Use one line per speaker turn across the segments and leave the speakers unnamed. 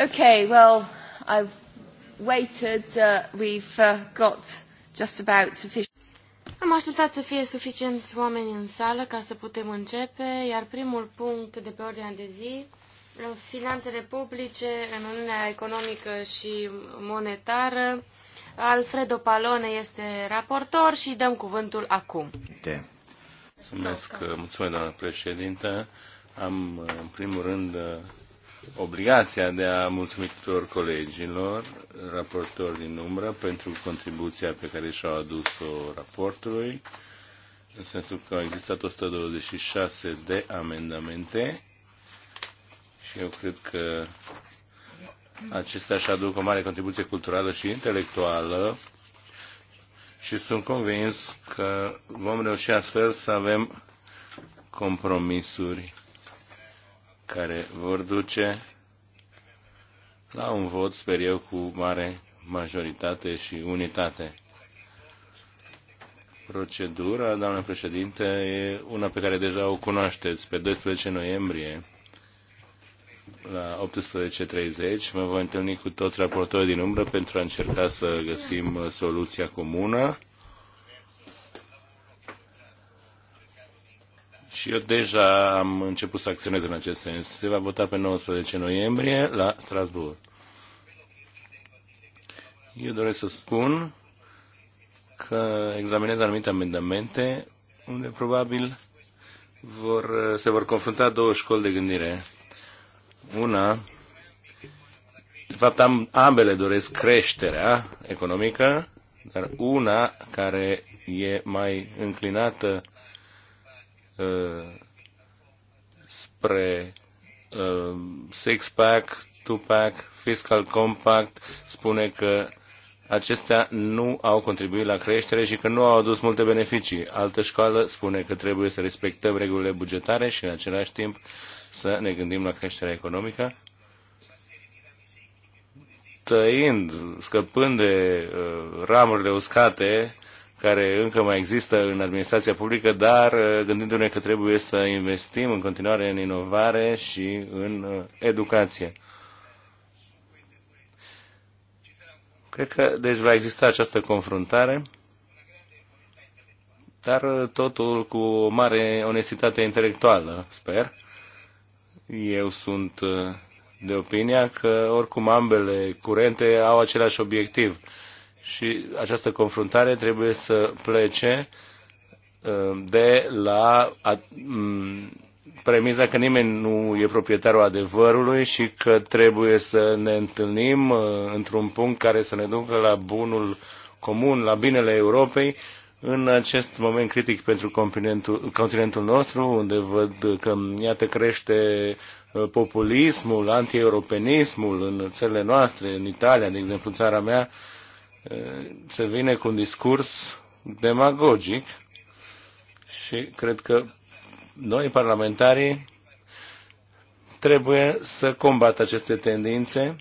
Okay, well, I've waited. Uh, we've uh, got just about sufficient.
Am așteptat să fie suficienți oameni în sală ca să putem începe, iar primul punct de pe ordinea de zi, finanțele publice în Uniunea Economică și Monetară. Alfredo Palone este raportor și dăm cuvântul acum.
De. Mulțumesc, mulțumesc, doamna președinte. Am, în primul rând, obligația de a mulțumi tuturor colegilor, raportori din umbră, pentru contribuția pe care și-au adus-o raportului, în sensul că au existat 126 de amendamente și eu cred că acestea și aduc o mare contribuție culturală și intelectuală și sunt convins că vom reuși astfel să avem compromisuri care vor duce la un vot, sper eu, cu mare majoritate și unitate. Procedura, doamnă președinte, e una pe care deja o cunoașteți. Pe 12 noiembrie, la 18.30, mă voi întâlni cu toți raportorii din umbră pentru a încerca să găsim soluția comună Și eu deja am început să acționez în acest sens. Se va vota pe 19 noiembrie la Strasbourg. Eu doresc să spun că examinez anumite amendamente unde probabil vor, se vor confrunta două școli de gândire. Una, de fapt am, ambele doresc creșterea economică, dar una care e mai înclinată Uh, spre uh, six-pack, two-pack, fiscal compact, spune că acestea nu au contribuit la creștere și că nu au adus multe beneficii. Altă școală spune că trebuie să respectăm regulile bugetare și în același timp să ne gândim la creșterea economică, tăind, scăpând de uh, ramurile uscate care încă mai există în administrația publică, dar uh, gândindu-ne că trebuie să investim în continuare în inovare și în uh, educație. Cred că deci va exista această confruntare, dar uh, totul cu o mare onestitate intelectuală, sper. Eu sunt de opinia că oricum ambele curente au același obiectiv și această confruntare trebuie să plece uh, de la mm, premiza că nimeni nu e proprietarul adevărului și că trebuie să ne întâlnim uh, într-un punct care să ne ducă la bunul comun, la binele Europei, în acest moment critic pentru continentul, continentul nostru, unde văd că, iată, crește uh, populismul, antieuropenismul în țările noastre, în Italia, de exemplu, țara mea, se vine cu un discurs demagogic și cred că noi, parlamentarii, trebuie să combată aceste tendințe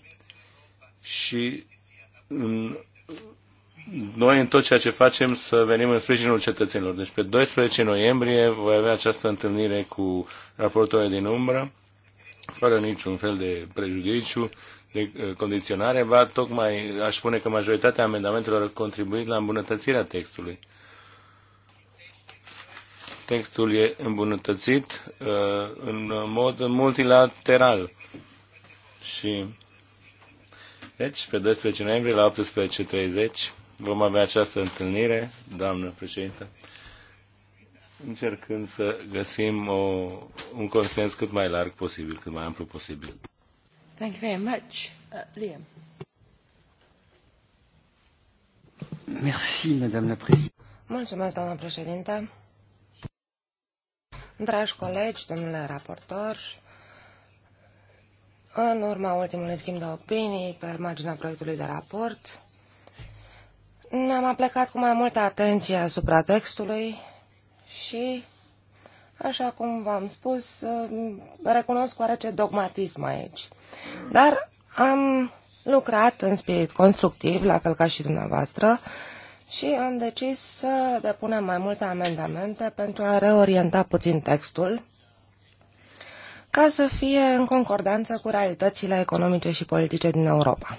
și noi în tot ceea ce facem să venim în sprijinul cetățenilor. Deci pe 12 noiembrie voi avea această întâlnire cu raportorii din umbră, fără niciun fel de prejudiciu de uh, condiționare va tocmai, aș spune că majoritatea amendamentelor a contribuit la îmbunătățirea textului. Textul e îmbunătățit uh, în mod multilateral. Și deci, pe 12 noiembrie la 18.30 vom avea această întâlnire, doamnă președintă, încercând să găsim o, un consens cât mai larg posibil, cât mai amplu posibil.
Thank you very much. Uh, Liam.
Merci, Madame la Présidente.
Mulțumesc, doamna președinte. Dragi colegi, domnule raportor, în urma ultimului schimb de opinii pe marginea proiectului de raport, ne-am aplecat cu mai multă atenție asupra textului și Așa cum v-am spus, uh, recunosc cu oarece dogmatism aici. Dar am lucrat în spirit constructiv, la fel ca și dumneavoastră, și am decis să depunem mai multe amendamente pentru a reorienta puțin textul, ca să fie în concordanță cu realitățile economice și politice din Europa.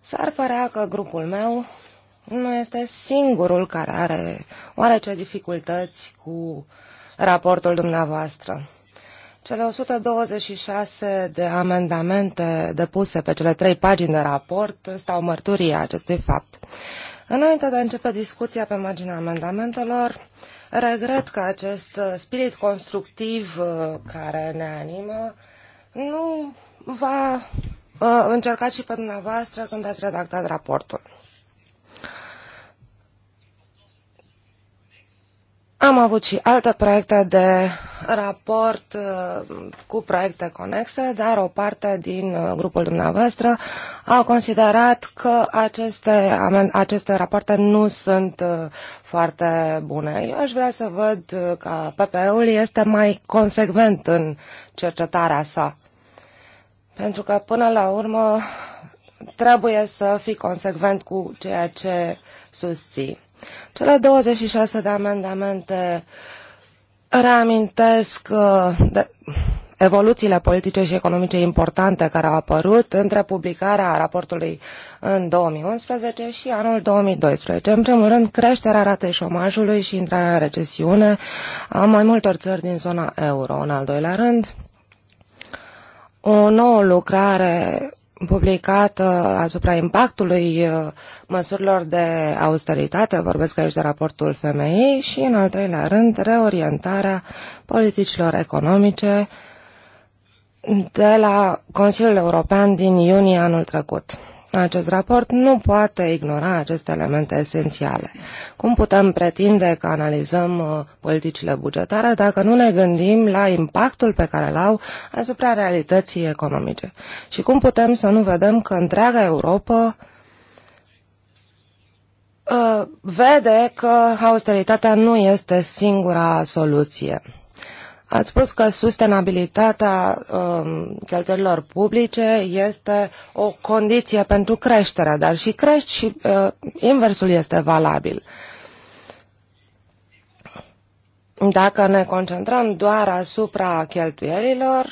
S-ar părea că grupul meu nu este singurul care are oarece dificultăți cu uh, raportul dumneavoastră. Cele 126 de amendamente depuse pe cele trei pagini de raport stau mărturie acestui fapt. Înainte de a începe discuția pe marginea amendamentelor, regret că acest spirit constructiv uh, care ne animă nu va uh, încerca și pe dumneavoastră când ați redactat raportul. Am avut și alte proiecte de raport uh, cu proiecte conexe, dar o parte din uh, grupul dumneavoastră a considerat că aceste, aceste rapoarte nu sunt uh, foarte bune. Eu aș vrea să văd că PPE-ul este mai consecvent în cercetarea sa. Pentru că, până la urmă, trebuie să fii consecvent cu ceea ce susții. Cele 26 de amendamente reamintesc uh, de evoluțiile politice și economice importante care au apărut între publicarea raportului în 2011 și anul 2012. În primul rând, creșterea ratei șomajului și intrarea în recesiune a mai multor țări din zona euro. În al doilea rând, o nouă lucrare publicat asupra impactului uh, măsurilor de austeritate, vorbesc aici de raportul FMI și în al treilea rând reorientarea politicilor economice de la Consiliul European din iunie anul trecut. Acest raport nu poate ignora aceste elemente esențiale. Cum putem pretinde că analizăm uh, politicile bugetare dacă nu ne gândim la impactul pe care îl au asupra realității economice? Și cum putem să nu vedem că întreaga Europa uh, vede că austeritatea nu este singura soluție? Ați spus că sustenabilitatea um, cheltuielilor publice este o condiție pentru creștere, dar și crești și uh, inversul este valabil. Dacă ne concentrăm doar asupra cheltuielilor,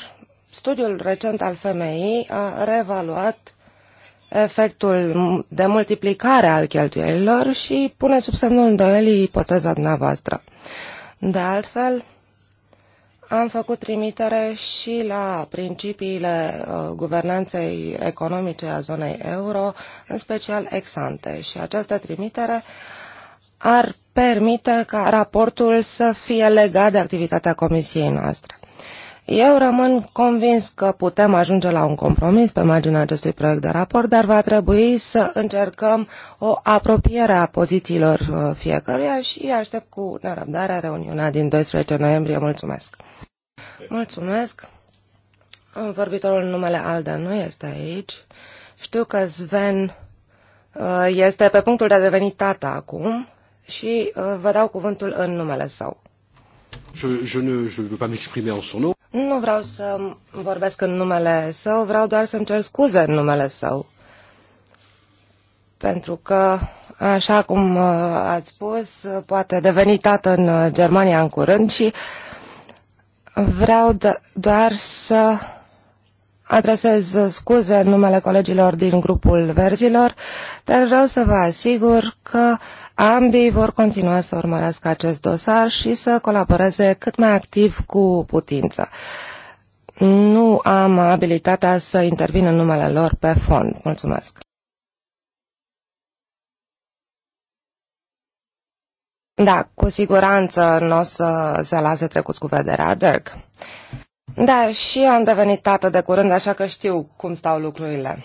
studiul recent al FMI a reevaluat efectul de multiplicare al cheltuielilor și pune sub semnul îndoielii ipoteza dumneavoastră. De altfel, am făcut trimitere și la principiile uh, guvernanței economice a zonei euro, în special ex-ante. Și această trimitere ar permite ca raportul să fie legat de activitatea comisiei noastre. Eu rămân convins că putem ajunge la un compromis pe marginea acestui proiect de raport, dar va trebui să încercăm o apropiere a pozițiilor uh, fiecăruia și aștept cu nerăbdare reuniunea din 12 noiembrie. Mulțumesc! Mulțumesc! Vorbitorul numele Alda nu este aici. Știu că Sven uh, este pe punctul de a deveni tata acum și uh, vă dau cuvântul în numele său. Je, je ne je veux pas m'exprimer en son nom. Nu vreau să vorbesc în numele său, vreau doar să-mi cer scuze în numele său. Pentru că, așa cum uh, ați spus, poate deveni tată în uh, Germania în curând și vreau doar să adresez scuze în numele colegilor din grupul verzilor, dar vreau să vă asigur că Ambii vor continua să urmărească acest dosar și să colaboreze cât mai activ cu putință. Nu am abilitatea să intervin în numele lor pe fond. Mulțumesc. Da, cu siguranță nu o să se lase trecut cu vederea, Dirk. Da, și eu am devenit tată de curând, așa că știu cum stau lucrurile.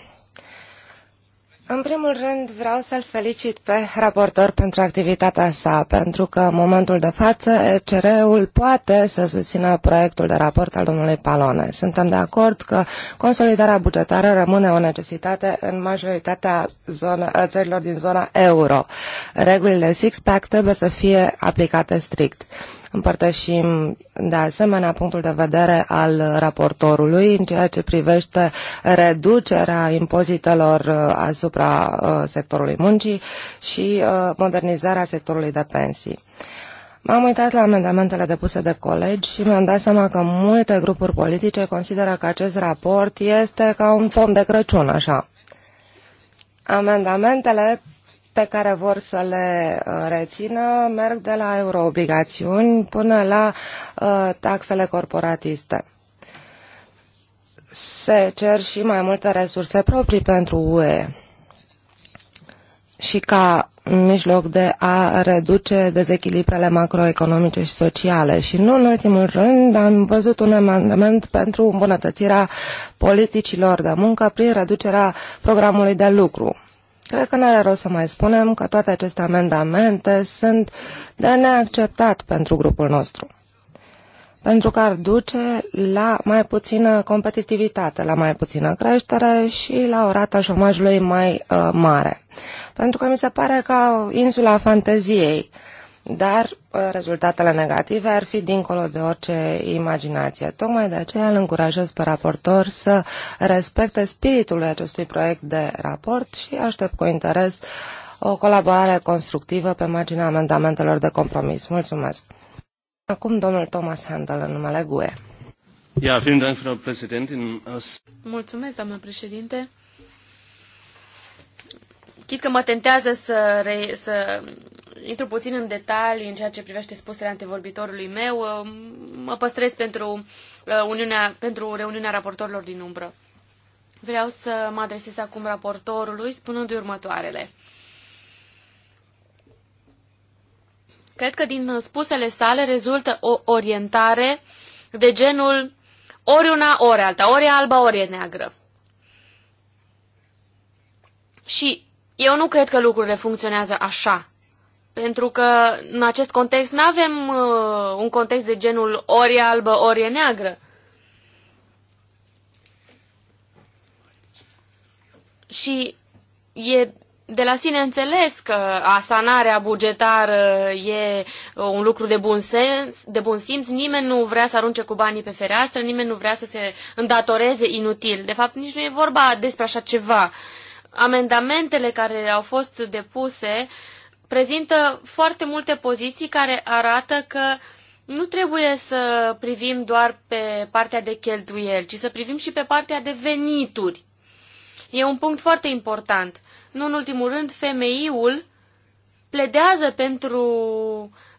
În primul rând vreau să-l felicit pe raportor pentru activitatea sa, pentru că în momentul de față ECR-ul poate să susțină proiectul de raport al domnului Palone. Suntem de acord că consolidarea bugetară rămâne o necesitate în majoritatea zonă, țărilor din zona euro. Regulile six-pack trebuie să fie aplicate strict. Împărtășim de asemenea punctul de vedere al raportorului în ceea ce privește reducerea impozitelor uh, asupra uh, sectorului muncii și uh, modernizarea sectorului de pensii. M-am uitat la amendamentele depuse de colegi și mi-am dat seama că multe grupuri politice consideră că acest raport este ca un pom de Crăciun, așa. Amendamentele pe care vor să le uh, rețină merg de la euroobligațiuni până la uh, taxele corporatiste. Se cer și mai multe resurse proprii pentru UE și ca mijloc de a reduce dezechilibrele macroeconomice și sociale. Și nu în ultimul rând am văzut un amendament pentru îmbunătățirea politicilor de muncă prin reducerea programului de lucru. Cred că nu are rost să mai spunem că toate aceste amendamente sunt de neacceptat pentru grupul nostru pentru că ar duce la mai puțină competitivitate, la mai puțină creștere și la o rată a șomajului mai uh, mare. Pentru că mi se pare ca insula fanteziei uh, dar uh, rezultatele negative ar fi dincolo de orice imaginație. Tocmai de aceea îl încurajez pe raportor să respecte spiritul acestui proiect de raport și aștept cu interes o colaborare constructivă pe marginea amendamentelor de compromis. Mulțumesc! Acum domnul Thomas Handel în numele GUE.
Mulțumesc, doamnă președinte. Chit că mă tentează să, re, să intru puțin în detalii în ceea ce privește spusele antevorbitorului meu, mă păstrez pentru, uh, Uniunea, pentru reuniunea raportorilor din umbră. Vreau să mă adresez acum raportorului spunându-i următoarele. Cred că din spusele sale rezultă o orientare de genul ori una, ori alta, ori e alba, ori e neagră. Și eu nu cred că lucrurile funcționează așa. Pentru că în acest context nu avem uh, un context de genul ori e albă, ori e neagră. Și e de la sine înțeles că asanarea bugetară e uh, un lucru de bun, sens, de bun simț, nimeni nu vrea să arunce cu banii pe fereastră, nimeni nu vrea să se îndatoreze inutil. De fapt, nici nu e vorba despre așa ceva. Uh, amendamentele care au fost depuse prezintă foarte multe poziții care arată că nu trebuie să privim doar pe partea de cheltuieli, ci să privim și pe partea de venituri. E un punct foarte important. Nu în ultimul rând, femeiul pledează pentru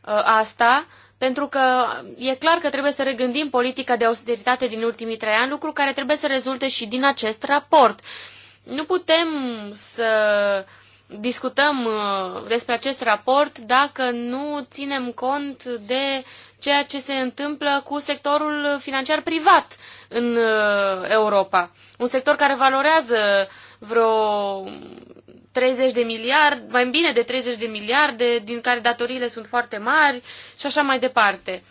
uh, asta, pentru că e clar că trebuie să regândim politica de austeritate din ultimii trei ani, lucru care trebuie să rezulte și din acest raport. Uh, nu putem să discutăm uh, despre acest raport dacă nu ținem cont de ceea ce se întâmplă cu sectorul financiar privat în uh, Europa. Un sector care valorează vreo 30 de miliarde, mai bine de 30 de miliarde, din care datoriile sunt foarte mari și așa mai departe.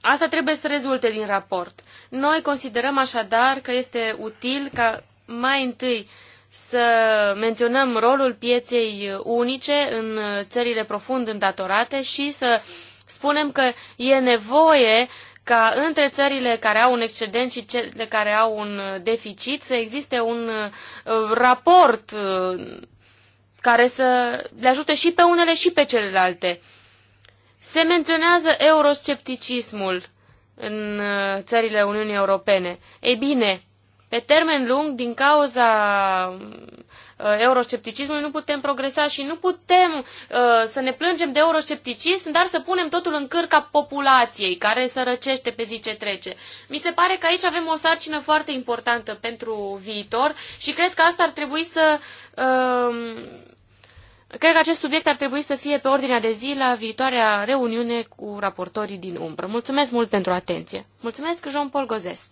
Asta trebuie să rezulte din raport. Noi considerăm așadar că este util ca mai întâi să menționăm rolul pieței unice în țările profund îndatorate și să spunem că e nevoie ca între țările care au un excedent și cele care au un deficit să existe un uh, raport uh, care să le ajute și pe unele și pe celelalte. Se menționează euroscepticismul în uh, țările Uniunii Europene. Ei bine, pe termen lung, din cauza uh, euroscepticismului, nu putem progresa și nu putem uh, să ne plângem de euroscepticism, dar să punem totul în cârca populației care sărăcește pe zi ce trece. Mi se pare că aici avem o sarcină foarte importantă pentru viitor și cred că asta ar trebui să... Uh, cred că acest subiect ar trebui să fie pe ordinea de zi la viitoarea reuniune cu raportorii din umbră. Mulțumesc mult pentru atenție. Mulțumesc, Jean-Paul Gozes.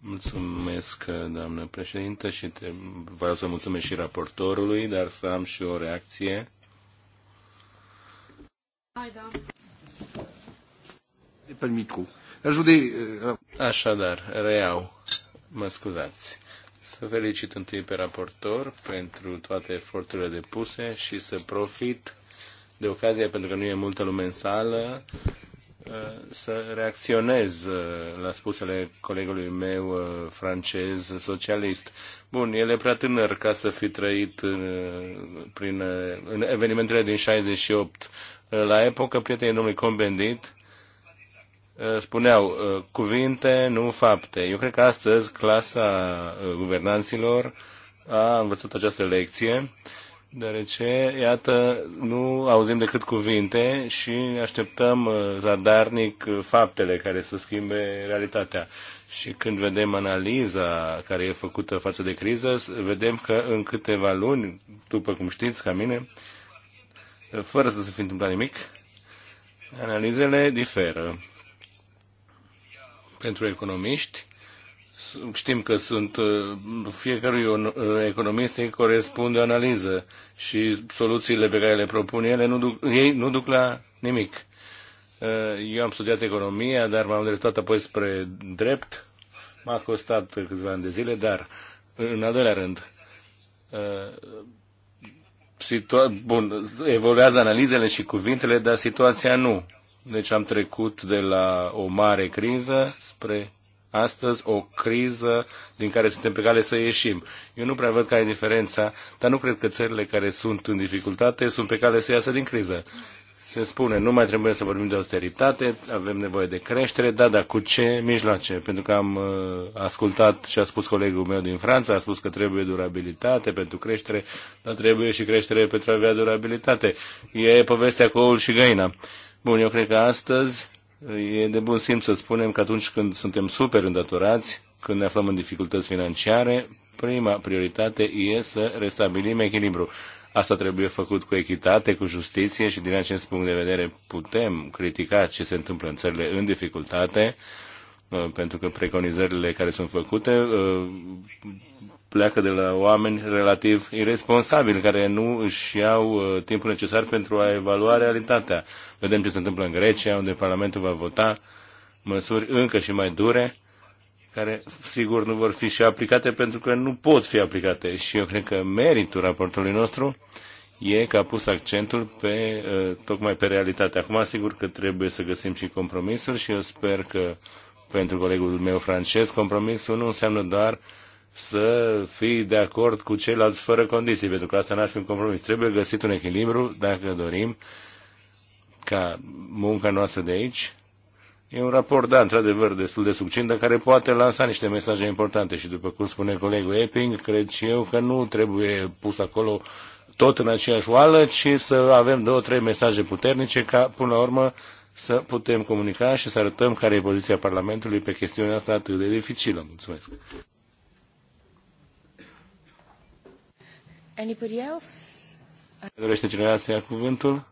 Mulțumesc, doamnă președintă, și te... vreau să mulțumesc și raportorului, dar să am și o reacție. Euh, Așadar, reiau. Mă scuzați. Să felicit întâi pe raportor pentru toate eforturile depuse și să profit de ocazia, pentru că nu e multă lume în sală, să reacționez uh, la spusele colegului meu uh, francez socialist. Bun, el e prea tânăr ca să fi trăit uh, prin în evenimentele din 68. La epocă, prietenii domnului Combendit spuneau cuvinte, nu fapte. Eu cred că astăzi clasa guvernanților a învățat această lecție deoarece, iată, nu auzim decât cuvinte și așteptăm uh, zadarnic uh, faptele care să schimbe realitatea. Și când vedem analiza care e făcută față de criză, vedem că în câteva luni, după cum știți ca mine, fără să se fi întâmplat nimic, analizele diferă. Pentru economiști, știm că sunt uh, fiecărui uh, economist îi corespunde o analiză și soluțiile pe care le propun ele nu duc, ei nu duc la nimic. Uh, eu am studiat economia, dar m-am dreptat apoi spre drept. M-a costat câțiva ani de zile, dar în al doilea rând, situa- bun, evoluează analizele și cuvintele, dar situația nu. Deci am trecut de la o mare criză spre astăzi o criză din care suntem pe cale să ieșim. Eu nu prea văd care e diferența, dar nu cred că țările care sunt în dificultate sunt pe cale să iasă din criză. Se spune, nu mai trebuie să vorbim de austeritate, avem nevoie de creștere, da, dar cu ce mijloace? Pentru că am uh, ascultat ce a spus colegul meu din Franța, a spus că trebuie durabilitate pentru creștere, dar trebuie și creștere pentru a avea durabilitate. E povestea cu oul și găina. Bun, eu cred că astăzi E de bun simț să spunem că atunci când suntem super îndatorați, când ne aflăm în dificultăți financiare, prima prioritate e să restabilim echilibru. Asta trebuie făcut cu echitate, cu justiție și din acest punct de vedere putem critica ce se întâmplă în țările în dificultate, uh, pentru că preconizările care sunt făcute uh, pleacă de la oameni relativ irresponsabili, care nu își iau uh, timpul necesar pentru a evalua realitatea. Vedem ce se întâmplă în Grecia, unde Parlamentul va vota măsuri încă și mai dure, care sigur nu vor fi și aplicate pentru că nu pot fi aplicate. Și eu cred că meritul raportului nostru e că a pus accentul pe, uh, tocmai pe realitate. Acum, sigur că trebuie să găsim și compromisul și eu sper că pentru colegul meu francez, compromisul nu înseamnă doar să fii de acord cu ceilalți fără condiții, pentru că asta n-ar fi un compromis. Trebuie găsit un echilibru dacă dorim ca munca noastră de aici E un raport, da, într-adevăr, destul de succint, dar care poate lansa niște mesaje importante și, după cum spune colegul Epping, cred și eu că nu trebuie pus acolo tot în aceeași oală, ci să avem două, trei mesaje puternice ca, până la urmă, să putem comunica și să arătăm care e poziția Parlamentului pe chestiunea asta atât de dificilă. Mulțumesc!
Anybody else? Dorește
cineva să ia cuvântul?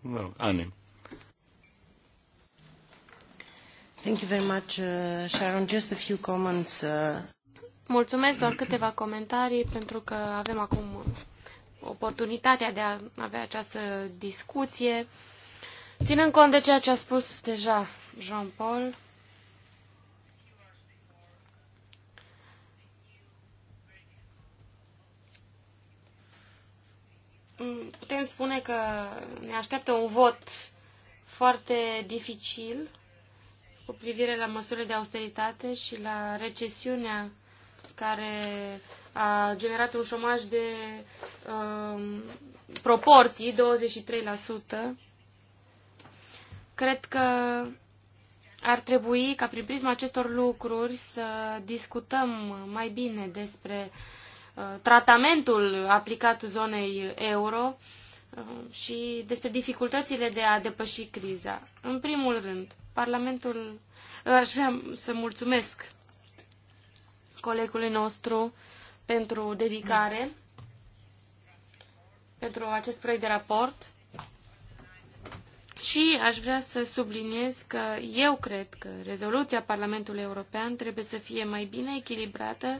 Nu, rog, Anne.
Thank you very much, uh, Sharon. Just a few comments. Uh...
Mulțumesc doar câteva comentarii pentru că avem acum oportunitatea de a avea această discuție. Ținând cont de ceea ce a spus deja Jean-Paul, Mm, putem spune că ne așteaptă un vot foarte dificil cu privire la măsurile de austeritate și la recesiunea care a generat un șomaj de um, proporții, 23%. Cred că ar trebui ca prin prisma acestor lucruri să discutăm mai bine despre uh, tratamentul aplicat zonei euro uh, și despre dificultățile de a depăși criza. În primul rând, Parlamentul... Uh, aș vrea să mulțumesc colegului nostru pentru dedicare, pentru acest proiect de raport. Și aș vrea să subliniez că eu cred că rezoluția Parlamentului European trebuie să fie mai bine echilibrată,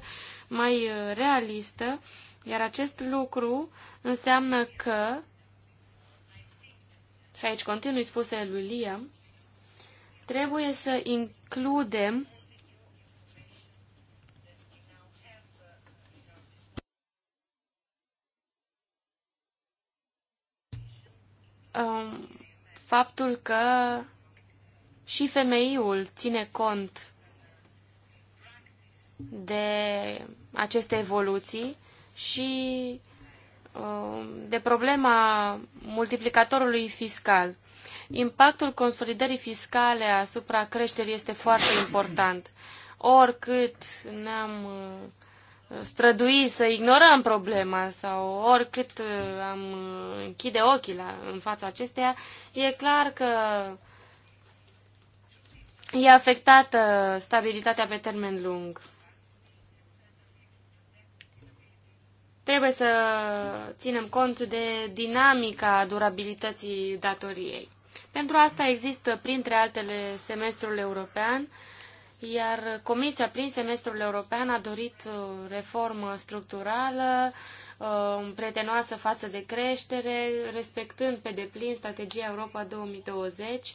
mai uh, realistă, iar acest lucru înseamnă că, și aici continui spusele lui Liam, trebuie să includem um, faptul că și femeiul ține cont de aceste evoluții și um, de problema multiplicatorului fiscal. Impactul consolidării fiscale asupra creșterii este foarte important. Oricât ne-am uh, strădui să ignorăm problema sau oricât uh, am uh, închide ochii la, în fața acesteia, e clar că e afectată stabilitatea pe termen lung. Trebuie să ținem cont de dinamica durabilității datoriei. Pentru asta există, printre altele, semestrul european, uh, iar Comisia, prin semestrul european, a dorit uh, reformă structurală, uh, um, prietenoasă față de creștere, respectând pe deplin strategia Europa 2020.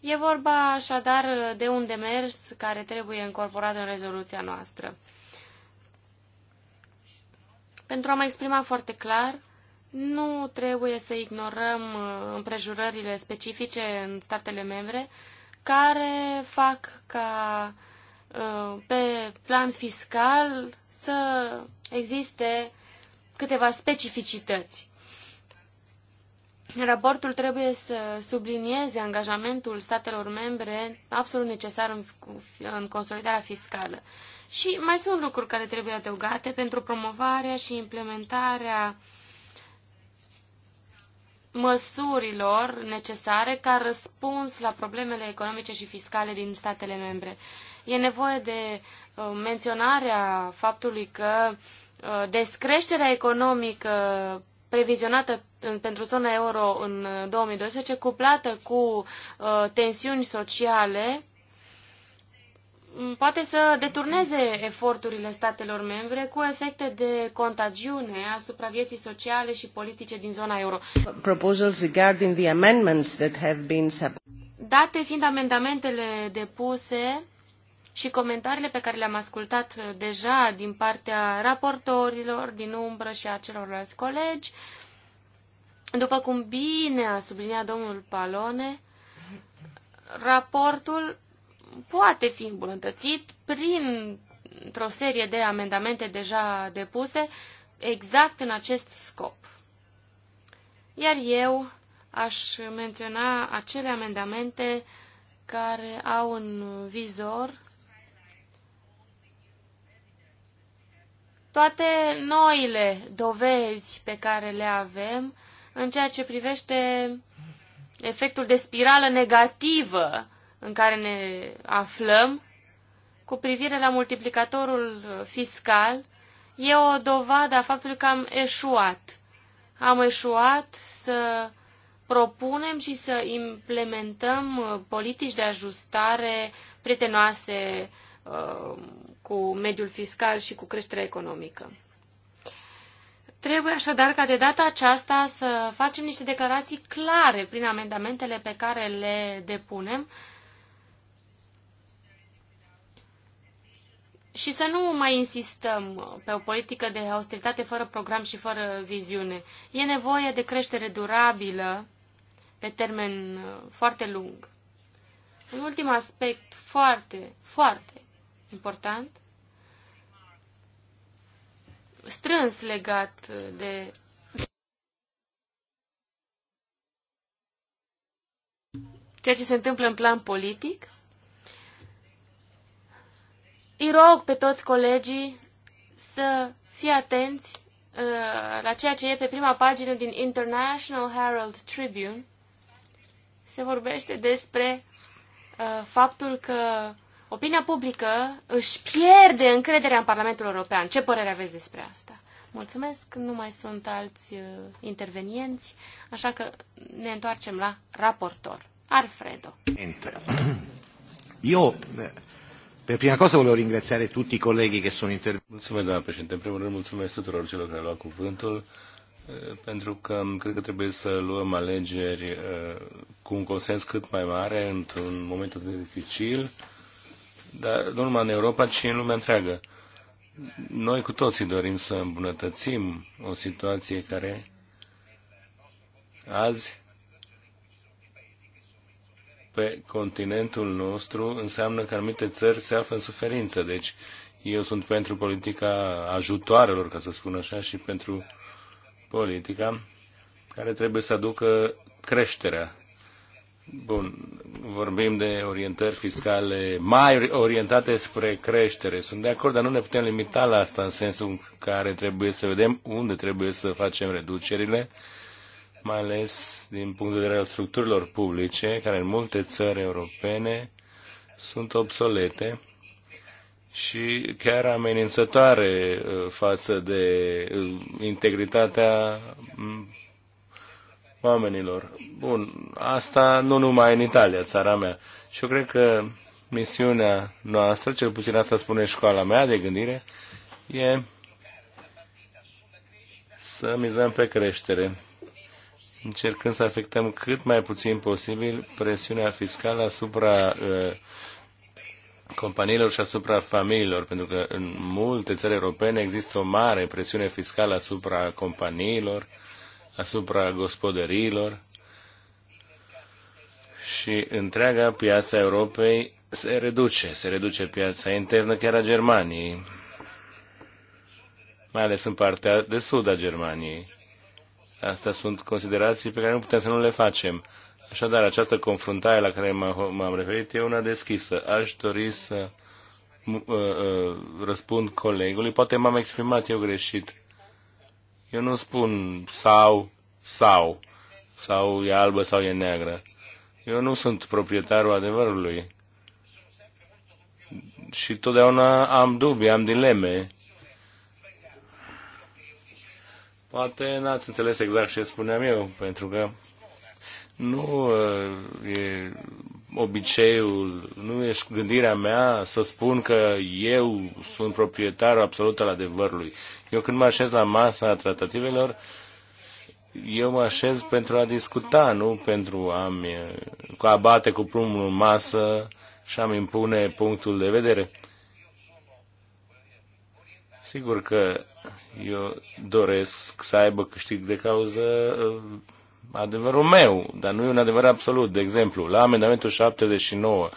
E vorba așadar de un demers care trebuie incorporat în rezoluția noastră. Pentru a mă exprima foarte clar, nu trebuie să ignorăm uh, împrejurările specifice în statele membre, care fac ca uh, pe plan fiscal să existe câteva specificități. Raportul trebuie să sublinieze angajamentul statelor membre absolut necesar în, în consolidarea fiscală. Și mai sunt lucruri care trebuie adăugate pentru promovarea și implementarea uh, măsurilor necesare ca răspuns la problemele economice și fiscale din statele membre. E nevoie de uh, menționarea faptului că uh, descreșterea economică previzionată pentru zona euro în 2012, uh, cuplată cu tensiuni sociale, poate să deturneze eforturile statelor membre cu efecte de contagiune asupra vieții sociale și politice din zona euro.
Proposals regarding the amendments that have been
Date fiind amendamentele depuse și comentariile pe care le-am ascultat uh, deja din partea raportorilor din umbră și a celorlalți colegi, după cum bine a subliniat domnul Palone, raportul poate fi îmbunătățit prin o serie de amendamente deja depuse exact în acest scop. Iar eu aș menționa acele amendamente care au în vizor toate noile dovezi pe care le avem în ceea ce privește efectul de spirală negativă în care ne aflăm cu privire la multiplicatorul fiscal e o dovadă a faptului că am eșuat. Am eșuat să propunem și să implementăm uh, politici de ajustare prietenoase uh, cu mediul fiscal și cu creșterea economică. Trebuie așadar ca de data aceasta să facem niște declarații clare prin amendamentele pe care le depunem și să nu mai insistăm pe o politică de austeritate fără program și fără viziune. E nevoie de creștere durabilă pe termen uh, foarte lung. Un ultim aspect foarte, foarte important, strâns legat de ceea ce se întâmplă în plan politic, îi rog pe toți colegii să fie atenți uh, la ceea ce e pe prima pagină din International Herald Tribune. Se vorbește despre uh, faptul că opinia publică își pierde încrederea în Parlamentul European. Ce părere aveți despre asta? Mulțumesc, nu mai sunt alți uh, intervenienți, așa că ne întoarcem la raportor. Alfredo.
Eu Per prima cosa volevo ringraziare tutti i colleghi che sono intervenuti. Mulțumesc, doamna președinte. În primul rând, mulțumesc tuturor celor care au luat cuvântul, eh, pentru că mm, cred că trebuie să luăm alegeri eh, cu un consens cât mai mare, într-un moment atât de dificil, dar nu numai în Europa, ci în lumea întreagă. Noi cu toții dorim să îmbunătățim o situație care azi pe continentul nostru înseamnă că anumite țări se află în suferință. Deci eu sunt pentru politica ajutoarelor, ca să spun așa, și pentru politica care trebuie să aducă creșterea. Bun, vorbim de orientări fiscale mai orientate spre creștere. Sunt de acord, dar nu ne putem limita la asta în sensul în care trebuie să vedem unde trebuie să facem reducerile mai ales din punct de vedere al structurilor publice, care în multe țări europene sunt obsolete și chiar amenințătoare uh, față de uh, integritatea oamenilor. Bun, asta nu numai în Italia, țara mea. Și eu cred că misiunea noastră, cel puțin asta spune școala mea de gândire, e să mizăm pe creștere încercând să afectăm cât mai puțin posibil presiunea fiscală asupra uh, companiilor și asupra familiilor, pentru că în multe țări europene există o mare presiune fiscală asupra companiilor, asupra gospodăriilor și întreaga piața Europei se reduce, se reduce piața internă chiar a Germaniei, mai ales în partea de sud a Germaniei. Astea sunt considerații pe care nu putem să nu le facem. Așadar, această confruntare la care m-am referit e una deschisă. Aș dori să uh, uh, răspund colegului. Poate m-am exprimat eu greșit. Eu nu spun sau, sau, sau e albă sau e neagră. Eu nu sunt proprietarul adevărului. Și totdeauna am dubii, am dileme. Poate n-ați înțeles exact ce spuneam eu, pentru că nu uh, e obiceiul, nu e gândirea mea să spun că eu sunt proprietarul absolut al adevărului. Eu când mă așez la masa tratativelor, eu mă așez pentru a discuta, nu pentru a-mi abate cu plumul în masă și a-mi impune punctul de vedere. Sigur că eu doresc să aibă câștig de cauză uh, adevărul meu, dar nu e un adevăr absolut. De exemplu, la amendamentul 79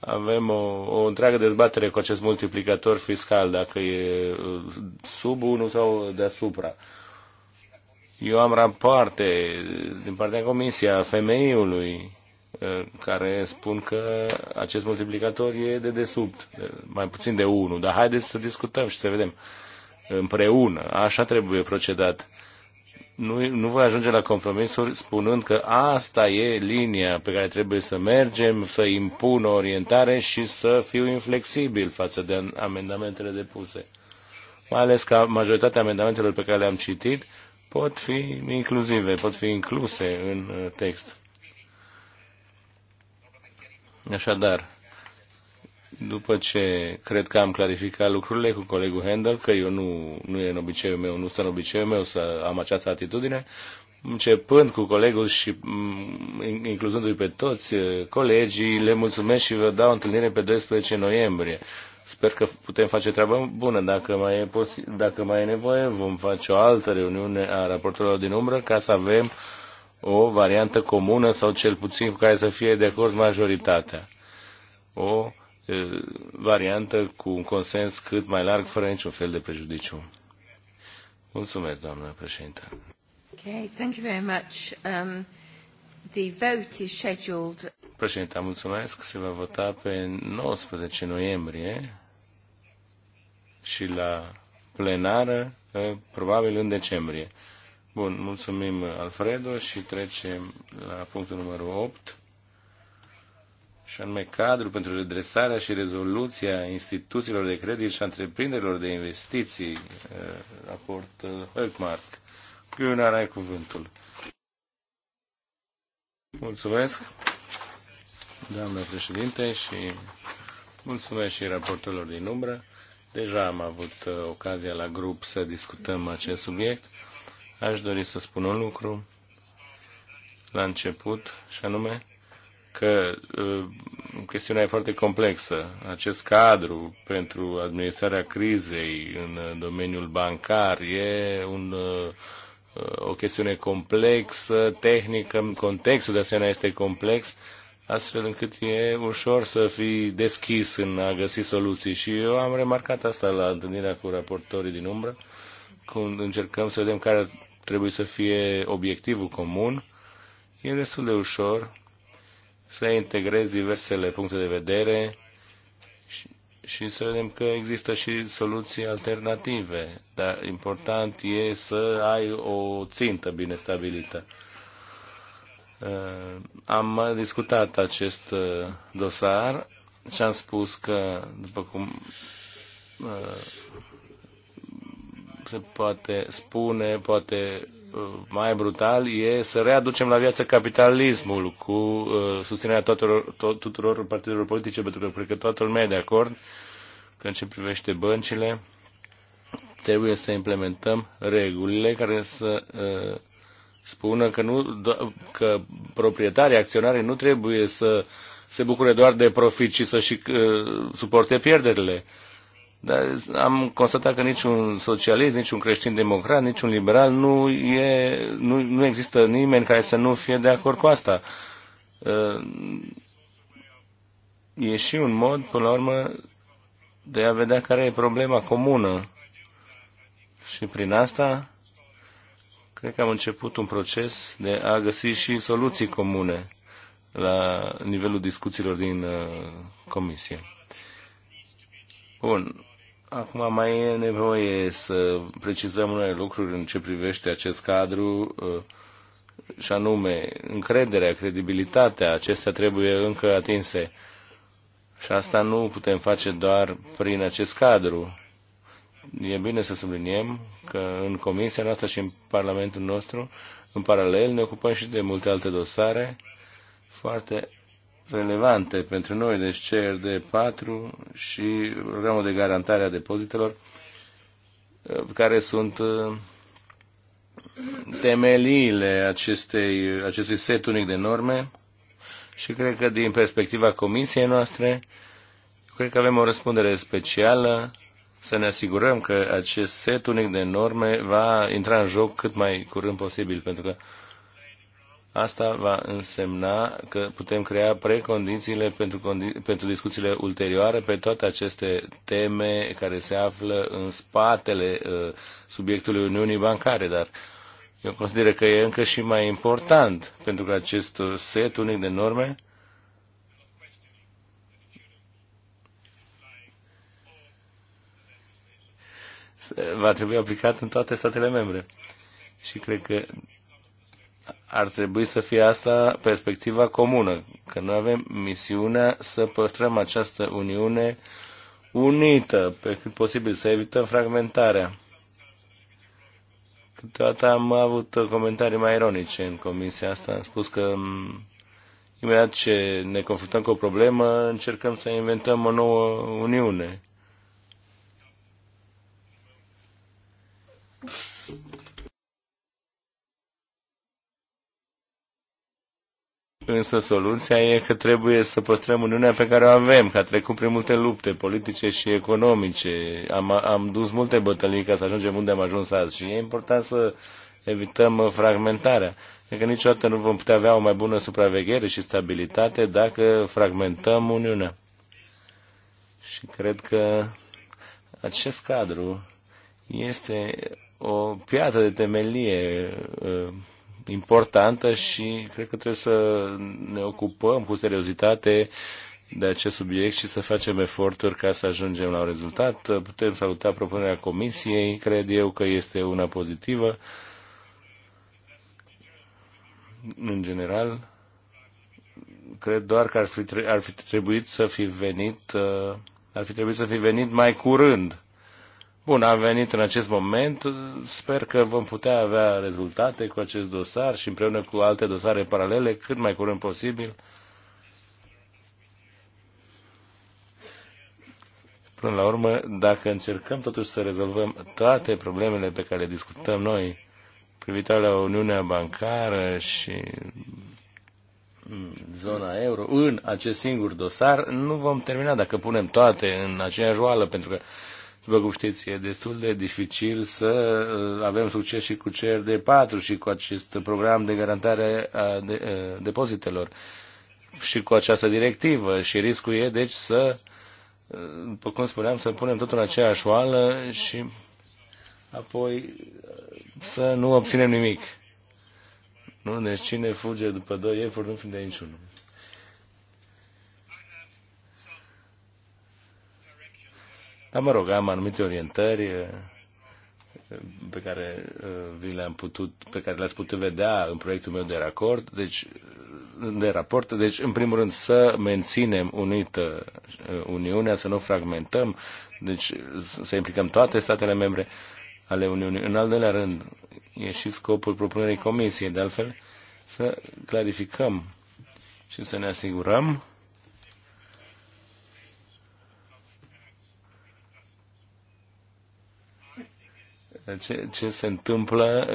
avem o, o întreagă dezbatere cu acest multiplicator fiscal, dacă e uh, sub 1 sau deasupra. Eu am rapoarte din partea Comisia Femeiului uh, care spun că acest multiplicator e de desubt, mai puțin de 1, dar haideți să discutăm și să vedem. Uh, împreună. Așa trebuie procedat. Nu, nu voi ajunge la compromisuri spunând că asta e linia pe care trebuie să mergem, să impun o orientare și să fiu inflexibil față de amendamentele depuse. Mai ales că majoritatea amendamentelor pe care le-am citit pot fi inclusive, pot fi incluse în uh, text. Așadar, după ce cred că am clarificat lucrurile cu colegul Handel, că eu nu, nu e în obiceiul meu, nu sunt în obiceiul meu să am această atitudine, începând cu colegul și mm, incluzându-i pe toți eh, colegii, le mulțumesc și vă dau întâlnire pe 12 noiembrie. Sper că putem face treabă bună. Dacă mai, e posi- dacă mai e nevoie, vom face o altă reuniune a raportelor din umbră ca să avem o variantă comună sau cel puțin cu care să fie de acord majoritatea. O variantă cu un consens cât mai larg, fără niciun fel de prejudiciu. Mulțumesc, doamnă președinte.
Okay, thank you very much. Um, the vote is scheduled...
Președinte, mulțumesc. Se va vota pe 19 noiembrie și la plenară, probabil în decembrie. Bun, mulțumim Alfredo și trecem la punctul numărul 8 și anume cadrul pentru redresarea și rezoluția instituțiilor de credit și a întreprinderilor de investiții, uh, raport uh, Höckmark. Gunnar, ai cuvântul. Mulțumesc, doamna președinte, și mulțumesc și raportelor din umbră. Deja am avut uh, ocazia la grup să discutăm acest subiect. Aș dori să spun un lucru la început, și anume, că uh, chestiunea e foarte complexă. Acest cadru pentru administrarea crizei în uh, domeniul bancar e un, uh, o chestiune complexă, tehnică, contextul de asemenea este complex, astfel încât e ușor să fii deschis în a găsi soluții. Și eu am remarcat asta la întâlnirea cu raportorii din umbră, când încercăm să vedem care trebuie să fie obiectivul comun. E destul de ușor să integrezi diversele puncte de vedere și, și să vedem că există și soluții alternative. Dar important e să ai o țintă bine stabilită. Uh, am discutat acest uh, dosar și am spus că, după cum uh, se poate spune, poate mai brutal e să readucem la viață capitalismul cu uh, susținerea tuturor, tuturor partidelor politice, pentru că cred că toată lumea e de acord că în ce privește băncile trebuie să implementăm regulile care să uh, spună că, nu, că proprietarii, acționarii nu trebuie să se bucure doar de profit, ci să și uh, suporte pierderile. Uh, dar am constatat că niciun socialist, niciun creștin democrat, niciun liberal nu, e, nu, nu există nimeni care să nu fie de acord cu asta. Uh, e și un mod, până la urmă, de a vedea care e problema comună. Și prin asta, cred că am început un proces de a găsi și soluții comune la nivelul discuțiilor din uh, comisie. Bun. Acum mai e nevoie să precizăm unele lucruri în ce privește acest cadru uh, și anume încrederea, credibilitatea, acestea trebuie încă atinse. Și asta nu putem face doar prin acest cadru. E bine să subliniem că în comisia noastră și în Parlamentul nostru, în paralel, ne ocupăm și de multe alte dosare foarte relevante pentru noi, deci CRD4 și programul de garantare a depozitelor, uh, care sunt uh, temeliile acestei, acestui set unic de norme și cred că din perspectiva comisiei noastre, cred că avem o răspundere specială să ne asigurăm că acest set unic de norme va intra în joc cât mai curând posibil, pentru că Asta va însemna că putem crea precondițiile pentru, pentru discuțiile ulterioare pe toate aceste teme care se află în spatele uh, subiectului Uniunii Bancare, dar eu consider că e încă și mai important pentru că acest set unic de norme va trebui aplicat în toate statele membre. Și cred că ar trebui să fie asta perspectiva comună, că noi avem misiunea să păstrăm această Uniune unită pe cât posibil, să evităm fragmentarea. Câteodată am avut comentarii mai ironice în comisia asta. Am spus că mm, imediat ce ne confruntăm cu o problemă, încercăm să inventăm o nouă uniune. Însă soluția e că trebuie să păstrăm Uniunea pe care o avem, că a trecut prin multe lupte politice și economice. Am, am dus multe bătălii ca să ajungem unde am ajuns azi și e important să evităm fragmentarea. Cred că niciodată nu vom putea avea o mai bună supraveghere și stabilitate dacă fragmentăm Uniunea. Și cred că acest cadru este o piatră de temelie uh, importantă și cred că trebuie să ne ocupăm cu seriozitate de acest subiect și să facem eforturi ca să ajungem la un rezultat. Putem saluta propunerea Comisiei, cred eu că este una pozitivă. În general, cred doar că ar fi, ar fi trebuit să fi venit uh, ar fi trebuit să fi venit mai curând Bun, am venit în acest moment. Sper că vom putea avea rezultate cu acest dosar și împreună cu alte dosare paralele cât mai curând posibil. Până la urmă, dacă încercăm totuși să rezolvăm toate problemele pe care le discutăm noi privitoare la Uniunea Bancară și zona euro în acest singur dosar, nu vom termina dacă punem toate în aceeași oală, pentru că după cum știți, e destul de dificil să uh, avem succes și cu CRD4 și cu acest program de garantare a uh, depozitelor și cu această directivă și riscul e deci să, uh, după cum spuneam, să punem totul în aceeași oală și apoi să nu obținem nimic. Nu? Deci cine fuge după doi iepuri nu prinde niciunul. Dar mă rog, am anumite orientări eh, pe care eh, vi le-am putut, pe care le-ați putut vedea în proiectul meu de raport, deci eh, de raport, deci în primul rând să menținem unită Uniunea, să nu fragmentăm, deci să implicăm toate statele membre ale Uniunii. În al doilea rând, e și scopul propunerii Comisiei, de altfel, să clarificăm și să ne asigurăm ce, ce se întâmplă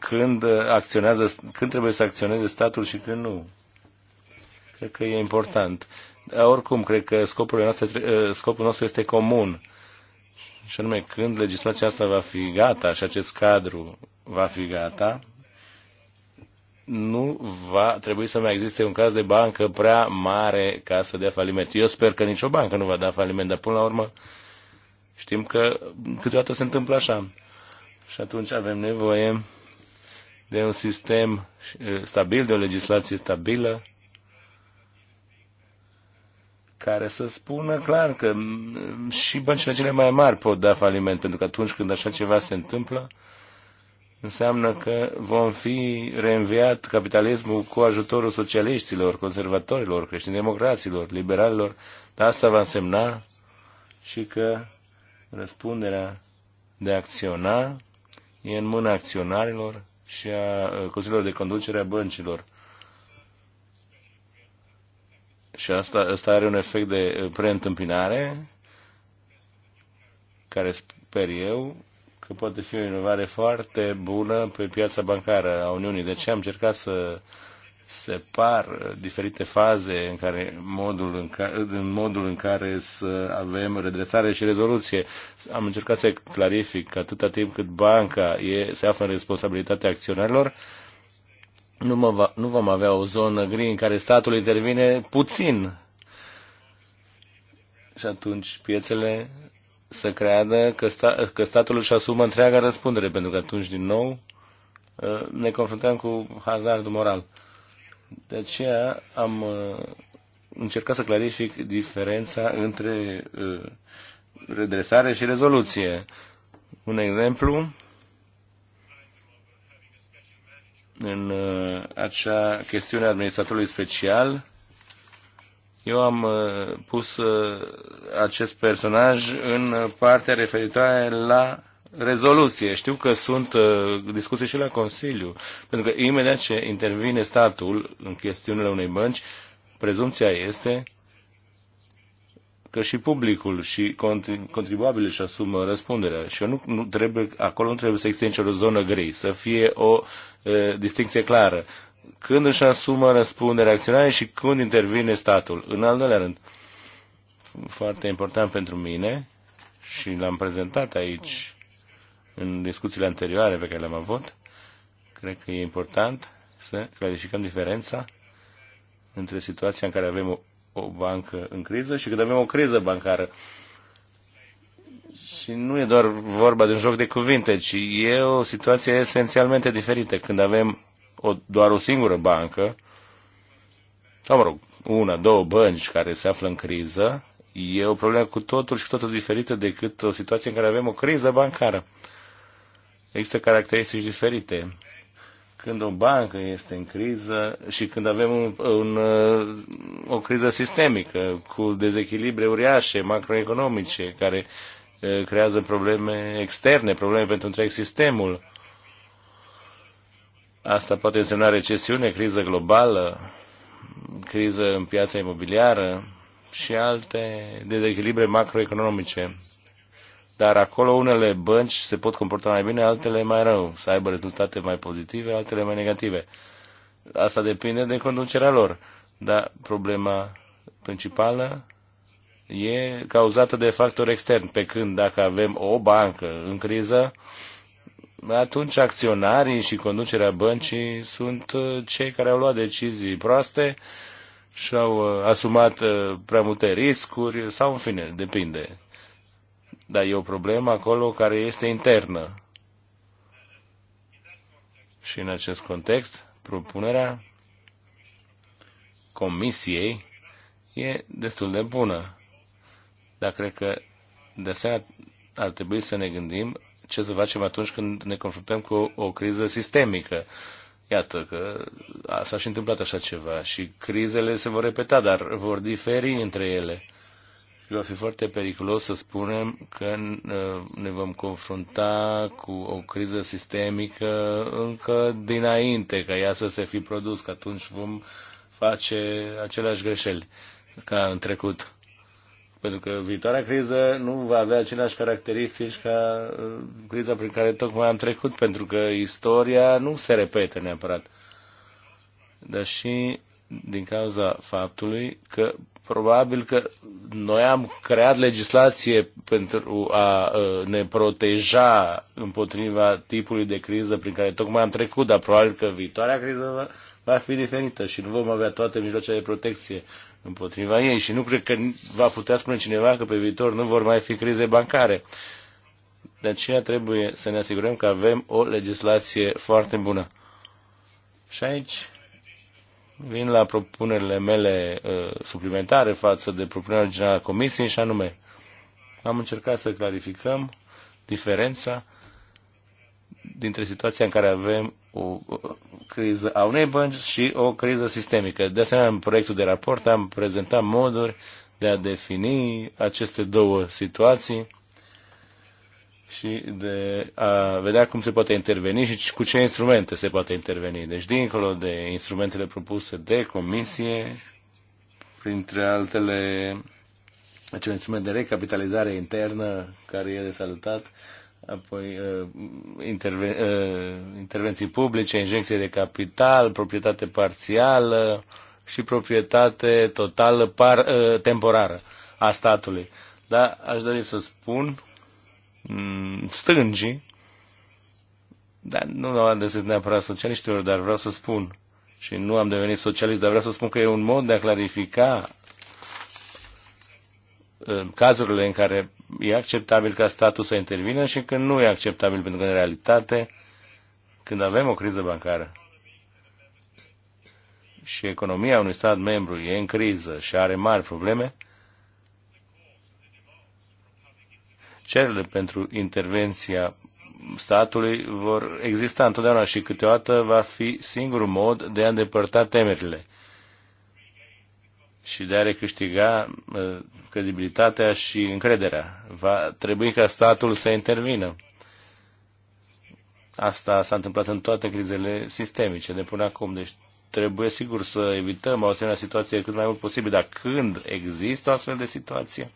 când acționează, când trebuie să acționeze statul și când nu. Cred că e important. Oricum, cred că scopul nostru, ă, scopul nostru este comun. Și anume, când legislația asta va fi gata și acest cadru va fi gata, nu va trebui să mai existe un caz de bancă prea mare ca să dea faliment. Eu sper că nicio bancă nu va da faliment, dar până la urmă știm că câteodată se întâmplă așa. Și atunci avem nevoie de un sistem stabil, de o legislație stabilă, care să spună clar că și băncile cele mai mari pot da faliment, pentru că atunci când așa ceva se întâmplă, înseamnă că vom fi reînviat capitalismul cu ajutorul socialiștilor, conservatorilor, creștin-democraților, liberalilor, dar asta va însemna și că răspunderea de a acționa e în mâna acționarilor și a uh, consiliilor de conducere a băncilor. Și asta, asta are un efect de uh, preîntâmpinare, care sper eu că poate fi o inovare foarte bună pe piața bancară a Uniunii. De deci ce am încercat să separ uh, diferite faze în care modul în, care, în modul în care să avem redresare și rezoluție. Am încercat să clarific că atâta timp cât banca e, se află în responsabilitatea acționarilor, nu, mă va, nu vom avea o zonă gri în care statul intervine puțin. Și atunci piețele să creadă că, sta, că statul își asumă întreaga răspundere, pentru că atunci, din nou, uh, ne confruntăm cu hazardul moral. De aceea am uh, încercat să clarific diferența între uh, redresare și rezoluție. Un exemplu, în uh, acea chestiune a administratorului special, eu am pus acest personaj în partea referitoare la rezoluție. Știu că sunt uh, discuții și la Consiliu, pentru că imediat ce intervine statul în chestiunile unei bănci, prezumția este că și publicul și contribuabilii își asumă răspunderea. Și eu nu, nu trebuie, acolo nu trebuie să existe nicio zonă gri, să fie o e, uh, distinție clară. Când își asumă răspunderea acționarii și când intervine statul. În al doilea rând, foarte important pentru mine și l-am prezentat aici în discuțiile anterioare pe care le-am avut, cred că e important să clarificăm diferența între situația în care avem o, o bancă în criză și când avem o criză bancară. Și nu e doar vorba de un joc de cuvinte, ci e o situație esențialmente diferită. Când avem o, doar o singură bancă, sau mă rog, una, două bănci care se află în criză, e o problemă cu totul și cu totul diferită decât o situație în care avem o criză bancară există caracteristici diferite. Când o bancă este în criză și când avem un, un, uh, o criză sistemică cu dezechilibre uriașe macroeconomice care uh, creează probleme externe, probleme pentru întreg sistemul. Asta poate însemna recesiune, criză globală, criză în piața imobiliară și alte dezechilibre macroeconomice dar acolo unele bănci se pot comporta mai bine, altele mai rău, să aibă rezultate mai pozitive, altele mai negative. Asta depinde de conducerea lor, dar problema principală e cauzată de factori externi, pe când dacă avem o bancă în criză, atunci acționarii și conducerea băncii sunt uh, cei care au luat decizii proaste și au uh, asumat uh, prea multe riscuri sau în fine, depinde dar e o problemă acolo care este internă. Și în acest context, propunerea Comisiei e destul de bună. Dar cred că de asemenea ar trebui să ne gândim ce să facem atunci când ne confruntăm cu o, o criză sistemică. Iată că s-a și întâmplat așa ceva și crizele se vor repeta, dar vor diferi între ele și va fi foarte periculos să spunem că uh, ne vom confrunta cu o criză sistemică încă dinainte ca ea să se fi produs, că atunci vom face aceleași greșeli ca în trecut. Pentru că viitoarea criză nu va avea aceleași caracteristici ca uh, criza prin care tocmai am trecut, pentru că istoria nu se repete neapărat. Dar și din cauza faptului că probabil că noi am creat legislație pentru a ă, ne proteja împotriva tipului de criză prin care tocmai am trecut, dar probabil că viitoarea criză va fi diferită și nu vom avea toate mijloacele de protecție împotriva ei și nu cred că va putea spune cineva că pe viitor nu vor mai fi crize bancare. De aceea trebuie să ne asigurăm că avem o legislație foarte bună. Și aici vin la propunerile mele uh, suplimentare față de propunerea originală a Comisiei și anume am încercat să clarificăm diferența dintre situația în care avem o, o criză a unei bănci și o criză sistemică. De asemenea, în proiectul de raport am prezentat moduri de a defini aceste două situații și de a vedea cum se poate interveni și cu ce instrumente se poate interveni. Deci, dincolo de instrumentele propuse de comisie, printre altele, acel instrument de recapitalizare internă care e de salutat, apoi uh, interve, uh, intervenții publice, injecție de capital, proprietate parțială și proprietate totală par, uh, temporară a statului. Da, aș dori să spun Mm, stângii, dar nu l-au adresat neapărat socialiștilor, dar vreau să spun, și nu am devenit socialist, dar vreau să spun că e un mod de a clarifica uh, cazurile în care e acceptabil ca statul să intervină și când nu e acceptabil, pentru că în realitate, când avem o criză bancară și economia unui stat membru e în criză și are mari probleme, cererile pentru intervenția statului vor exista întotdeauna și câteodată va fi singurul mod de a îndepărta temerile și de a recâștiga uh, credibilitatea și încrederea. Va trebui ca statul să intervină. Asta s-a întâmplat în toate crizele sistemice de până acum. Deci trebuie sigur să evităm o asemenea situație cât mai mult posibil, dar când există o astfel de situație,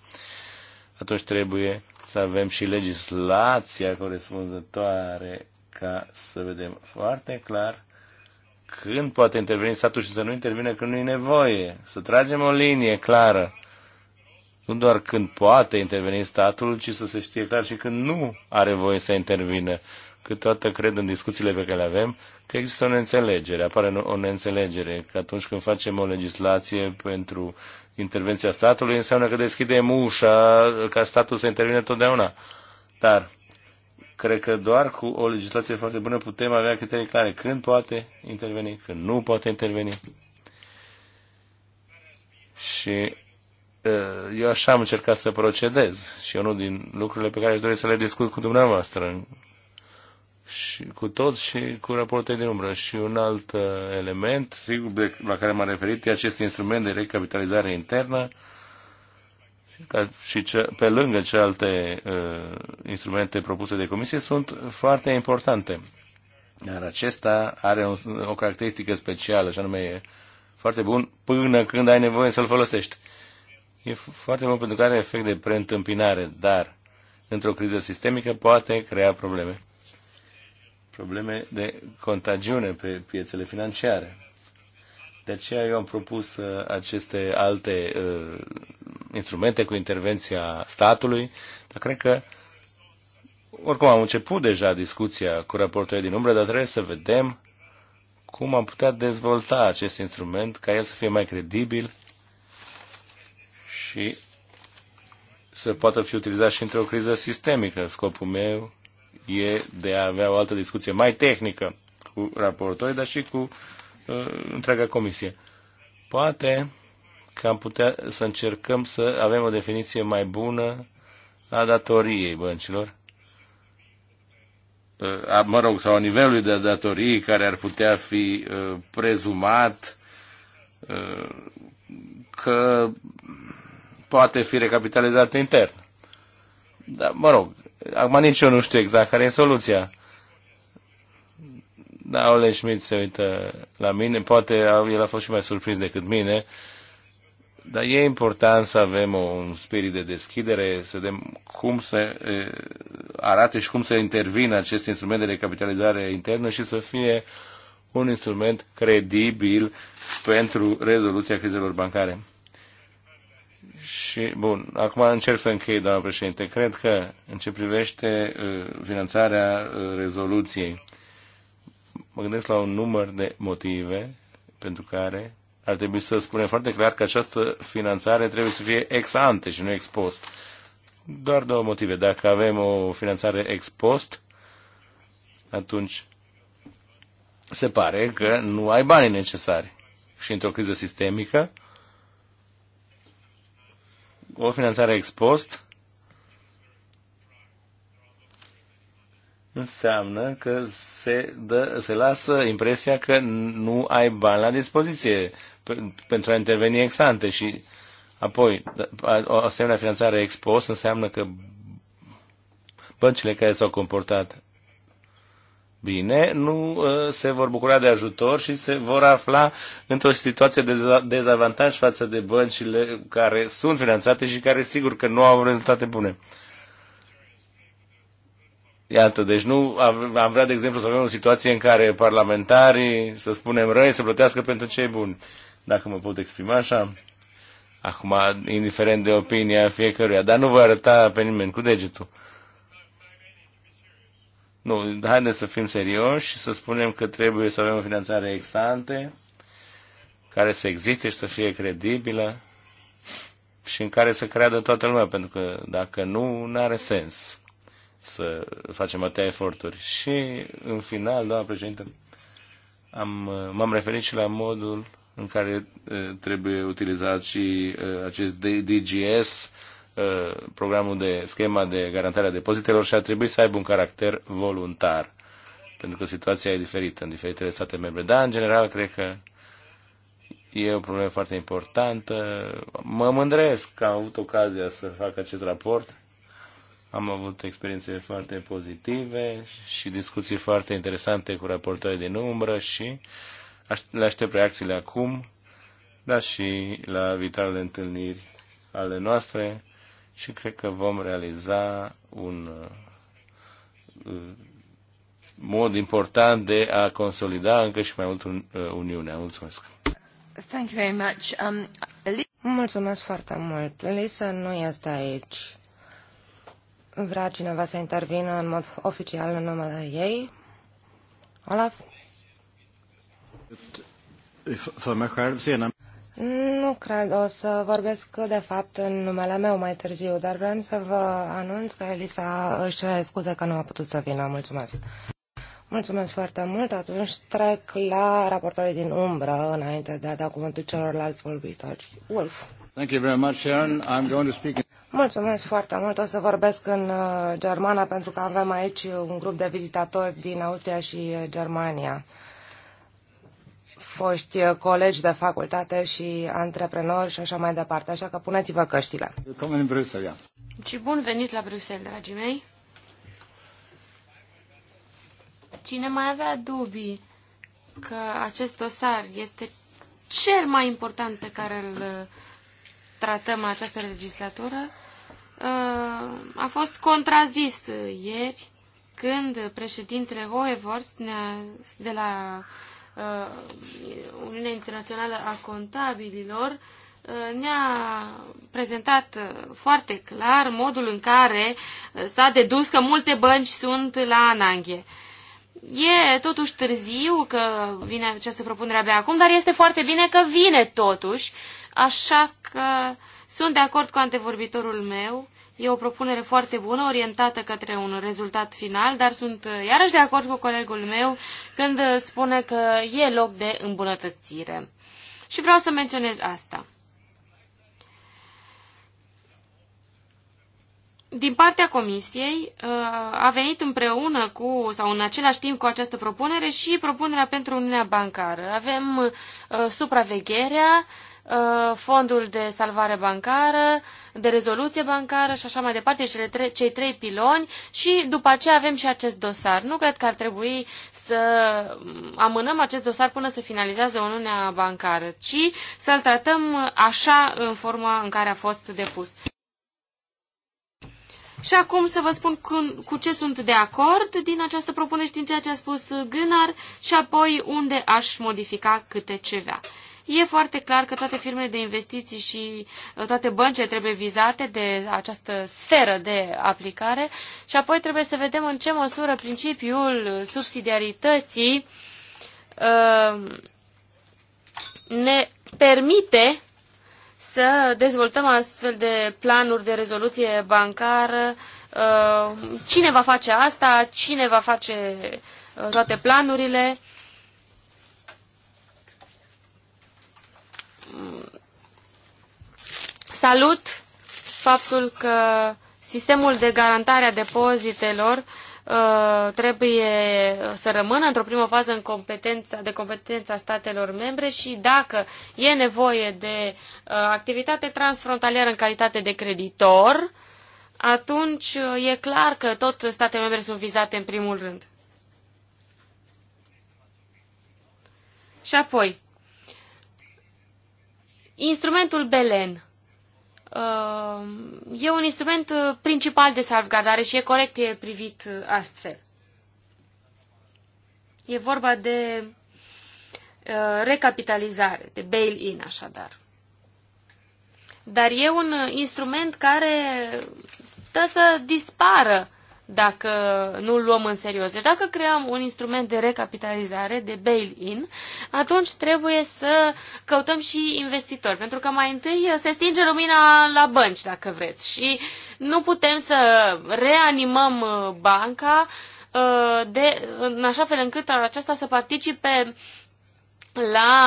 atunci trebuie să avem și legislația corespunzătoare ca să vedem foarte clar când poate interveni statul și să nu intervine când nu e nevoie. Să tragem o linie clară. Nu doar când poate interveni statul, ci să se știe clar și când nu are voie să intervină. Câteodată cred în discuțiile pe care le avem că există o neînțelegere, apare o neînțelegere, că atunci când facem o legislație pentru intervenția statului înseamnă că deschidem ușa ca statul să intervine totdeauna. Dar cred că doar cu o legislație foarte bună putem avea criterii clare când poate interveni, când nu poate interveni. Și ă, eu așa am încercat să procedez și unul din lucrurile pe care aș dori să le discut cu dumneavoastră și cu toți și cu raporte de umbră. Și un alt uh, element, sigur, la care m-am referit, e acest instrument de recapitalizare internă ca și ce, pe lângă celelalte uh, instrumente propuse de comisie sunt foarte importante. Dar acesta are o, o caracteristică specială, așa nume? e foarte bun până când ai nevoie să-l folosești. E foarte bun pentru că are efect de preîntâmpinare, dar într-o criză sistemică poate crea probleme probleme de contagiune pe piețele financiare. De aceea eu am propus uh, aceste alte uh, instrumente cu intervenția statului, dar cred că oricum am început deja discuția cu raportorii din umbră, dar trebuie să vedem cum am putea dezvolta acest instrument ca el să fie mai credibil și să poată fi utilizat și într-o criză sistemică. Scopul meu e de a avea o altă discuție mai tehnică cu raportorii, dar și cu uh, întreaga comisie. Poate că am putea să încercăm să avem o definiție mai bună a datoriei băncilor. Uh, a, mă rog, sau a nivelului de datorii care ar putea fi uh, prezumat uh, că poate fi recapitalizat intern. Dar, mă rog, Acum nici eu nu știu exact care e soluția. Da, Ole Schmidt se uită la mine, poate el a fost și mai surprins decât mine, dar e important să avem un spirit de deschidere, să vedem cum să arate și cum să intervină acest instrument de recapitalizare internă și să fie un instrument credibil pentru rezoluția crizelor bancare. Și, bun, acum încerc să închei, doamna președinte. Cred că, în ce privește uh, finanțarea uh, rezoluției, mă gândesc la un număr de motive pentru care ar trebui să spunem foarte clar că această finanțare trebuie să fie ex ante și nu ex post. Doar două motive. Dacă avem o finanțare ex post, atunci se pare că nu ai banii necesari. Și într-o criză sistemică, o finanțare ex post înseamnă că se, dă, se lasă impresia că nu ai bani la dispoziție pentru a interveni ex ante și apoi da, o asemenea finanțare ex post înseamnă că băncile care s-au comportat bine, nu ă, se vor bucura de ajutor și se vor afla într-o situație de dezavantaj față de băncile care sunt finanțate și care sigur că nu au rezultate bune. Iată, deci nu am vrea, de exemplu, să avem o situație în care parlamentarii, să spunem răi, să plătească pentru cei buni. Dacă mă pot exprima așa, acum, indiferent de opinia fiecăruia, dar nu voi arăta pe nimeni cu degetul. Nu, haideți să fim serioși și să spunem că trebuie să avem o finanțare extante care să existe și să fie credibilă și în care să creadă toată lumea, pentru că dacă nu, nu are sens să facem atâtea eforturi. Și în final, doamna președinte, am, m-am referit și la modul în care eh, trebuie utilizat și eh, acest DGS Uh, programul de schema de garantare a depozitelor și ar trebui să aibă un caracter voluntar, pentru că situația e diferită în diferitele state membre. Dar, în general, cred că e o problemă foarte importantă. Mă mândresc că am avut ocazia să fac acest raport. Am avut experiențe foarte pozitive și discuții foarte interesante cu raportoare din umbră și le aștept reacțiile acum, dar și la viitoarele întâlniri ale noastre și cred că vom realiza un uh, mod important de a consolida încă și mai mult uh, Uniunea. Mulțumesc!
Thank you very much. Um, Mulțumesc foarte mult. Lisa nu este aici. Vrea cineva să intervină în mod oficial în numele ei? Olaf? För mig själv nu cred, o să vorbesc de fapt în numele meu mai târziu, dar vreau să vă anunț că Elisa își cere scuze că nu a putut să vină. Mulțumesc! Mulțumesc foarte mult. Atunci trec la raportorii din umbră înainte de a da cuvântul celorlalți vorbitori. Wolf.
Thank you very much, Sharon. I'm going to speak in...
Mulțumesc foarte mult. O să vorbesc în uh, germana pentru că avem aici un grup de vizitatori din Austria și uh, Germania foști colegi de facultate și antreprenori și așa mai departe, așa că puneți-vă căștile.
Cum în Bruxelles.
Și bun venit la Bruxelles, dragii mei. Cine mai avea dubii că acest dosar este cel mai important pe care îl uh, tratăm în această legislatură, uh, a fost contrazis ieri când președintele Hoevorst de la Uh, Uniunea Internațională a Contabililor uh, ne-a prezentat uh, foarte clar modul în care s-a dedus că multe bănci sunt la ananghe. E totuși târziu că vine această propunere abia acum, dar este foarte bine că vine totuși, așa că sunt de acord cu antevorbitorul meu E o propunere foarte bună, orientată către un rezultat final, dar sunt uh, iarăși de acord cu colegul meu când uh, spune că e loc de îmbunătățire. Și vreau să menționez asta. Din partea comisiei uh, a venit împreună cu, sau în același timp cu această propunere și propunerea pentru Uniunea Bancară. Avem supravegherea, Uh, fondul de salvare bancară, de rezoluție bancară și așa mai departe, cele tre- cei trei piloni și după aceea avem și acest dosar. Nu cred că ar trebui să amânăm acest dosar până se finalizează Uniunea Bancară, ci să-l tratăm așa în forma în care a fost depus. Și acum să vă spun cu, cu ce sunt de acord din această propunere și din ceea ce a spus Gânar și apoi unde aș modifica câte ceva. E foarte clar că toate firmele de investiții și uh, toate băncile trebuie vizate de această sferă de aplicare și apoi trebuie să vedem în ce măsură principiul subsidiarității uh, ne permite să dezvoltăm astfel de planuri de rezoluție bancară, uh, cine va face asta, cine va face toate planurile. salut faptul că sistemul de garantare a depozitelor uh, trebuie să rămână într-o primă fază în competența, de competența statelor membre și dacă e nevoie de uh, activitate transfrontalieră în calitate de creditor, atunci uh, e clar că tot statele membre sunt vizate în primul rând. Și apoi, Instrumentul Belen uh, e un instrument uh, principal de salvgardare și e corect, e privit uh, astfel. E vorba de recapitalizare, de bail-in așadar. Dar e un instrument care stă să dispară dacă nu luăm în serios. Deci dacă creăm un instrument de recapitalizare, de bail-in, atunci trebuie să căutăm și investitori, pentru că mai întâi se stinge lumina la bănci, dacă vreți, și nu putem să reanimăm uh, banca uh, de, în așa fel încât aceasta să participe la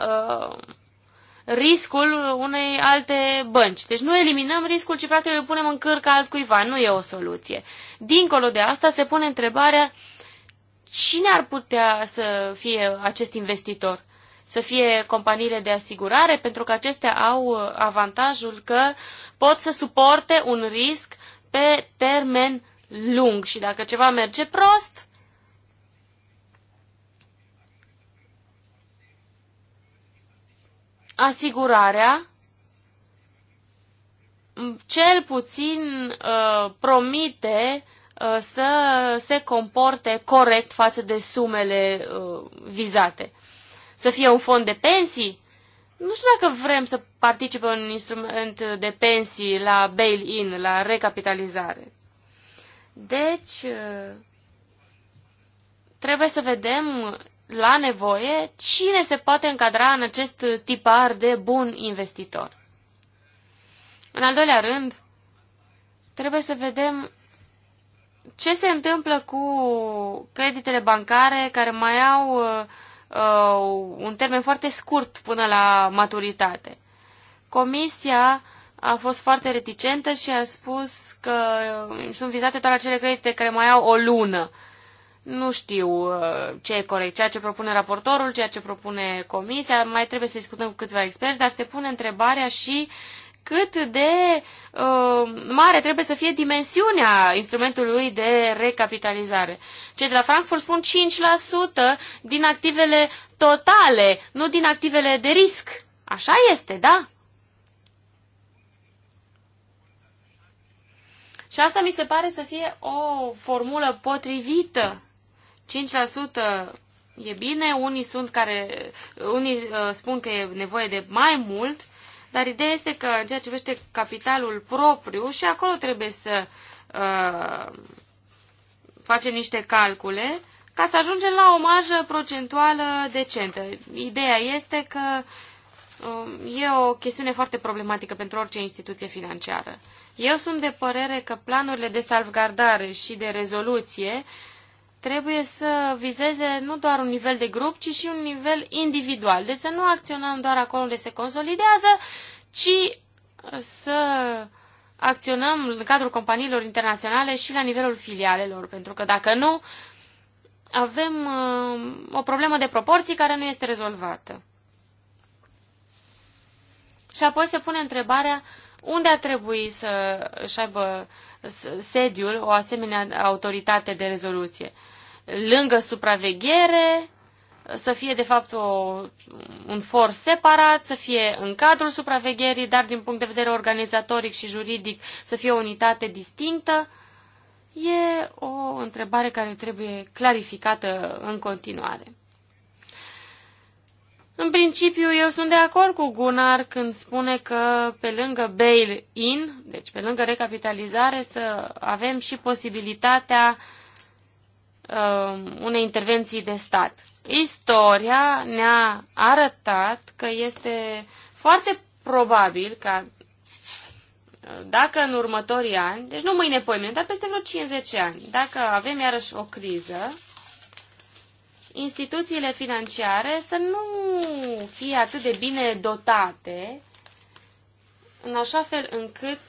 uh, riscul unei alte bănci. Deci nu eliminăm riscul, ci practic îl punem în cârca altcuiva. Nu e o soluție. Dincolo de asta se pune întrebarea cine ar putea să fie acest investitor? Să fie companiile de asigurare, pentru că acestea au avantajul că pot să suporte un risc pe termen lung și dacă ceva merge prost, asigurarea cel puțin uh, promite uh, să se comporte corect față de sumele uh, vizate. Să fie un fond de pensii? Nu știu dacă vrem să participe un instrument de pensii la bail-in, la recapitalizare. Deci, uh, trebuie să vedem la nevoie cine se poate încadra în acest tipar de bun investitor. În al doilea rând, trebuie să vedem ce se întâmplă cu creditele bancare care mai au uh, un termen foarte scurt până la maturitate. Comisia a fost foarte reticentă și a spus că sunt vizate doar acele credite care mai au o lună. Uh, nu știu uh, ce e corect, ceea ce propune raportorul, ceea ce propune comisia, mai trebuie să discutăm cu câțiva experți, dar se pune întrebarea și cât de uh, mare trebuie să fie dimensiunea instrumentului de recapitalizare. Cei de la Frankfurt spun 5% din activele totale, nu din activele de risc. Așa este, da? Și asta mi se pare să fie o formulă potrivită. 5% e bine, unii, sunt care, unii uh, spun că e nevoie de mai mult, dar ideea este că în ceea ce vește capitalul propriu și acolo trebuie să uh, facem niște calcule ca să ajungem la o marjă procentuală decentă. Ideea este că uh, e o chestiune foarte problematică pentru orice instituție financiară. Eu sunt de părere că planurile de salvgardare și de rezoluție uh, trebuie să vizeze nu doar un nivel de grup, ci și un nivel individual. Deci să nu acționăm doar acolo unde se consolidează, ci să acționăm în cadrul companiilor internaționale și la nivelul filialelor, pentru că dacă nu, avem uh, o problemă de proporții care nu este rezolvată. Și apoi se pune întrebarea unde ar trebui să își aibă sediul o asemenea autoritate de rezoluție lângă supraveghere, să fie de fapt o, un for separat, să fie în cadrul supravegherii, dar din punct de vedere organizatoric și juridic să fie o unitate distinctă, e o întrebare care trebuie clarificată în continuare. În principiu, eu sunt de acord cu Gunnar când spune că pe lângă bail-in, deci pe lângă recapitalizare, să avem și posibilitatea uh, uh, unei intervenții de stat. Istoria ne-a arătat că este foarte probabil ca uh, dacă în următorii ani, deci nu mâine, poimine, dar peste vreo 50 ani, dacă avem iarăși o criză, instituțiile financiare să nu fie atât de bine dotate, în așa fel încât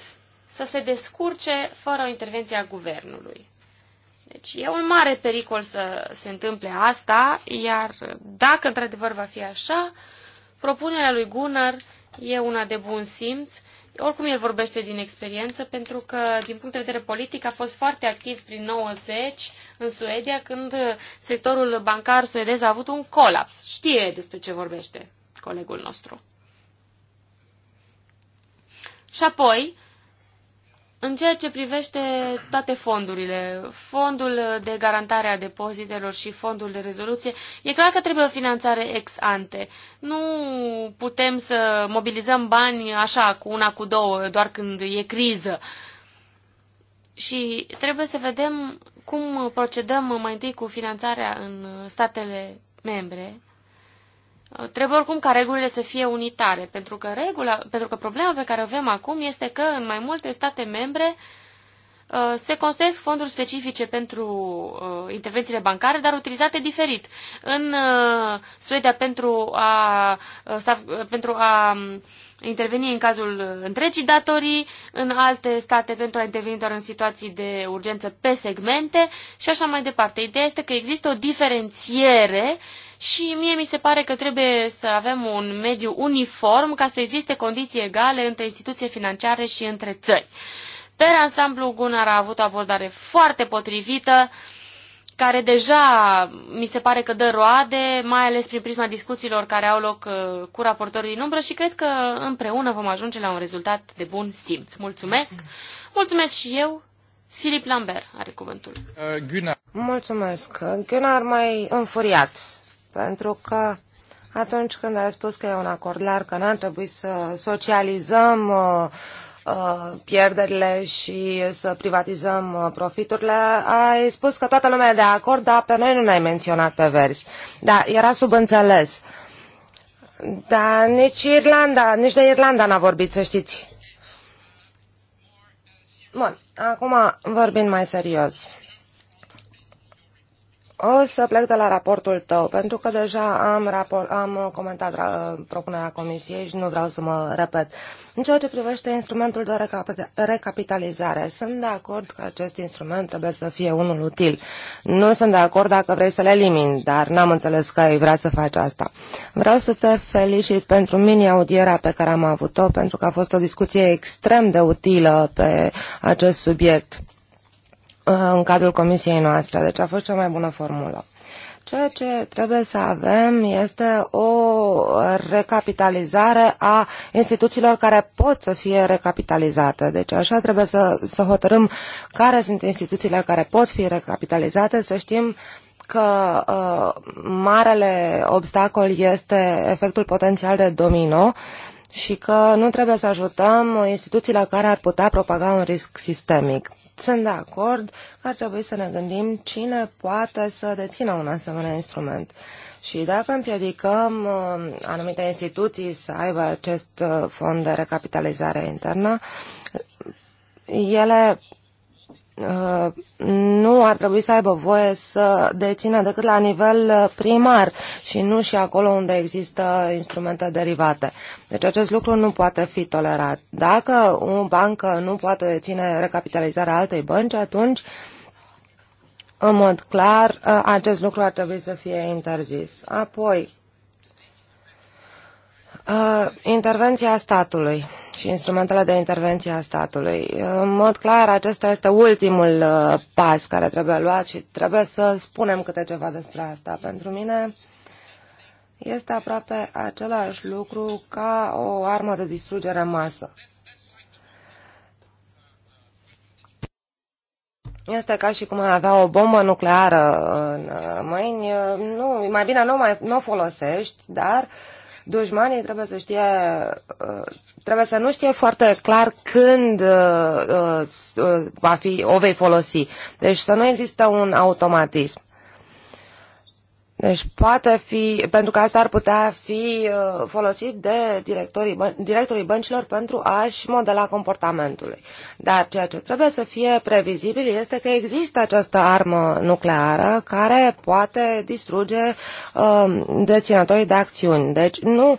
să se descurce fără o intervenție a guvernului. Deci e un mare pericol să se întâmple asta, iar dacă într-adevăr va fi așa, propunerea lui Gunnar e una de bun simț. Oricum el vorbește din experiență, pentru că din punct de vedere politic a fost foarte activ prin 90 în Suedia, când sectorul bancar suedez a avut un colaps. Știe despre ce vorbește colegul nostru. Și apoi, în ceea ce privește toate fondurile, fondul de garantare a depozitelor și fondul de rezoluție, e clar că trebuie o finanțare ex ante. Nu putem să mobilizăm bani așa, cu una, cu două, doar când e criză. Și trebuie să vedem cum procedăm mai întâi cu finanțarea în statele membre, Trebuie oricum ca regulile să fie unitare, pentru că, regula, pentru că problema pe care o avem acum este că în mai multe state membre uh, se construiesc fonduri specifice pentru uh, intervențiile bancare, dar utilizate diferit. În uh, Suedia pentru a, uh, uh pentru a um, interveni în cazul întregii datorii, în alte state pentru a interveni doar în situații de urgență pe segmente și așa mai departe. Ideea este că există o diferențiere uh, și mie mi se pare că trebuie să avem un mediu uniform ca să existe condiții egale între instituții financiare și între țări. Pe ansamblu, Gunnar a avut o abordare foarte potrivită, care deja mi se pare că dă roade, mai ales prin prisma discuțiilor care au loc uh, cu raportorii din umbră și cred că împreună vom ajunge la un rezultat de bun simț. Mulțumesc! Mulțumesc și eu! Filip Lambert are cuvântul.
Uh, Gunnar. Mulțumesc! Gunnar mai înfuriat pentru că atunci când ai spus că e un acord larg, că n-ar trebui să socializăm uh, uh pierderile și să privatizăm uh, profiturile. Ai spus că toată lumea e de acord, dar pe noi nu ne-ai menționat pe verzi. Da, era subînțeles. Dar nici Irlanda, nici de Irlanda n-a vorbit, să știți. Bun, acum vorbim mai serios. O să plec de la raportul tău, pentru că deja am, raport, am comentat uh, propunerea comisiei și nu vreau să mă repet. În ceea ce privește instrumentul de recapitalizare, sunt de acord că acest instrument trebuie să fie unul util. Nu sunt de acord dacă vrei să le elimini, dar n-am înțeles că ai vrea să faci asta. Vreau să te felicit pentru mini-audierea pe care am avut-o, pentru că a fost o discuție extrem de utilă pe acest subiect Uh, în cadrul comisiei noastre, deci a fost cea mai bună formulă. Ceea ce trebuie să avem este o recapitalizare a instituțiilor care pot să fie recapitalizate. Deci așa trebuie să, să hotărâm care sunt instituțiile care pot fi recapitalizate, să știm că uh, marele obstacol este efectul potențial de domino și că nu trebuie să ajutăm instituțiile care ar putea propaga un risc sistemic sunt de acord că ar trebui să ne gândim cine poate să dețină un asemenea instrument. Și dacă împiedicăm uh, anumite instituții să aibă acest uh, fond de recapitalizare internă, ele nu ar trebui să aibă voie să dețină decât la nivel uh, primar și nu și acolo unde există instrumente derivate. Deci acest lucru nu poate fi tolerat. Dacă o bancă nu poate deține recapitalizarea altei bănci, atunci în mod clar, uh, acest lucru ar trebui să fie interzis. Apoi, Uh, intervenția statului și instrumentele de intervenție a statului. Uh, în mod clar, acesta este ultimul uh, pas care trebuie luat și trebuie să spunem câte ceva despre asta. Pentru mine este aproape același lucru ca o armă de distrugere în masă. Este ca și cum ai avea o bombă nucleară în uh, mâini. Uh, nu, mai bine nu, mai, nu o folosești, dar uh, Dușmanii trebuie să știe, uh, trebuie să nu știe foarte clar când uh, uh, va fi, o vei folosi. Deci să nu există un automatism. Deci poate fi, pentru că asta ar putea fi uh, folosit de directorii, directorii băncilor pentru a-și modela comportamentului. Dar ceea ce trebuie să fie previzibil este că există această armă nucleară care poate distruge uh, deținătorii de acțiuni. Deci nu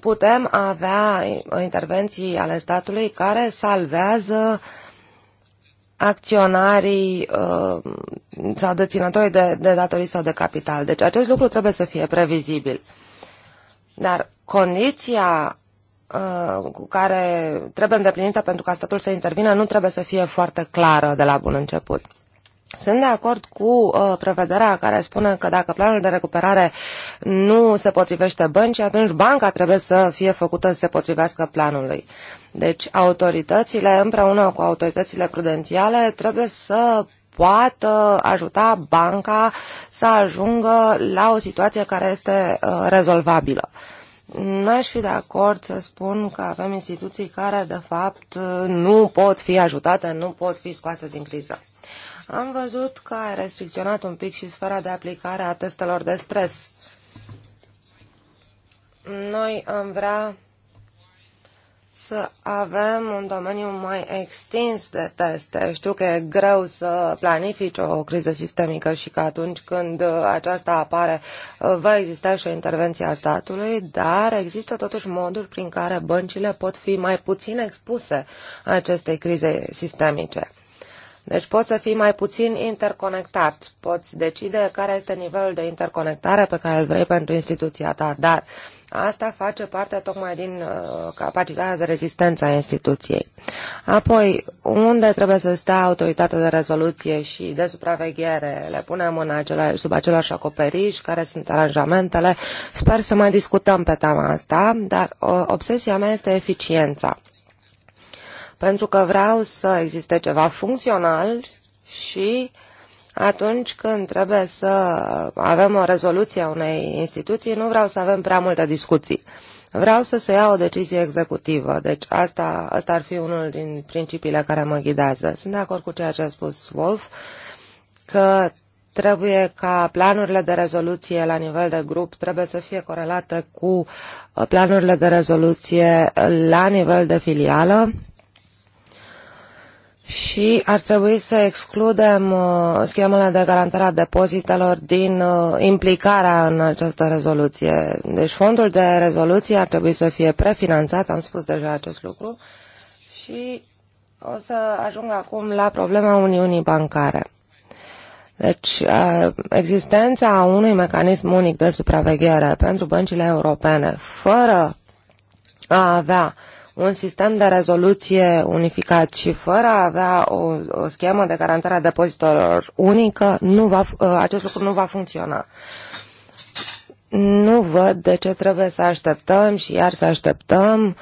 putem avea uh, intervenții ale statului care salvează uh, acționarii uh, sau deținătorii de, de datorii sau de capital. Deci acest lucru trebuie să fie previzibil. Dar condiția uh, cu care trebuie îndeplinită pentru ca statul să intervină nu trebuie să fie foarte clară de la bun început. Sunt de acord cu uh, prevederea care spune că dacă planul de recuperare nu se potrivește băncii, atunci banca trebuie să fie făcută să se potrivească planului. Deci autoritățile, împreună cu autoritățile prudențiale, trebuie să poată ajuta banca să ajungă la o situație care este uh, rezolvabilă. N-aș fi de acord să spun că avem instituții care, de fapt, uh, nu pot fi ajutate, nu pot fi scoase din criză. Am văzut că a restricționat un pic și sfera de aplicare a testelor de stres. Noi am vrea să avem un domeniu mai extins de teste. Știu că e greu să planifici o criză sistemică și că atunci când uh, aceasta apare uh, va exista și o intervenție a statului, dar există totuși moduri prin care băncile pot fi mai puțin expuse acestei crize sistemice. Deci poți să fii mai puțin interconectat, poți decide care este nivelul de interconectare pe care îl vrei pentru instituția ta, dar asta face parte tocmai din uh, capacitatea de rezistență a instituției. Apoi, unde trebuie să stea autoritatea de rezoluție și de supraveghere? Le punem în același, sub același acoperiș, care sunt aranjamentele? Sper să mai discutăm pe tema asta, dar uh, obsesia mea este eficiența pentru că vreau să existe ceva funcțional și atunci când trebuie să avem o rezoluție a unei instituții, nu vreau să avem prea multe discuții. Vreau să se ia o decizie executivă, deci asta, asta ar fi unul din principiile care mă ghidează. Sunt de acord cu ceea ce a spus Wolf, că trebuie ca planurile de rezoluție la nivel de grup trebuie să fie corelate cu uh, planurile de rezoluție la nivel de filială și ar trebui să excludem uh, schemele de garantare a depozitelor din uh, implicarea în această rezoluție. Deci fondul de rezoluție ar trebui să fie prefinanțat, am spus deja acest lucru, și o să ajung acum la problema Uniunii Bancare. Deci, uh, existența unui mecanism unic de supraveghere pentru băncile europene, fără a avea uh, un sistem de rezoluție unificat și fără a avea o, o schemă de garantare a depozitorilor unică, nu va, ă, acest lucru nu va funcționa. Nu văd de ce trebuie să așteptăm și iar să așteptăm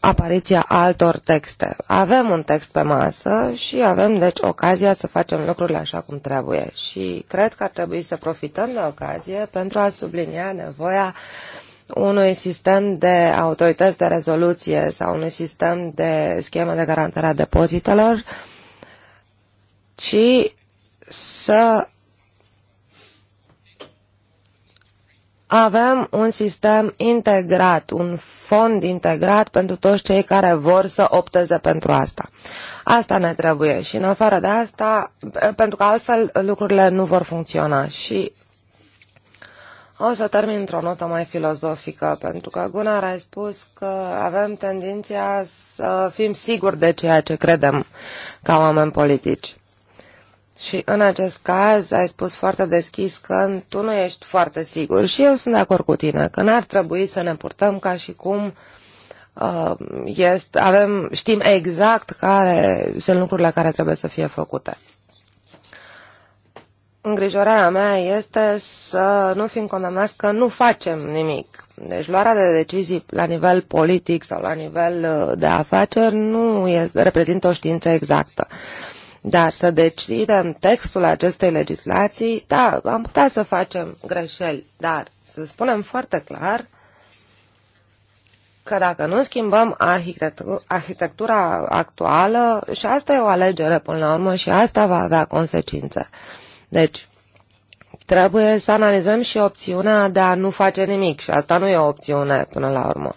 apariția altor texte. Avem un text pe masă și avem deci ocazia să facem lucrurile așa cum trebuie și cred că ar trebui să profităm de ocazie pentru a sublinia nevoia uh, unui sistem de autorități de rezoluție sau unui sistem de scheme de garantare a depozitelor, ci să avem un sistem integrat, un fond integrat pentru toți cei care vor să opteze pentru asta. Asta ne trebuie și în afară de asta, pentru că altfel lucrurile nu vor funcționa și o să termin într-o notă mai filozofică, pentru că Gunnar a spus că avem tendința să fim siguri de ceea ce credem ca oameni politici. Și în acest caz ai spus foarte deschis că tu nu ești foarte sigur și eu sunt de acord cu tine că n-ar trebui să ne purtăm ca și cum uh, este, avem, știm exact care sunt lucrurile care trebuie să fie făcute îngrijorarea mea este să nu fim condamnați că nu facem nimic. Deci luarea de decizii la nivel politic sau la nivel uh, de afaceri nu este, reprezintă o știință exactă. Dar să decidem textul acestei legislații, da, am putea să facem greșeli, dar să spunem foarte clar că dacă nu schimbăm arhitectura actuală, și asta e o alegere până la urmă și asta va avea consecințe. Deci, trebuie să analizăm și opțiunea de a nu face nimic și asta nu e o opțiune până la urmă.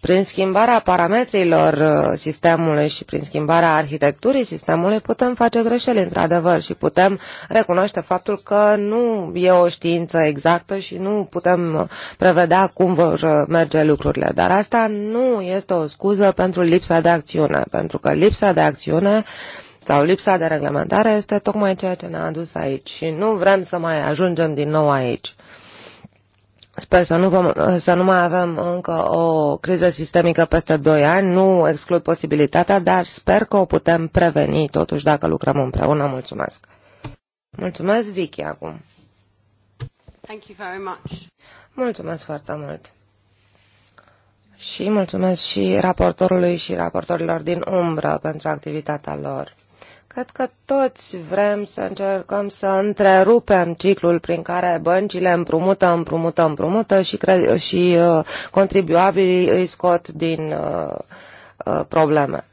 Prin schimbarea parametrilor uh, sistemului și prin schimbarea arhitecturii sistemului putem face greșeli într-adevăr și putem recunoaște faptul că nu e o știință exactă și nu putem uh, prevedea cum vor uh, merge lucrurile. Dar asta nu este o scuză pentru lipsa de acțiune, pentru că lipsa de acțiune uh, sau lipsa de reglementare este tocmai ceea ce ne-a adus aici și nu vrem să mai ajungem din nou aici. Sper să nu, vom, să nu mai avem încă o criză sistemică peste 2 ani, nu exclud posibilitatea, dar sper că o putem preveni totuși dacă lucrăm împreună. Mulțumesc! Mulțumesc, Vicky, acum! Thank you very much. Mulțumesc foarte mult! Și mulțumesc și raportorului și raportorilor din umbră pentru activitatea lor. Cred că toți vrem să încercăm să întrerupem ciclul prin care băncile împrumută, împrumută, împrumută și, cre- și uh, contribuabilii îi scot din uh, uh, probleme.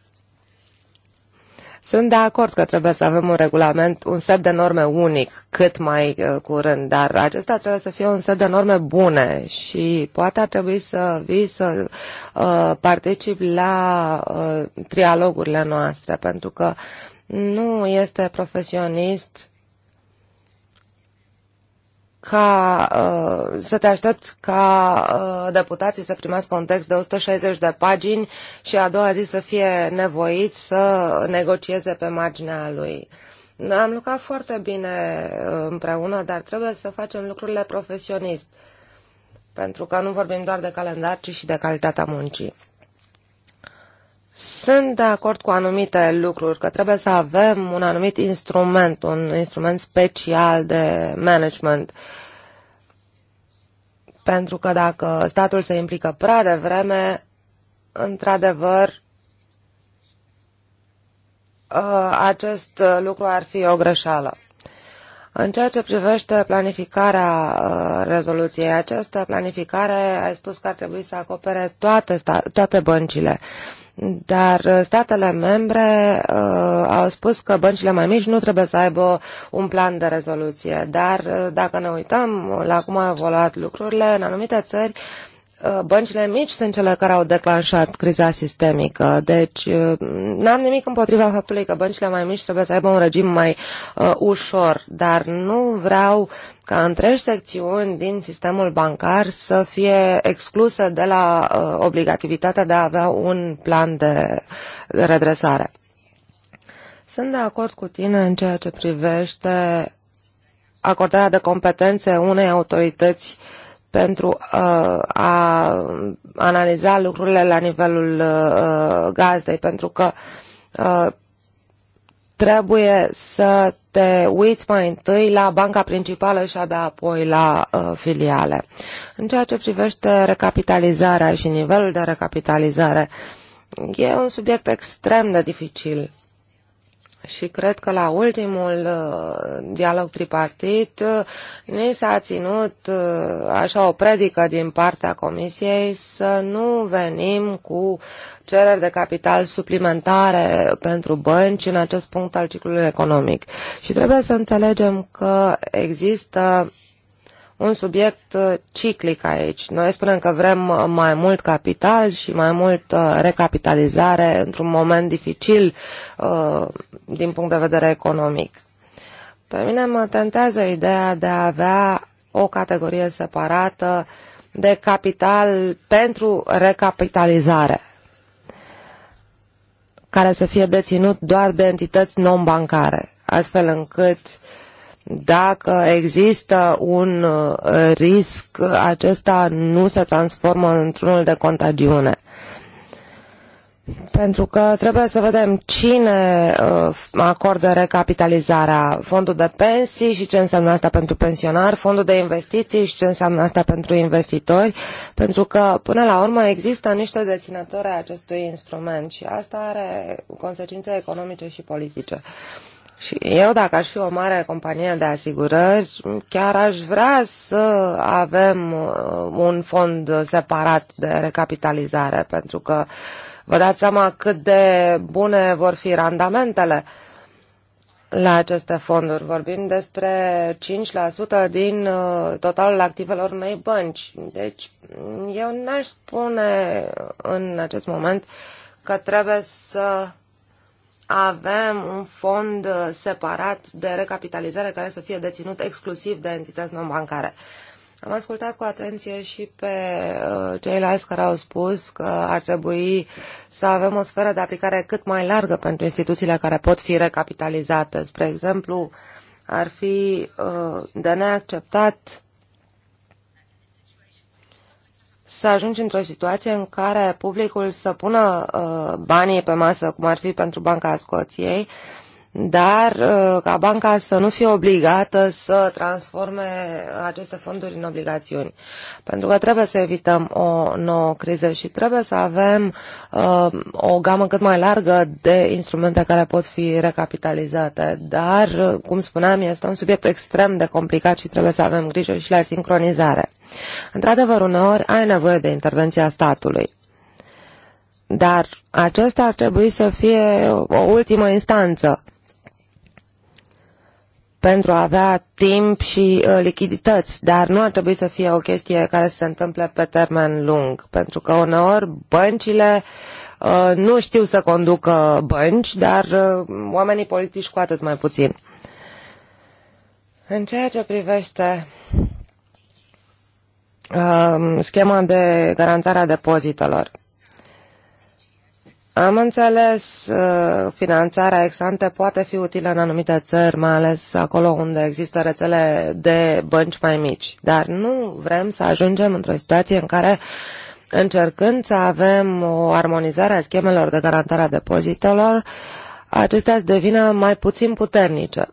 Sunt de acord că trebuie să avem un regulament, un set de norme unic cât mai uh, curând, dar acesta trebuie să fie un set de norme bune și poate ar trebui să vii să uh, participi la uh, trialogurile noastre, pentru că uh, nu este profesionist ca uh, să te aștepți ca uh, deputații să primească un text de 160 de pagini și a doua zi să fie nevoiți să negocieze pe marginea lui. Am lucrat foarte bine uh, împreună, dar trebuie să facem lucrurile profesionist, pentru că nu vorbim doar de calendar, ci și de calitatea muncii. Sunt de acord cu anumite lucruri, că trebuie să avem un anumit instrument, un instrument special de management. Pentru că dacă statul se implică prea devreme, într-adevăr, ă, acest lucru ar fi o greșeală. În ceea ce privește planificarea ă, rezoluției, această planificare, ai spus că ar trebui să acopere toate, toate băncile. Dar uh, statele membre uh, au spus că băncile mai mici nu trebuie să aibă un plan de rezoluție. Dar uh, dacă ne uităm la cum au evoluat lucrurile, în anumite țări Uh, băncile mici sunt cele care au declanșat criza sistemică. Deci uh, n-am nimic împotriva faptului că băncile mai mici trebuie să aibă un regim mai uh, ușor, dar nu vreau ca întregi secțiuni din sistemul bancar să fie excluse de la uh, obligativitatea de a avea un plan de redresare. Sunt de acord cu tine în ceea ce privește acordarea de competențe unei autorități uh, pentru uh, a analiza lucrurile la nivelul uh, gazdei, pentru că uh, trebuie să te uiți mai întâi la banca principală și abia apoi la uh, filiale. În ceea ce privește recapitalizarea și nivelul de recapitalizare, e un subiect extrem de dificil și cred că la ultimul uh, dialog tripartit uh, ni s-a ținut uh, așa o predică din partea Comisiei să nu venim cu cereri de capital suplimentare pentru bănci în acest punct al ciclului economic. Și trebuie să înțelegem că există un subiect uh, ciclic aici. Noi spunem că vrem uh, mai mult capital și mai mult uh, recapitalizare într-un moment dificil din punct de vedere economic. Pe mine mă tentează ideea de a avea o categorie separată de capital pentru recapitalizare, care să fie deținut doar de entități non-bancare, astfel încât dacă există un uh, risc, acesta nu se transformă într-unul de contagiune. Pentru că trebuie să vedem cine uh, acordă recapitalizarea, fondul de pensii și ce înseamnă asta pentru pensionari, fondul de investiții și ce înseamnă asta pentru investitori, pentru că până la urmă există niște deținători ai acestui instrument și asta are consecințe economice și politice. Și eu, dacă aș fi o mare companie de asigurări, chiar aș vrea să avem uh, un fond separat de recapitalizare, pentru că vă dați seama cât de bune vor fi randamentele la aceste fonduri. Vorbim despre 5% din uh, totalul activelor unei bănci. Deci, eu n-aș spune în acest moment că trebuie să avem un fond uh, separat de recapitalizare care să fie deținut exclusiv de entități non-bancare. Am ascultat cu atenție și pe uh, ceilalți care au spus că ar trebui să avem o sferă de aplicare cât mai largă pentru instituțiile care pot fi recapitalizate. Spre exemplu, ar fi uh, de neacceptat să ajungi într-o situație în care publicul să pună uh, banii pe masă, cum ar fi pentru Banca Scoției, uh, dar uh, ca banca să nu fie obligată să transforme aceste fonduri în obligațiuni. Pentru că trebuie să evităm o nouă criză și trebuie să avem uh, o gamă cât mai largă de instrumente care pot fi recapitalizate. Dar, uh, cum spuneam, este un subiect extrem de complicat și trebuie să avem grijă și la sincronizare. Într-adevăr, uneori ai nevoie de intervenția statului dar acesta ar trebui să fie o ultimă instanță pentru a avea timp și uh, lichidități, dar nu ar trebui să fie o chestie care să se întâmple pe termen lung, pentru că uneori băncile uh, nu știu să conducă bănci, dar uh, oamenii politici cu atât mai puțin. În ceea ce privește um, schema de garantare a depozitelor. Am înțeles, uh, finanțarea exante poate fi utilă în anumite țări, mai ales acolo unde există rețele de bănci mai mici, dar nu vrem să ajungem într-o situație în care încercând să avem o armonizare a schemelor de garantare a depozitelor, acestea să devină mai puțin puternice.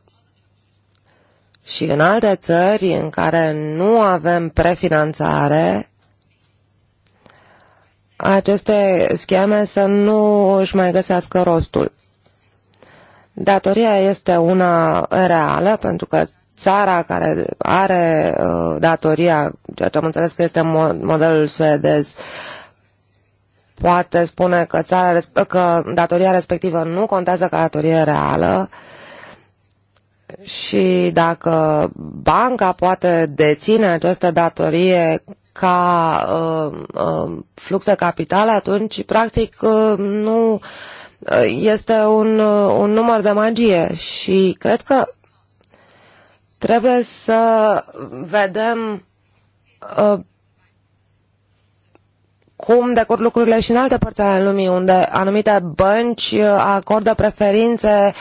Și în alte țări în care nu avem prefinanțare, aceste scheme să nu își mai găsească rostul. Datoria este una reală, pentru că țara care are uh, datoria, ceea ce am înțeles că este modelul suedez, poate spune că, țara, că datoria respectivă nu contează ca datorie reală și dacă banca poate deține această datorie ca uh, uh, flux de capital, atunci, practic, uh, nu uh, este un, uh, un număr de magie și cred că trebuie să vedem uh, cum decur lucrurile și în alte părți ale lumii, unde anumite bănci acordă preferințe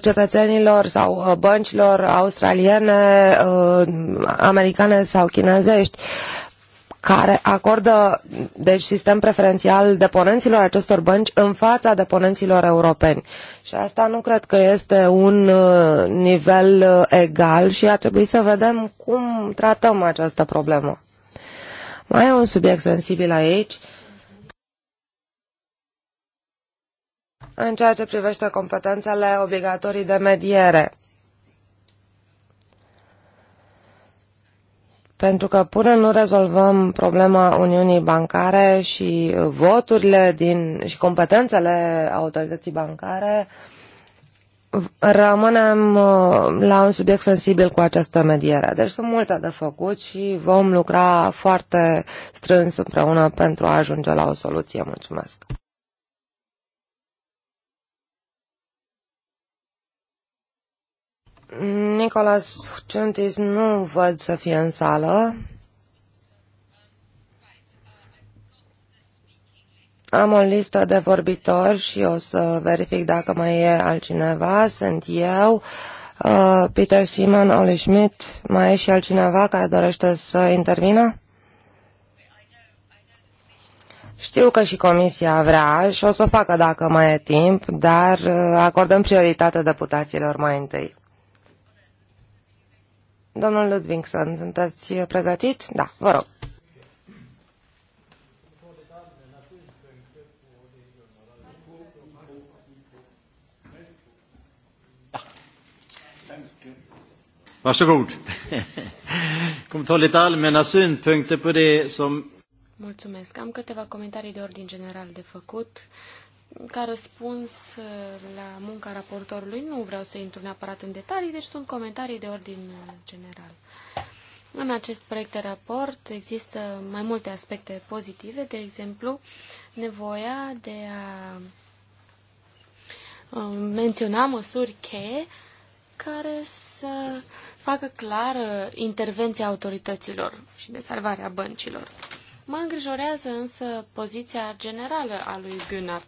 cetățenilor sau băncilor australiene, americane sau chinezești care acordă deci sistem preferențial deponenților acestor bănci în fața deponenților europeni. Și asta nu cred că este un uh, nivel uh, egal și ar trebui să vedem cum tratăm această problemă. Mai e un subiect sensibil aici. În ceea ce privește competențele obligatorii de mediere Pentru că până nu rezolvăm problema Uniunii Bancare și uh, voturile din, și competențele autorității bancare, rămânem uh, la un subiect sensibil cu această mediere. Deci sunt multe de făcut și vom lucra foarte strâns împreună pentru a ajunge la o soluție. Mulțumesc! Nicolas Chuntis nu văd să fie în sală. Am o listă de vorbitori și o să verific dacă mai e altcineva. Sunt eu, uh, Peter Simon, Oli Schmidt. Mai e și altcineva care dorește să intervină? Știu că și Comisia vrea și o să o facă dacă mai e timp, dar uh, acordăm prioritate deputaților mai întâi. Domnul Ludvingson, sunteți pregătit? Da, vă rog. Varsågod. Kommer ta allmänna synpunkter på det som...
Mulțumesc. Am câteva comentarii de ordin general de făcut ca răspuns uh, la munca raportorului, nu vreau să intru neapărat în detalii, deci sunt comentarii de ordin uh, general. În acest proiect de raport există mai multe aspecte pozitive, de exemplu, nevoia de a uh, menționa măsuri cheie care să facă clară intervenția autorităților și de salvarea băncilor. Mă îngrijorează însă poziția generală a lui Gunnar.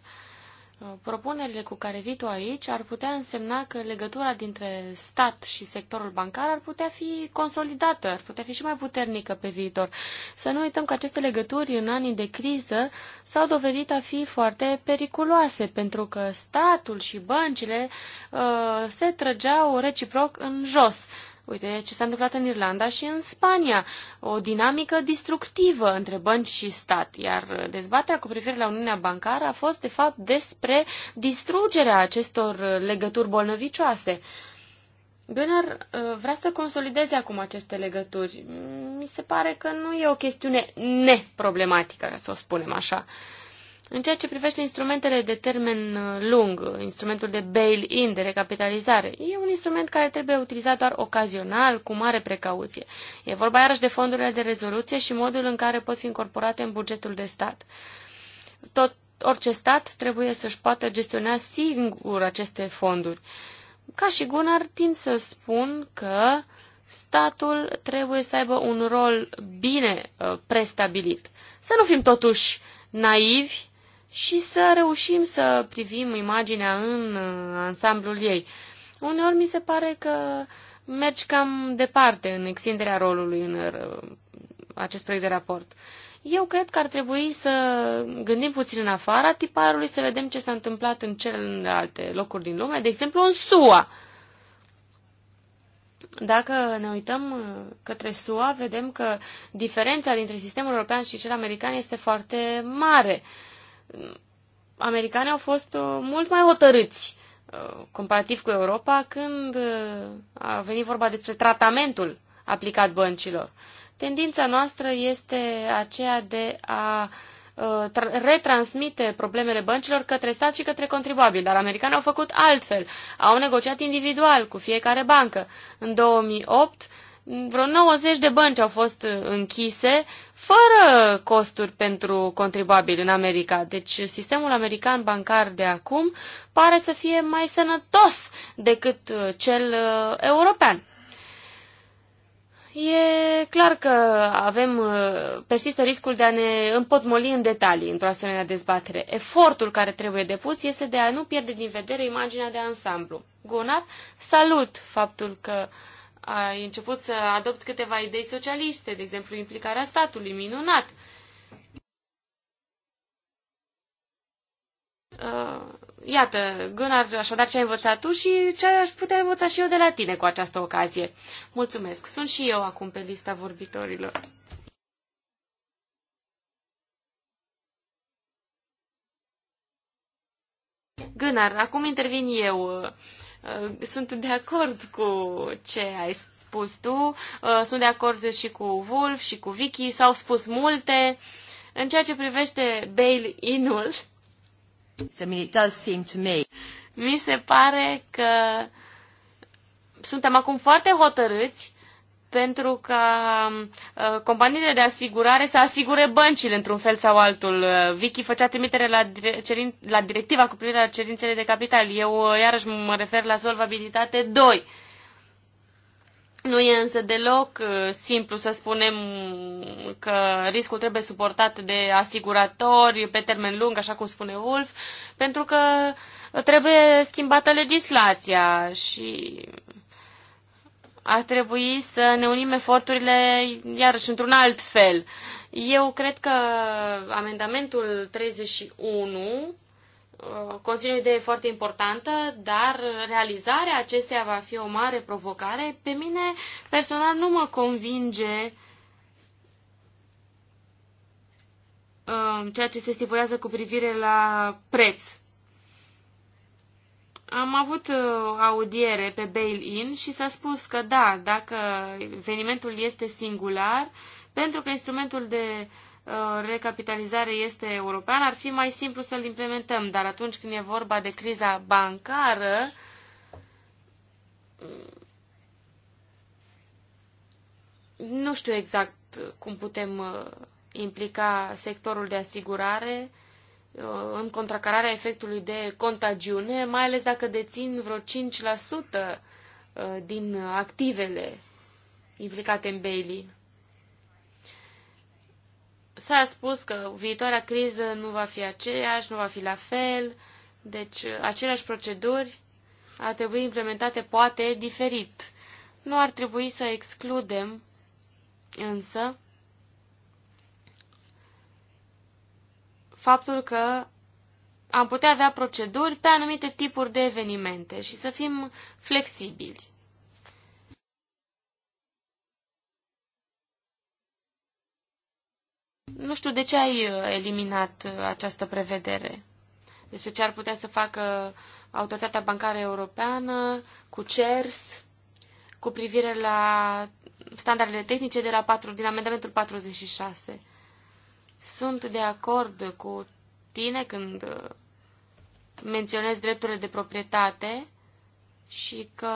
Uh, propunerile cu care vii tu aici ar putea însemna că legătura dintre stat și sectorul bancar ar putea fi consolidată, ar putea fi și mai puternică pe viitor. Să nu uităm că aceste legături în anii de criză s-au dovedit a fi foarte periculoase, pentru că statul și băncile uh, se trăgeau reciproc în jos. Uite ce s-a întâmplat în Irlanda și în Spania. O dinamică distructivă între bănci și stat, iar dezbaterea cu privire la Uniunea Bancară a fost, de fapt, despre distrugerea acestor legături bolnăvicioase. Gunnar uh, vrea să consolideze acum aceste legături. Mi se pare că nu e o chestiune neproblematică, să o spunem așa. În ceea ce privește instrumentele de termen uh, lung, instrumentul de bail-in, de recapitalizare, e un instrument care trebuie utilizat doar ocazional, cu mare precauție. E vorba iarăși de fondurile de rezoluție și modul în care pot fi incorporate în bugetul de stat. Tot orice stat trebuie să-și poată gestiona singur aceste fonduri. Ca și Gunnar, tind să spun că statul trebuie să aibă un rol bine uh, prestabilit. Să nu fim totuși naivi și să reușim să privim imaginea în uh, ansamblul ei. Uneori mi se pare că mergi cam departe în extinderea rolului în uh, acest proiect de raport. Eu cred că ar trebui să gândim puțin în afara tiparului, să vedem ce s-a întâmplat în celelalte locuri din lume, de exemplu în SUA. Dacă ne uităm uh, către SUA, vedem că diferența dintre sistemul european și cel american este foarte mare. Uh, americanii au fost uh, mult mai hotărâți uh, comparativ cu Europa când uh, a venit vorba despre tratamentul aplicat băncilor. Tendința noastră este aceea de a retransmite problemele băncilor către stat și către contribuabil, dar americanii au făcut altfel. Au negociat individual cu fiecare bancă. În 2008 vreo 90 de bănci au fost uh, închise fără costuri pentru contribuabili în America. Deci sistemul american bancar de acum pare să fie mai sănătos decât uh, cel uh, european. E clar că avem, persistă riscul de a ne împotmoli în detalii într-o asemenea dezbatere. Efortul care trebuie depus este de a nu pierde din vedere imaginea de ansamblu. Gunnar, salut faptul că uh, ai început să adopți câteva idei socialiste, de exemplu implicarea statului, minunat. Uh, iată, Gunnar, așadar ce ai învățat tu și ce aș putea învăța și eu de la tine cu această ocazie. Mulțumesc. Sunt și eu acum pe lista vorbitorilor. Gânar, acum intervin eu. Uh, sunt de acord cu ce ai spus tu, uh, sunt de acord și cu Wolf și cu Vicky, s-au spus multe. În ceea ce privește bail-in-ul, I mean, it does seem to me. mi se pare că suntem acum foarte hotărâți pentru ca uh, companiile de asigurare să asigure băncile într-un fel sau altul. Uh, Vicky făcea trimitere la, cerin, la directiva cu privire la cerințele de capital. Eu uh, iarăși mă refer la solvabilitate 2. Nu e însă deloc simplu să spunem că riscul trebuie suportat de asiguratori pe termen lung, așa cum spune Wolf, pentru că trebuie schimbată legislația și ar trebui să ne unim eforturile iarăși într-un alt fel. Eu cred că amendamentul 31 uh, conține o idee foarte importantă, dar realizarea acesteia va fi o mare provocare. Pe mine personal nu mă convinge uh, ceea ce se stipulează cu privire la preț am avut uh, audiere pe bail-in și s-a spus că da, dacă evenimentul este singular, pentru că instrumentul de uh, recapitalizare este european, ar fi mai simplu să-l implementăm, dar atunci când e vorba de criza bancară, nu știu exact cum putem uh, implica sectorul de asigurare Uh, în contracararea efectului de contagiune, mai ales dacă dețin vreo 5% uh, din activele implicate în bail S-a spus că viitoarea criză nu va fi aceeași, nu va fi la fel, deci uh, aceleași proceduri ar trebui implementate poate diferit. Nu ar trebui să excludem însă faptul că am putea avea proceduri pe anumite tipuri de evenimente și să fim flexibili. Nu știu de ce ai uh, eliminat uh, această prevedere. Despre ce ar putea să facă Autoritatea Bancară Europeană cu CERS cu privire la standardele tehnice de la 4, din amendamentul 46. Sunt de acord cu tine când uh, menționez drepturile de proprietate și că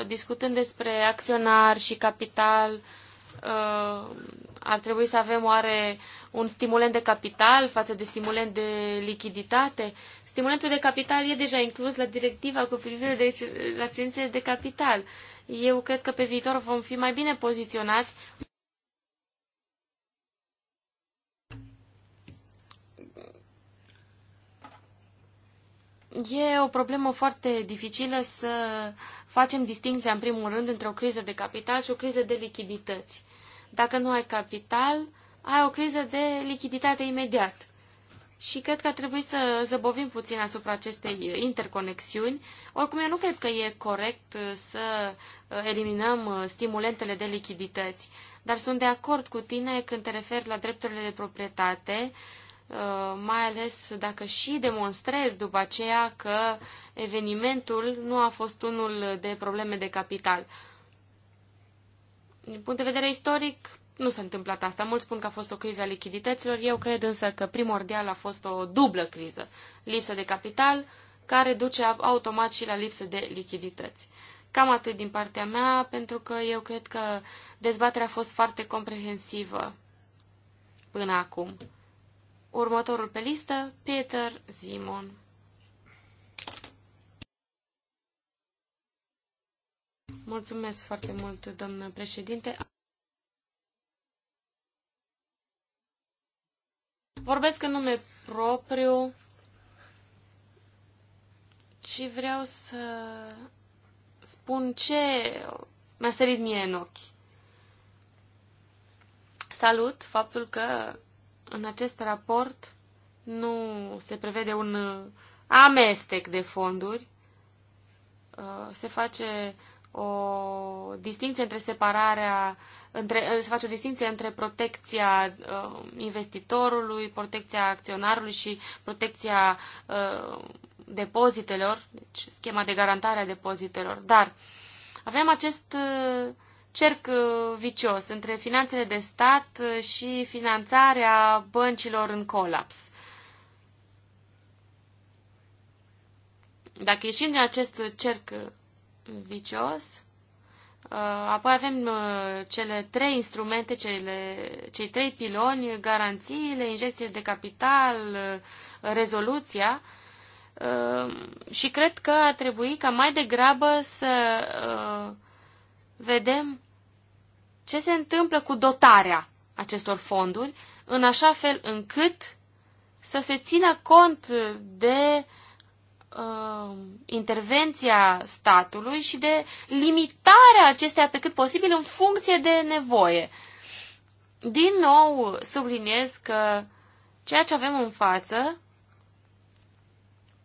uh, discutând despre acționar și capital, uh, ar trebui să avem oare un stimulent de capital față de stimulent de lichiditate? Stimulentul de capital e deja inclus la directiva cu privire de acțiunile de capital. Eu cred că pe viitor vom fi mai bine poziționați E o problemă foarte dificilă să facem distinția, în primul rând, între o criză de capital și o criză de lichidități. Dacă nu ai capital, ai o criză de lichiditate imediat. Și cred că ar trebui să zăbovim puțin asupra acestei interconexiuni. Oricum, eu nu cred că e corect uh, să uh, eliminăm uh, stimulentele de lichidități, dar sunt de acord cu tine când te referi la drepturile de proprietate Uh, mai ales dacă și demonstrez după aceea că evenimentul nu a fost unul de probleme de capital. Din punct de vedere istoric, nu s-a întâmplat asta. Mulți spun că a fost o criză a lichidităților, eu cred însă că primordial a fost o dublă criză. Lipsă de capital, care duce automat și la lipsă de lichidități. Cam atât din partea mea, pentru că eu cred că dezbaterea a fost foarte comprehensivă până acum. Următorul pe listă, Peter Zimon. Mulțumesc foarte mult, domnă președinte. Vorbesc în nume propriu și vreau să spun ce mi-a sărit mie în ochi. Salut faptul că în acest raport nu se prevede un uh, amestec de fonduri. Uh, se face o distinție între separarea, între, uh, se face o distinție între protecția investitorului, protecția acționarului și protecția depozitelor, deci schema de garantare a depozitelor. Dar avem acest uh, cerc uh, vicios între finanțele de stat uh, și finanțarea băncilor în colaps. Dacă ieșim din acest cerc vicios, uh, apoi avem cele trei instrumente, cele, cei trei piloni, garanțiile, injecțiile de capital, rezoluția, și cred că ar trebui ca mai degrabă să vedem ce se întâmplă cu dotarea acestor fonduri, în așa fel încât să se țină cont de uh, intervenția statului și de limitarea acesteia pe cât posibil în funcție de nevoie. Din nou subliniez că ceea ce avem în față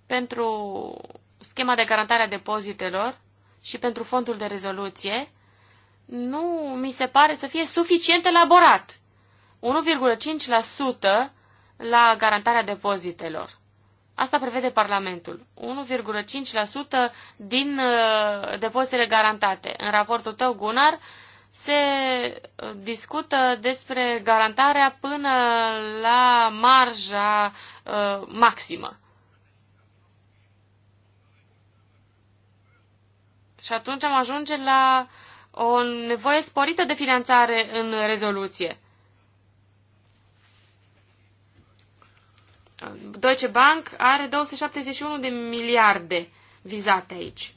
pentru schema de garantare a depozitelor și pentru fondul de rezoluție nu mi se pare să fie suficient elaborat. 1,5% la garantarea depozitelor. Asta prevede Parlamentul. 1,5% din uh, depozitele garantate. În raportul tău, Gunnar, se uh, discută despre garantarea până la marja uh, maximă. Și atunci am ajunge la uh, o nevoie sporită de finanțare în rezoluție. Deutsche Bank are 271 de miliarde vizate aici.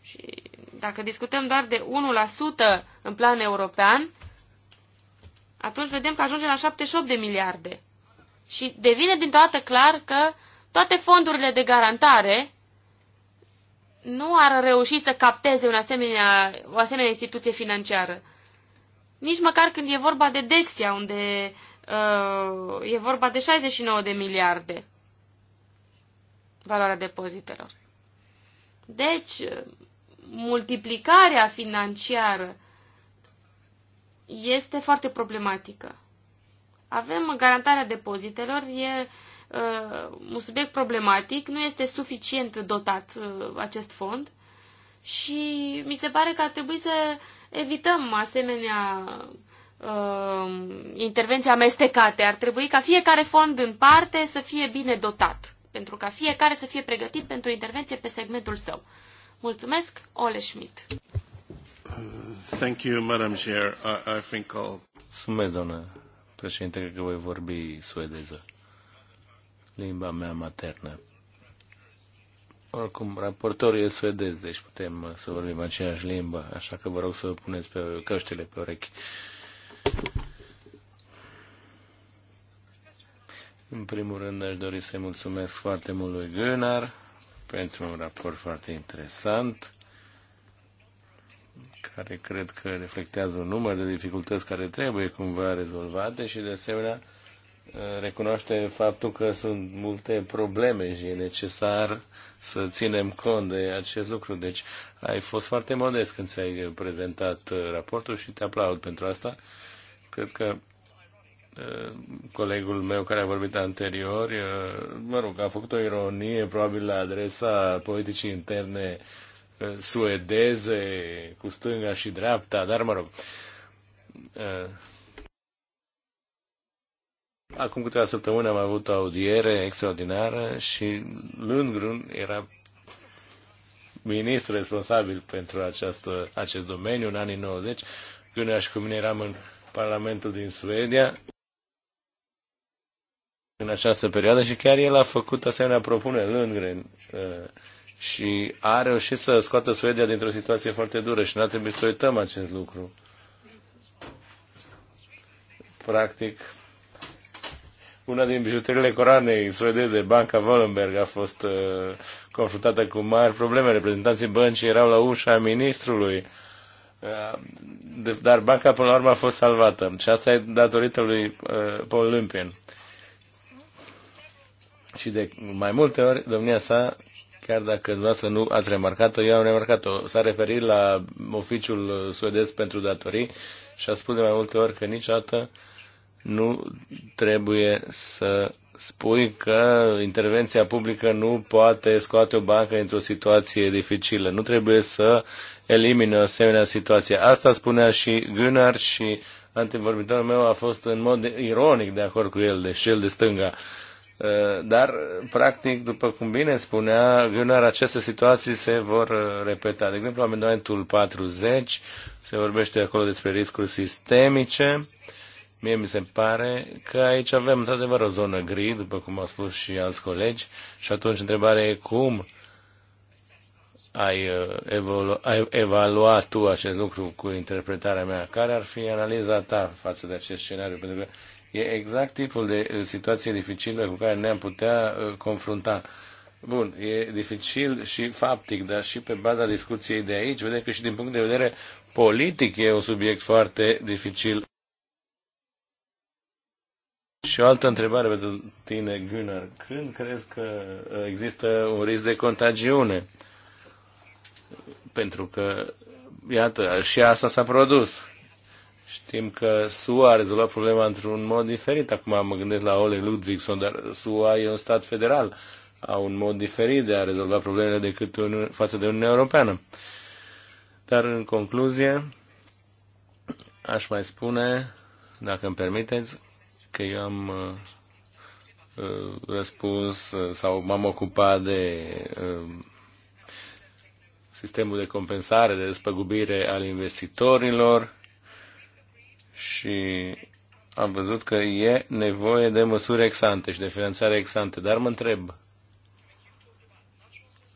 Și dacă discutăm doar de 1% în plan european, atunci vedem că ajunge la 78 de miliarde. Și devine din toată clar că toate fondurile de garantare nu ar reuși să capteze un asemenea, o asemenea instituție financiară. Nici măcar când e vorba de Dexia, unde uh, e vorba de 69 de miliarde valoarea depozitelor. Deci, multiplicarea financiară este foarte problematică. Avem garantarea depozitelor, e Uh, un subiect problematic, nu este suficient dotat uh, acest fond și mi se pare că ar trebui să evităm asemenea uh, intervenții amestecate. Ar trebui ca fiecare fond în parte să fie bine dotat, pentru ca fiecare să fie pregătit pentru intervenție pe segmentul său. Mulțumesc, Ole Schmidt.
Thank you, Madam Chair. I, I think I'll... Mulțumesc, doamnă președinte, cred că voi vorbi suedeză limba mea maternă. Oricum, raportorul e suedez, deci putem uh, să vorbim aceeași limbă, așa că vă rog să vă puneți pe căștile pe urechi. În primul rând aș dori să-i mulțumesc foarte mult lui Gunnar pentru un raport foarte interesant care cred că reflectează un număr de dificultăți care trebuie cumva rezolvate și de asemenea Uh, recunoaște faptul că sunt multe probleme și e necesar să ținem cont de acest lucru. Deci ai fost foarte modest când ți-ai prezentat uh, raportul și te aplaud pentru asta. Cred că uh, colegul meu care a vorbit anterior, mă rog, a făcut o ironie probabil la adresa politicii interne suedeze cu stânga și dreapta, dar mă rog, Acum câteva săptămâni am avut o audiere extraordinară și Lundgren era ministru responsabil pentru această, acest domeniu în anii 90. Gânea și cu mine eram în Parlamentul din Suedia în această perioadă și chiar el a făcut asemenea propunere Lundgren, uh, și a reușit să scoată Suedia dintr-o situație foarte dură și nu a trebuit să uităm acest lucru. Practic, una din bijuteriile coranei suedeze, Banca Wallenberg, a fost uh, confruntată cu mari probleme. Reprezentanții băncii erau la ușa ministrului, uh, de, dar banca până la urmă a fost salvată. Și asta e datorită lui uh, Paul Lumpin. Și de mai multe ori, domnia sa chiar dacă dumneavoastră nu ați remarcat-o, eu am remarcat-o. S-a referit la oficiul suedez pentru datorii și a spus de mai multe ori că niciodată nu trebuie să spui că intervenția publică nu poate scoate o bancă într-o situație dificilă. Nu trebuie să elimine o asemenea situație. Asta spunea și Gunnar și antevorbitorul meu a fost în mod ironic de acord cu el, de el de stânga. Uh, dar, practic, după cum bine spunea Gunnar, aceste situații se vor uh, repeta. De exemplu, amendamentul 40 se vorbește acolo despre riscuri sistemice. Uh, Mie mi se pare că aici avem într-adevăr o zonă gri, după cum au spus și alți colegi, și atunci întrebarea e cum ai, uh, evolu- ai evaluat tu acest lucru cu interpretarea mea? Care ar fi analiza ta față de acest scenariu? Pentru că e exact tipul de uh, situație dificilă cu care ne-am putea uh, confrunta. Bun, e dificil și faptic, dar și pe baza discuției de aici, vedeți că și din punct de vedere politic e un subiect foarte dificil. Și o altă întrebare pentru tine, Gunnar. Când crezi că uh, există un risc de contagiune? Pentru că, iată, și asta s-a produs. Știm că SUA a rezolvat problema într-un mod diferit. Acum mă gândesc la Ole Ludwigson, dar SUA e un stat federal. A un mod diferit de a rezolva problemele decât un, față de Uniunea Europeană. Dar, în concluzie, aș mai spune, dacă îmi permiteți, că eu am uh, uh, răspuns uh, sau m-am ocupat de um, sistemul de compensare, de despăgubire al investitorilor și am văzut că e nevoie de măsuri exante și de finanțare exante. Dar mă întreb,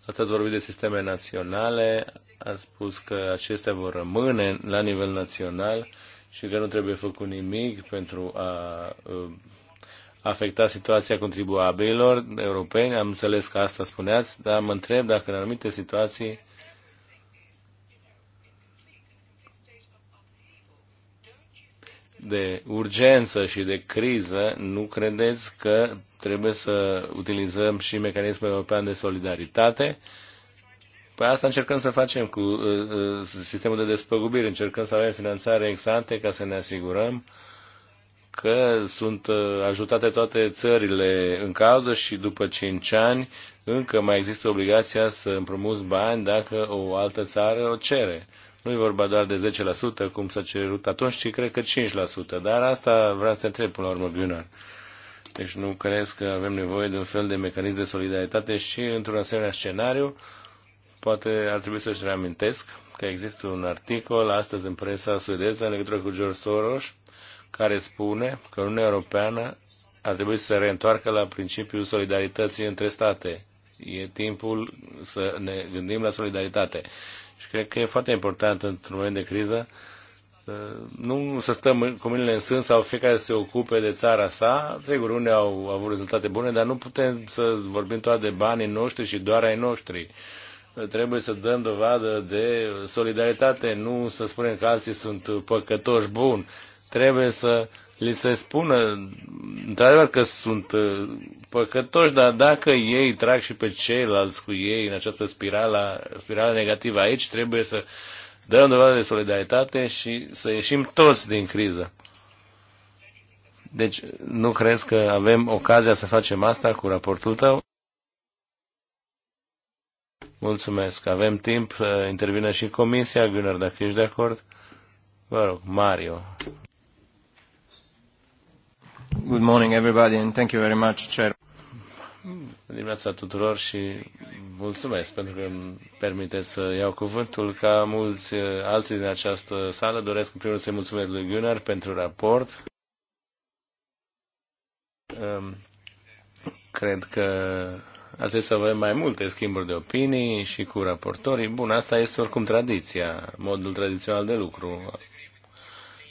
ați vorbit de sisteme naționale, ați spus că acestea vor rămâne la nivel național și că nu trebuie făcut nimic pentru a afecta situația contribuabililor europeni. Am înțeles că asta spuneați, dar mă întreb dacă în anumite situații de urgență și de criză, nu credeți că trebuie să utilizăm și mecanismul european de solidaritate? Uh, Păi asta încercăm să facem cu uh, uh sistemul de despăgubiri, încercăm să avem finanțare exante, ca să ne asigurăm că sunt uh, ajutate toate țările în cauză și după 5 ani încă mai există obligația să împrumuți bani dacă o altă țară o cere. Nu e vorba doar de 10% cum s-a cerut atunci, ci cred că 5%. Dar asta vreau să întreb până la urmă, Gunnar. Deci nu crezi că avem nevoie de un fel de mecanism de solidaritate și într-un asemenea scenariu Poate ar trebui să-și reamintesc că există un articol astăzi în presa suedeză în legătură cu George Soros care spune că Uniunea Europeană ar trebui să se reîntoarcă la principiul solidarității între state. E timpul să ne gândim la solidaritate. Și cred că e foarte important într-un moment de criză ă, nu să stăm cu mâinile în sân sau fiecare să se ocupe de țara sa. Sigur, unii au avut rezultate bune, dar nu putem să vorbim toate de banii noștri și doar ai noștri trebuie să dăm dovadă de solidaritate, nu să spunem că alții sunt păcătoși buni. Trebuie să li se spună, într-adevăr că sunt uh, păcătoși, dar dacă ei trag și pe ceilalți cu ei în această spirală, spirală negativă aici, trebuie să dăm dovadă de solidaritate și să ieșim toți din criză. Deci nu crezi că avem ocazia să facem asta cu raportul tău? Mulțumesc. Avem timp. Intervine și Comisia Gunnar, dacă ești de acord. Vă rog, Mario.
Good morning, everybody, and thank you very much, Chair.
Dimineața tuturor și mulțumesc pentru că îmi permiteți să iau cuvântul. Ca mulți uh, alții din această sală, doresc în primul rând să-i mulțumesc lui Gunnar pentru raport. Um, cred că ar trebui să avem mai multe schimburi de opinii și cu raportorii. Bun, asta este oricum tradiția, modul tradițional de lucru.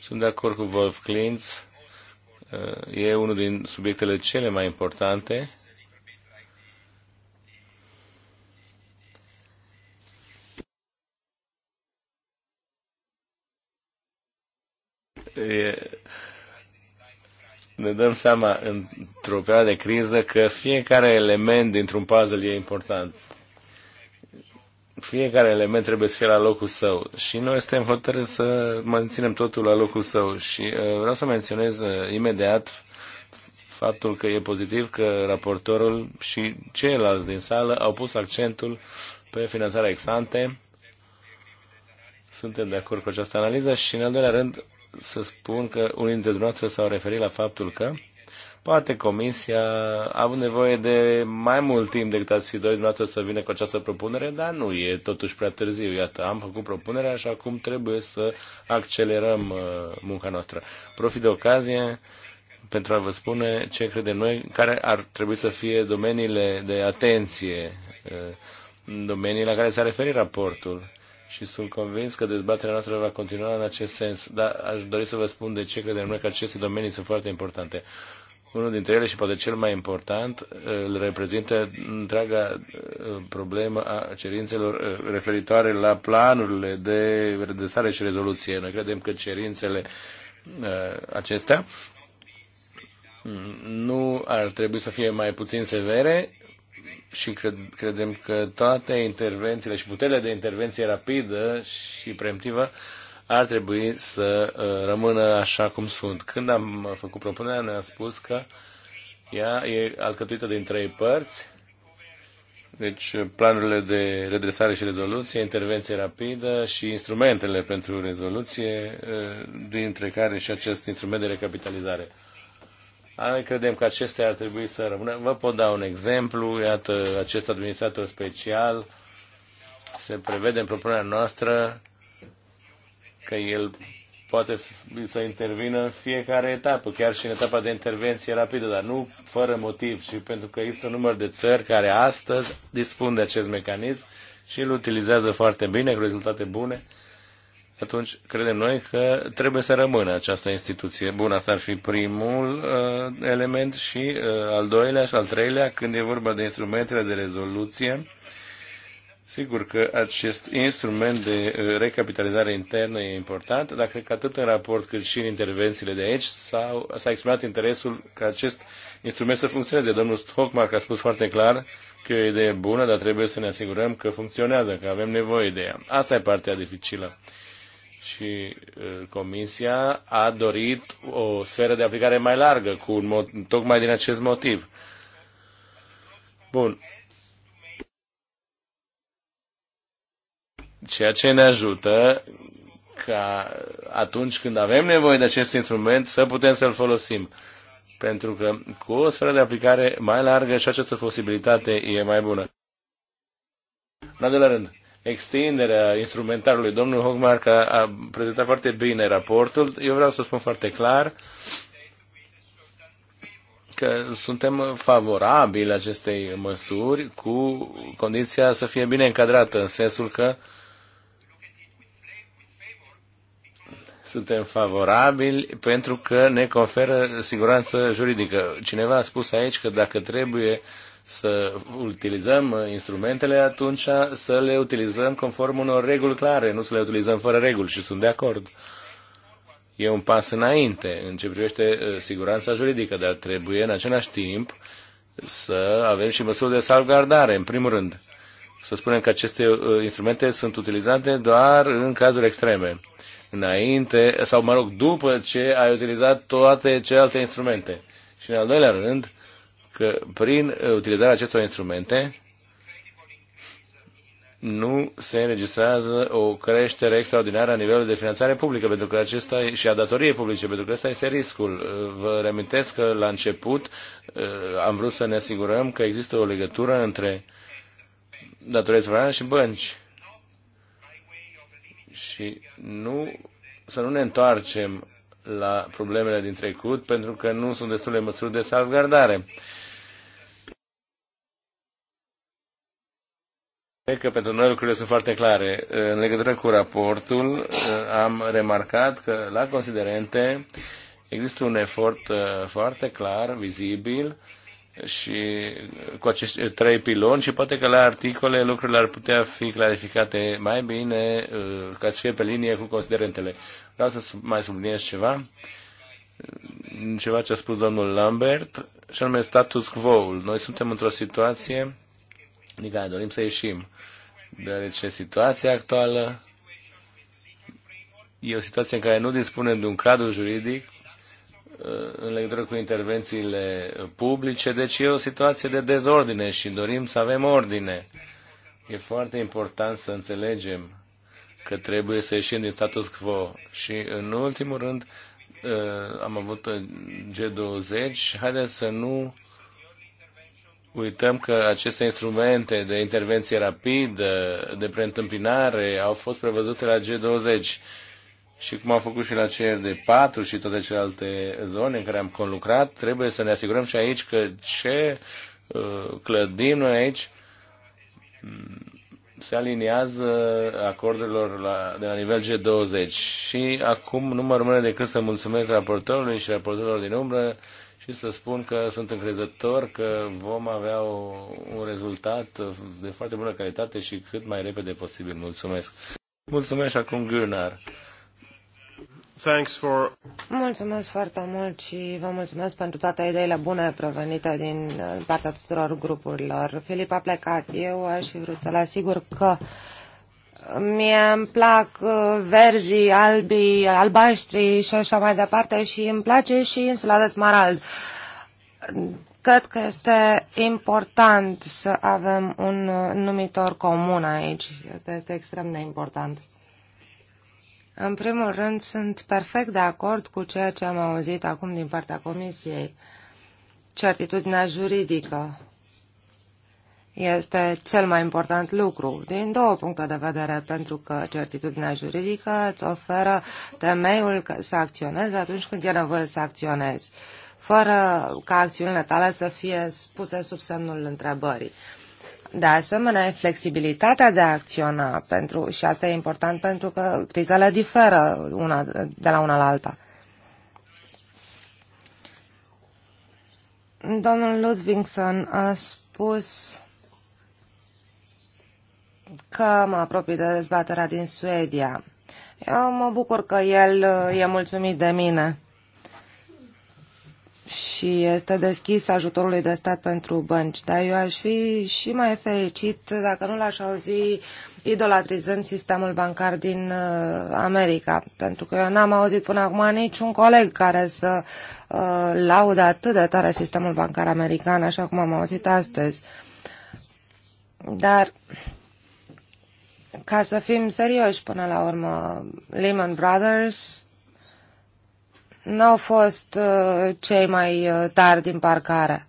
Sunt de acord cu Wolf Klintz. E unul din subiectele cele mai importante. E, ne dăm seama într-o perioadă de criză că fiecare element dintr-un puzzle e important. Fiecare element trebuie să fie la locul său și noi suntem hotărâți să menținem totul la locul său și uh, vreau să menționez uh, imediat faptul că e pozitiv că raportorul și ceilalți din sală au pus accentul pe finanțarea ex ante. Suntem de acord cu această analiză și, în al doilea rând, să spun că unii dintre dumneavoastră s-au referit la faptul că poate Comisia a avut nevoie de mai mult timp decât ați fi doi dumneavoastră să vină cu această propunere, dar nu e totuși prea târziu. Iată, am făcut propunerea și acum trebuie să accelerăm uh, munca noastră. Profit de ocazie pentru a vă spune ce credem noi, care ar trebui să fie domeniile de atenție, uh, domenii la care s-a referit raportul și sunt convins că dezbaterea noastră va continua în acest sens, dar aș dori să vă spun de ce credem noi că aceste domenii sunt foarte importante. Unul dintre ele și poate cel mai important îl reprezintă întreaga uh, problemă a cerințelor uh, referitoare la planurile de redresare și rezoluție. Noi credem că cerințele uh, acestea mm, nu ar trebui să fie mai puțin severe și cred, credem că toate intervențiile și puterile de intervenție rapidă și preemptivă ar trebui să uh, rămână așa cum sunt. Când am făcut propunerea, ne-a spus că ea e alcătuită din trei părți, deci planurile de redresare și rezoluție, intervenție rapidă și instrumentele pentru rezoluție, uh, dintre care și acest instrument de recapitalizare. Noi credem că acestea ar trebui să rămână. Vă pot da un exemplu. Iată, acest administrator special se prevede în propunerea noastră că el poate să intervină în fiecare etapă, chiar și în etapa de intervenție rapidă, dar nu fără motiv, și pentru că există un număr de țări care astăzi dispun de acest mecanism și îl utilizează foarte bine, cu rezultate bune atunci credem noi că trebuie să rămână această instituție. Bun, asta ar fi primul uh, element și uh, al doilea și al treilea, când e vorba de instrumentele de rezoluție, sigur că acest instrument de uh, recapitalizare internă e important, dar cred că atât în raport cât și în intervențiile de aici s-au, s-a exprimat interesul ca acest instrument să funcționeze. Domnul Stockmark a spus foarte clar că e o idee bună, dar trebuie să ne asigurăm că funcționează, că avem nevoie de ea. Asta e partea dificilă și Comisia a dorit o sferă de aplicare mai largă, cu un mod, tocmai din acest motiv. Bun. Ceea ce ne ajută ca atunci când avem nevoie de acest instrument să putem să-l folosim. Pentru că cu o sferă de aplicare mai largă și această posibilitate e mai bună. La de la rând, extinderea instrumentarului. Domnul Hogmark a, a prezentat foarte bine raportul. Eu vreau să spun foarte clar că suntem favorabili acestei măsuri cu condiția să fie bine încadrată, în sensul că suntem favorabili pentru că ne conferă siguranță juridică. Cineva a spus aici că dacă trebuie uh, să utilizăm uh, instrumentele, atunci să le utilizăm conform unor reguli clare, nu să le utilizăm fără reguli și sunt de acord. E un pas înainte în ce privește uh, siguranța juridică, dar trebuie în același timp să avem și măsuri de salvgardare, în primul rând. Să spunem că aceste uh, instrumente sunt utilizate doar în cazuri extreme. Înainte, sau mă rog, după ce ai utilizat toate celelalte instrumente. Și în al doilea rând, că prin uh, utilizarea acestor instrumente nu se înregistrează o creștere extraordinară a nivelului de finanțare publică pentru că acesta e, și a datoriei publice, pentru că acesta este riscul. Uh, vă reamintesc că la început uh, am vrut să ne asigurăm că există o legătură între datorie suverană și bănci. Și nu, să nu ne întoarcem la problemele din trecut, pentru că nu sunt destule măsuri de salvgardare. Cred că pentru noi lucrurile sunt foarte clare. În legătură cu raportul, eh, am remarcat că la considerente există un efort eh, foarte clar, vizibil, și eh, cu acești trei piloni și poate că la articole lucrurile ar putea fi clarificate mai bine ca să fie pe linie cu considerentele. Vreau să mai subliniez ceva, ceva ce a spus domnul Lambert, și anume status quo-ul. Noi suntem într-o situație din care dorim să ieșim deoarece situația actuală e o situație în care nu dispunem de un cadru juridic uh, în legătură cu intervențiile publice, deci e o situație de dezordine și dorim să avem ordine. E foarte important să înțelegem că trebuie să ieșim din status quo. Și în ultimul rând, uh, am avut G20, haideți să nu uităm că aceste instrumente de intervenție rapidă, de preîntâmpinare, au fost prevăzute la G20 și cum am făcut și la CR4 și toate celelalte zone în care am conlucrat, trebuie să ne asigurăm și aici că ce uh, clădim noi aici mm, se aliniază acordelor la, de la nivel G20. Și acum nu mă rămâne decât să mulțumesc raportorului și raportorilor din umbră și să spun că sunt încrezător că vom avea o, un rezultat de foarte bună calitate și cât mai repede posibil. Mulțumesc! Mulțumesc acum, Gunnar Thanks for... Mulțumesc foarte mult
și vă mulțumesc pentru toate ideile bune provenite din uh, partea tuturor grupurilor. Filip a plecat. Eu aș fi vrut să-l asigur că uh, Mie îmi plac uh, verzii, albii, albaștri și așa mai departe și îmi place și insula de Smarald. Cred că este important să avem un uh, numitor comun aici. Asta este extrem de important. În primul rând, sunt perfect de acord cu ceea ce am auzit acum din partea Comisiei. Certitudinea juridică este cel mai important lucru, din două puncte de vedere, pentru că certitudinea juridică îți oferă temeiul să acționezi atunci când e nevoie să acționezi, fără ca acțiunile tale să fie puse sub semnul întrebării. De asemenea, flexibilitatea de a acționa, pentru, și asta e important pentru că crizele diferă una, de la una la alta. Domnul Ludvingson a spus că mă apropii de dezbaterea din Suedia. Eu mă bucur că el uh, e mulțumit de mine și este deschis ajutorului de stat pentru bănci, dar eu aș fi și mai fericit dacă nu l-aș auzi idolatrizând sistemul bancar din uh, America, pentru că eu n-am auzit până acum niciun coleg care să uh, laude atât de tare sistemul bancar american, așa cum am auzit astăzi. Dar ca să fim serioși până la urmă, Lehman Brothers n-au fost uh, cei mai uh, tari din parcare.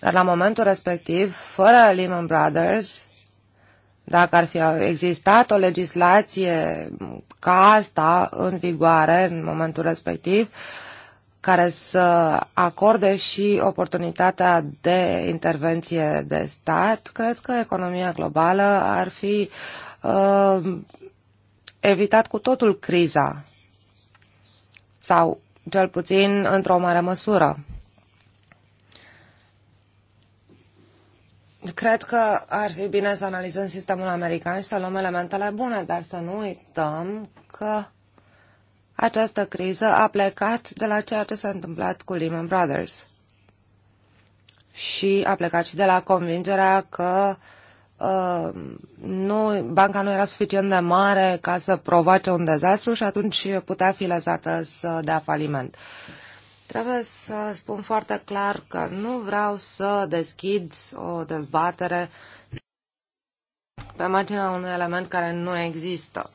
Dar la momentul respectiv, fără Lehman Brothers, dacă ar fi existat o legislație ca asta în vigoare în momentul respectiv, uh, care să acorde și oportunitatea de intervenție de stat, cred că economia globală ar fi uh, evitat cu totul criza sau cel puțin într-o mare măsură. Cred că ar fi bine să analizăm sistemul american și să luăm elementele bune, dar să nu uităm că această criză a plecat de la ceea ce s-a întâmplat cu Lehman Brothers și a plecat și de la convingerea că uh, nu, banca nu era suficient de mare ca să provoace un dezastru și atunci putea fi lăsată să dea faliment. Trebuie să spun foarte clar că nu vreau să deschid o dezbatere pe marginea unui element care nu există.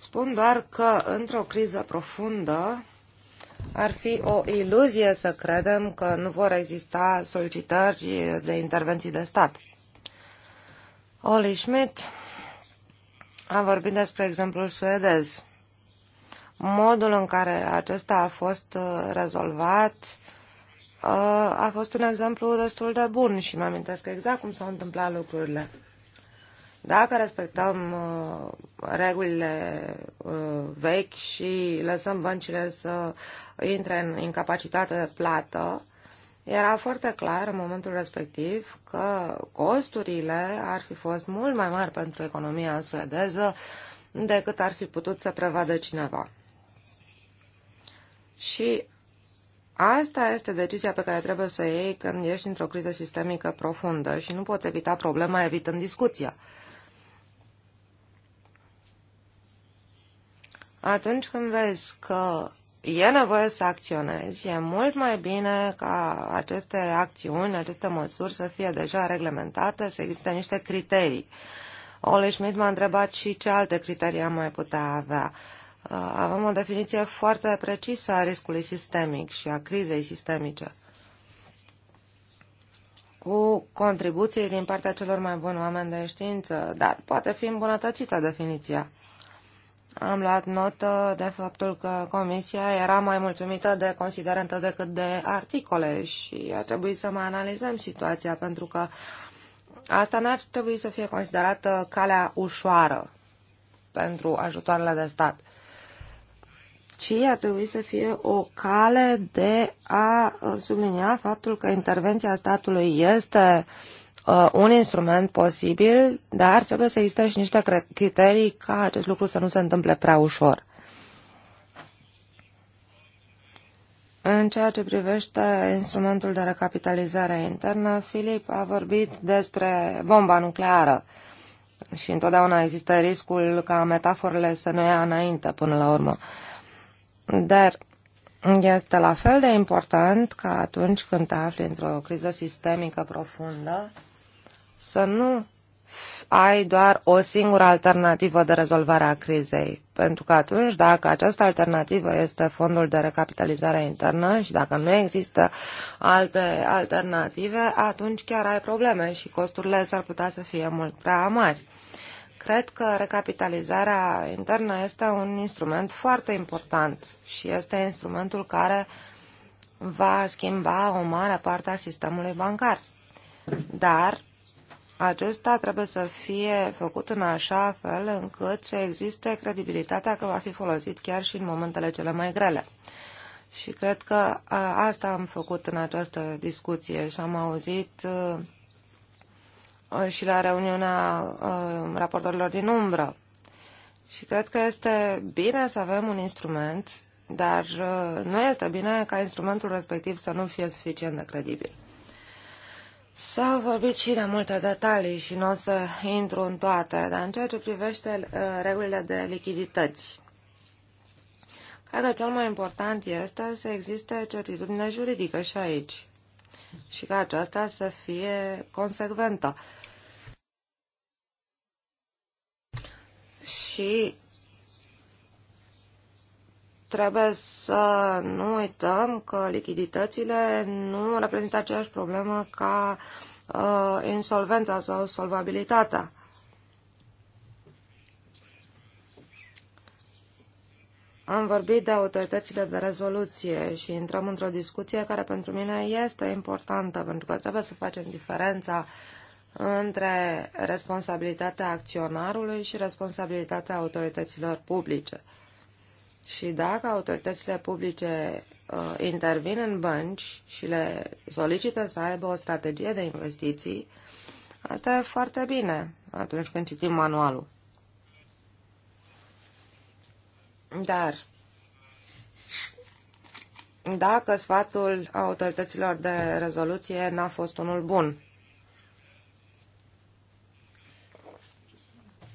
Spun doar că într-o criză profundă ar fi o iluzie să credem că nu vor exista solicitări de intervenții de stat. Oli Schmidt a vorbit despre exemplul suedez. Modul în care acesta a fost uh, rezolvat uh, a fost un exemplu destul de bun și mă amintesc exact cum s-au întâmplat lucrurile. Dacă respectăm uh, regulile uh, vechi și lăsăm băncile să intre în incapacitate de plată, era foarte clar în momentul respectiv că costurile ar fi fost mult mai mari pentru economia suedeză decât ar fi putut să prevadă cineva. Și Asta este decizia pe care trebuie să iei când ești într-o criză sistemică profundă și nu poți evita problema evitând discuția. atunci când vezi că e nevoie să acționezi, e mult mai bine ca aceste acțiuni, aceste măsuri să fie deja reglementate, să existe niște criterii. Ole Schmidt m-a întrebat și ce alte criterii am mai putea avea. Uh, avem o definiție foarte precisă a riscului sistemic și a crizei sistemice cu contribuții din partea celor mai buni oameni de știință, dar poate fi îmbunătățită definiția. Am luat notă de faptul că Comisia era mai mulțumită de considerente decât de articole și a trebuit să mai analizăm situația, pentru că asta n-ar trebui să fie considerată calea ușoară pentru ajutoarele de stat, ci ar trebui să fie o cale de a sublinia faptul că intervenția statului este uh, uh, un instrument posibil, dar trebuie să existe și niște criterii ca acest lucru să nu se întâmple prea ușor. În ceea ce privește instrumentul de recapitalizare internă, Filip a vorbit despre bomba nucleară și întotdeauna există riscul ca metaforele să nu ia înainte până la urmă. Dar este la fel de important ca atunci când te afli într-o criză sistemică profundă să nu ai doar o singură alternativă de rezolvare a crizei. Pentru că atunci, dacă această alternativă este fondul de recapitalizare internă și dacă nu există alte alternative, atunci chiar ai probleme și costurile s-ar putea să fie mult prea mari. Cred că recapitalizarea internă este un instrument foarte important și este instrumentul care va schimba o mare parte a sistemului bancar. Dar acesta trebuie să fie făcut în așa fel încât să existe credibilitatea că va fi folosit chiar și în momentele cele mai grele. Și cred că asta am făcut în această discuție și am auzit și la reuniunea raportorilor din umbră. Și cred că este bine să avem un instrument, dar nu este bine ca instrumentul respectiv să nu fie suficient de credibil. S-a vorbit și de multe detalii și nu o să intru în toate, dar în ceea ce privește uh, regulile de lichidități, cred că cel mai important este să existe certitudine juridică și aici și ca aceasta să fie consecventă. Și Trebuie să nu uităm că lichiditățile nu reprezintă aceeași problemă ca uh, insolvența sau solvabilitatea. Am vorbit de autoritățile de rezoluție și intrăm într-o discuție care pentru mine este importantă, pentru că trebuie să facem diferența între responsabilitatea acționarului și responsabilitatea autorităților publice. Și dacă autoritățile publice uh, intervin în bănci și le solicită să aibă o strategie de investiții, asta e foarte bine atunci când citim manualul. Dar dacă sfatul autorităților de rezoluție n-a fost unul bun,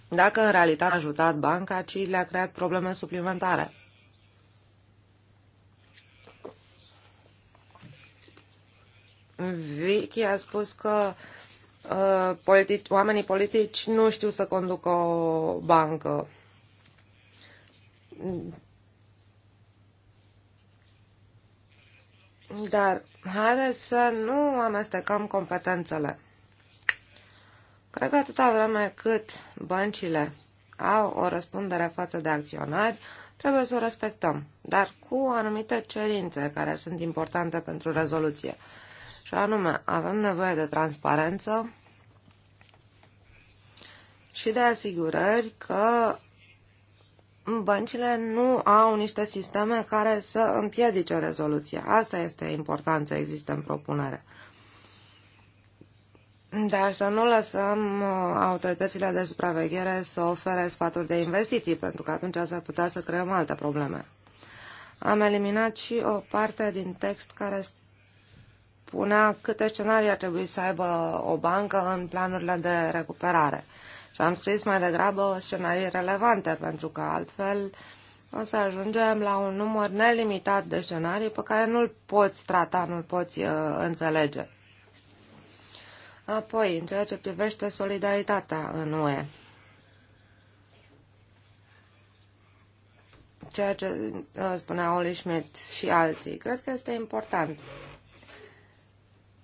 dacă în realitate a ajutat banca, ci le-a creat probleme suplimentare. Vicky a spus că uh, politici, oamenii politici nu știu să conducă o bancă. Dar haideți să nu amestecăm competențele. Cred că atâta vreme cât băncile au o răspundere față de acționari, trebuie să o respectăm, dar cu anumite cerințe care sunt importante pentru rezoluție. Și anume, avem nevoie de transparență și de asigurări că băncile nu au niște sisteme care să împiedice rezoluția. Asta este important să în propunere. Dar să nu lăsăm uh, autoritățile de supraveghere să ofere sfaturi de investiții, pentru că atunci s-ar putea să creăm alte probleme. Am eliminat și o parte din text care spunea câte scenarii ar trebui să aibă o bancă în planurile de recuperare. Și am scris mai degrabă scenarii relevante, pentru că altfel o să ajungem la un număr nelimitat de scenarii pe care nu-l poți trata, nu-l poți uh, înțelege. Apoi, în ceea ce privește solidaritatea în UE, ceea ce uh, spunea Oli Schmidt și alții, cred că este important.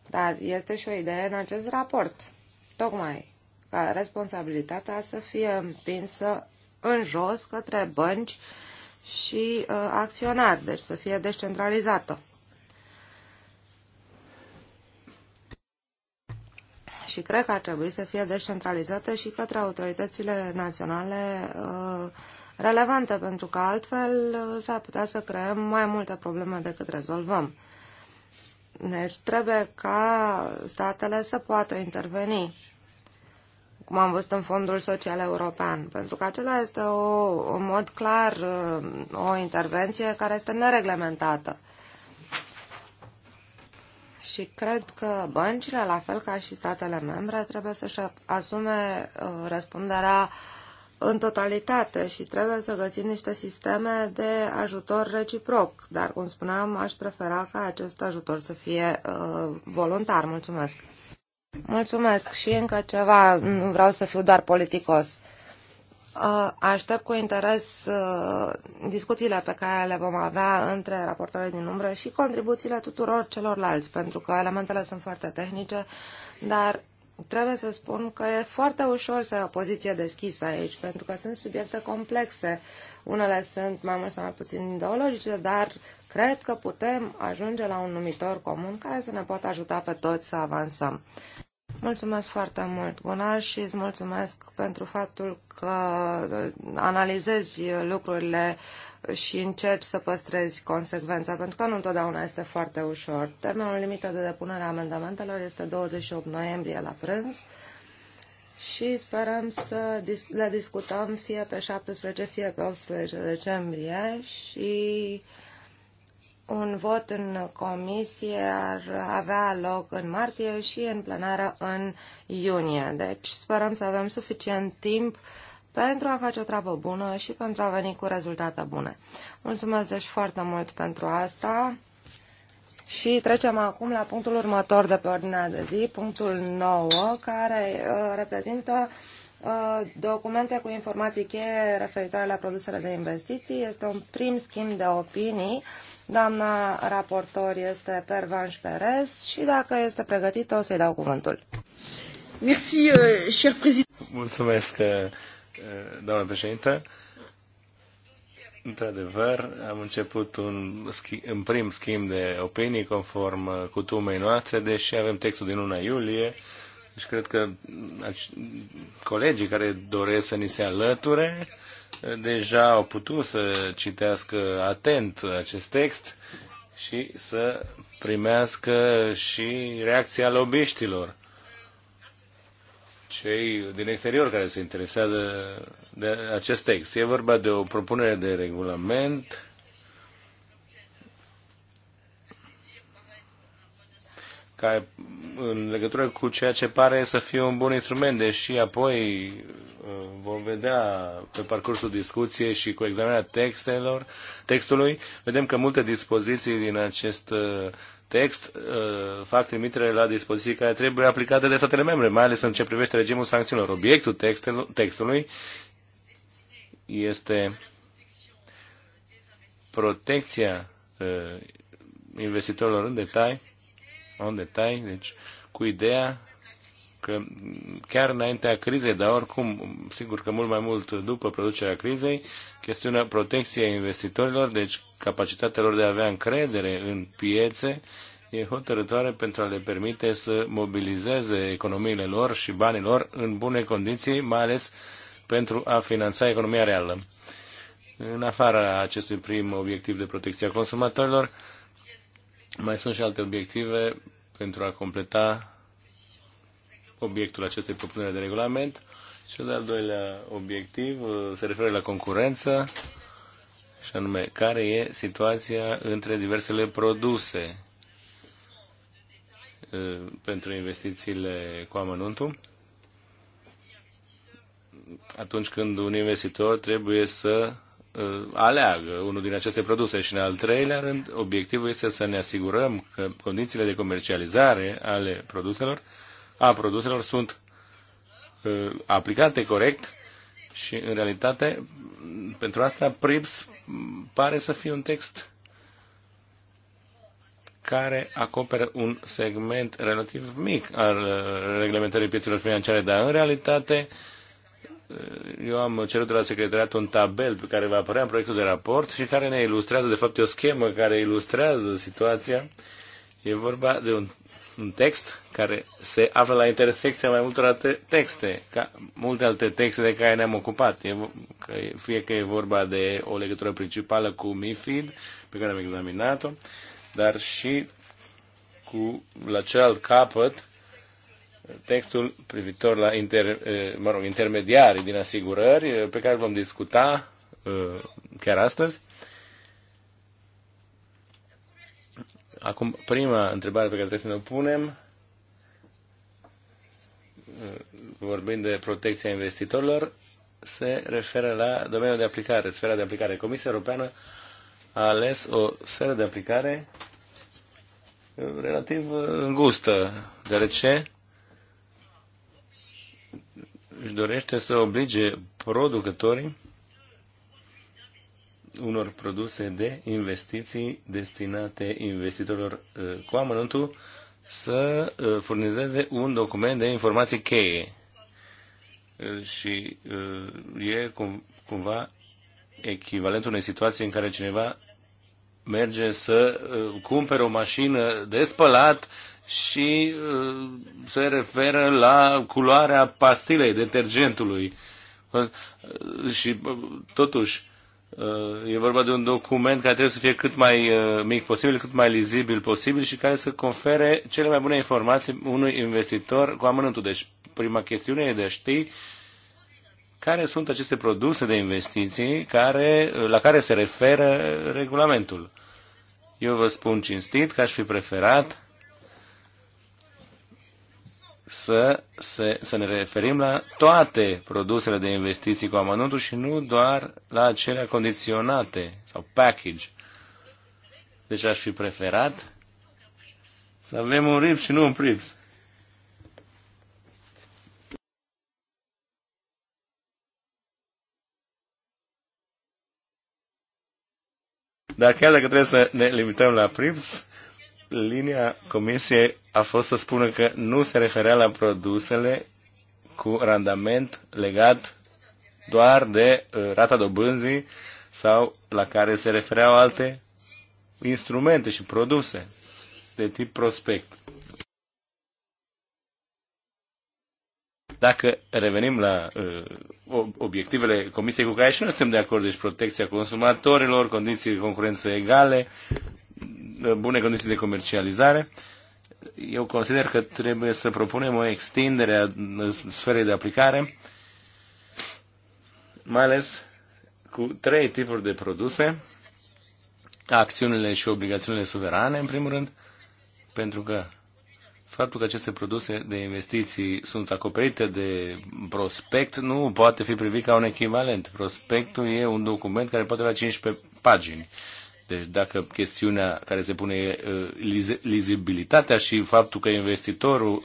Dar este și o idee în acest raport, tocmai ca responsabilitatea să fie împinsă în jos către bănci și uh, acționari, deci să fie descentralizată. Și cred că ar trebui să fie descentralizată și către autoritățile naționale uh, relevante, pentru că altfel uh, s-ar putea să creăm mai multe probleme decât rezolvăm. Deci trebuie ca statele să poată interveni, cum am văzut în Fondul Social European, pentru că acela este o, în mod clar uh, o intervenție care este nereglementată. Și cred că băncile, la fel ca și statele membre, trebuie să-și asume uh, răspunderea uh, în totalitate și trebuie să găsim niște sisteme de ajutor reciproc. Dar, cum spuneam, aș prefera ca acest ajutor să fie uh, voluntar. Mulțumesc! Mulțumesc! Și încă ceva, nu vreau să fiu doar politicos. Uh, aștept cu interes uh, discuțiile pe care le vom avea între raportorii din umbră și contribuțiile tuturor celorlalți, pentru că elementele sunt foarte tehnice, dar trebuie să spun că e foarte ușor să ai o poziție deschisă aici, pentru că sunt subiecte complexe. Unele sunt mai mult sau mai puțin ideologice, dar cred că putem ajunge la un numitor comun care să ne poată ajuta pe toți să avansăm. Mulțumesc foarte mult, Gunar, și îți mulțumesc pentru faptul că analizezi lucrurile uh, și încerci să păstrezi consecvența, pentru că nu întotdeauna este foarte ușor. Termenul limită de depunere a amendamentelor este 28 noiembrie la prânz și sperăm să le discutăm fie pe 17, fie pe 18 decembrie și un vot în comisie ar avea loc în martie și în plenară în iunie. Deci sperăm să avem suficient timp uh, pentru a face o treabă bună și pentru a veni cu rezultate bune. Mulțumesc deci foarte mult pentru asta. Și trecem acum la punctul următor de pe ordinea de zi, punctul 9, care uh, reprezintă uh, documente cu informații cheie referitoare la produsele de investiții. Este un prim schimb de opinii. Doamna raportor este Pervanș Perez și dacă este pregătită o să-i dau cuvântul. Merci, uh, cher
Mulțumesc, uh, Eh, doamna președintă. Într-adevăr, am început un, un prim schimb de opinii conform eh, cutumei noastre, deși avem textul din 1 iulie. și deci cred că mm, colegii care doresc să ni se alăture eh, deja au putut să citească atent acest text și să primească și reacția lobiștilor cei din exterior care se interesează de acest text. E vorba de o propunere de regulament care în legătură cu ceea ce pare să fie un bun instrument, deși apoi vom vedea pe parcursul discuției și cu examinarea textelor, textului, vedem că multe dispoziții din acest uh, text uh, fac trimitere la dispoziții care trebuie aplicate de statele membre, mai ales în ce privește regimul sancțiunilor. Obiectul textelor, textului este protecția uh, investitorilor în detai, în detai, deci cu ideea că chiar înaintea crizei, dar oricum, sigur că mult mai mult după producerea crizei, chestiunea protecției investitorilor, deci capacitatea lor de a avea încredere în piețe, e hotărătoare pentru a le permite să mobilizeze economiile lor și banii lor în bune condiții, mai ales pentru a finanța economia reală. În afara acestui prim obiectiv de protecție a consumatorilor, mai sunt și alte obiective pentru a completa obiectul acestei propuneri de regulament. Cel de-al doilea obiectiv uh, se referă la concurență, și anume, care e situația între diversele produse uh, pentru investițiile cu amănuntul atunci când un investitor trebuie să uh, aleagă unul din aceste produse și în al treilea rând obiectivul este să ne asigurăm că condițiile de comercializare ale produselor a produselor sunt uh, aplicate corect și, în realitate, pentru asta PRIPS pare să fie un text care acoperă un segment relativ mic al uh, reglementării piețelor financiare, dar, în realitate, uh, eu am cerut de la secretariat un tabel pe care va apărea în proiectul de raport și care ne ilustrează, de fapt, e o schemă care ilustrează situația. E vorba de un un text care se află la intersecția mai multor alte texte, ca multe alte texte de care ne-am ocupat. E, că, fie că e vorba de o legătură principală cu MIFID, pe care am examinat-o, dar și cu la celălalt capăt textul privitor la inter, mă rog, intermediarii din asigurări, pe care vom discuta chiar astăzi. Acum, prima întrebare pe care trebuie să ne o punem, vorbind de protecția investitorilor, se referă la domeniul de aplicare, sfera de aplicare. Comisia Europeană a ales o sferă de aplicare relativ uh, îngustă, deoarece își dorește să oblige producătorii unor produse de investiții destinate investitorilor uh, cu amănuntul să uh, furnizeze un document de informații cheie. Uh, și e cumva echivalentul unei situații în care cineva merge să cumpere o mașină de spălat și se referă la culoarea pastilei, detergentului. Și totuși, Uh, e vorba de un document care trebuie să fie cât mai uh, mic posibil, cât mai lizibil posibil și care să confere cele mai bune informații unui investitor cu amănântul. Deci, prima chestiune e de a ști care sunt aceste produse de investiții care, la care se referă regulamentul. Eu vă spun cinstit că aș fi preferat să, să, să ne referim la toate produsele de investiții cu amănuntul și nu doar la acelea condiționate sau package. Deci aș fi preferat să avem un RIP și nu un PRIPS. Dar chiar dacă trebuie să ne limităm la PRIPS, linia comisiei a fost să spună că nu se referea la produsele cu randament legat doar de uh, rata dobânzii sau la care se refereau alte instrumente și produse de tip prospect. Dacă revenim la uh, obiectivele Comisiei cu care și noi suntem de acord, deci protecția consumatorilor, condiții de concurență egale, bune condiții de comercializare. Eu consider că trebuie să propunem o extindere a sferei de aplicare, mai ales cu trei tipuri de produse, acțiunile și obligațiunile suverane, în primul rând, pentru că faptul că aceste produse de investiții sunt acoperite de prospect nu poate fi privit ca un echivalent. Prospectul e un document care poate avea 15 pagini deci dacă chestiunea care se pune lizibilitatea și faptul că investitorul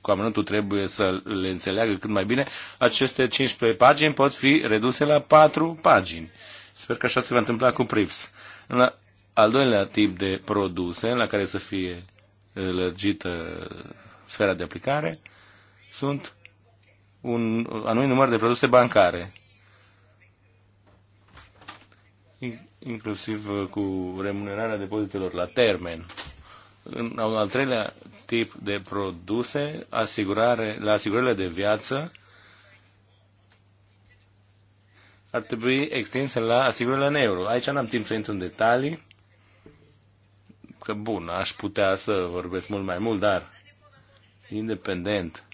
cu amănuntul trebuie să le înțeleagă cât mai bine, aceste 15 pagini pot fi reduse la 4 pagini. Sper că așa se va întâmpla cu PRIPS. În al doilea tip de produse la care să fie lărgită sfera de aplicare sunt un anumit număr de produse bancare inclusiv uh, cu remunerarea depozitelor la termen. În al treilea tip de produse, asigurare, la asigurările de viață, ar trebui extinse la asigurările în euro. Aici n-am timp să intru în detalii, că bun, aș putea să vorbesc mult mai mult, dar independent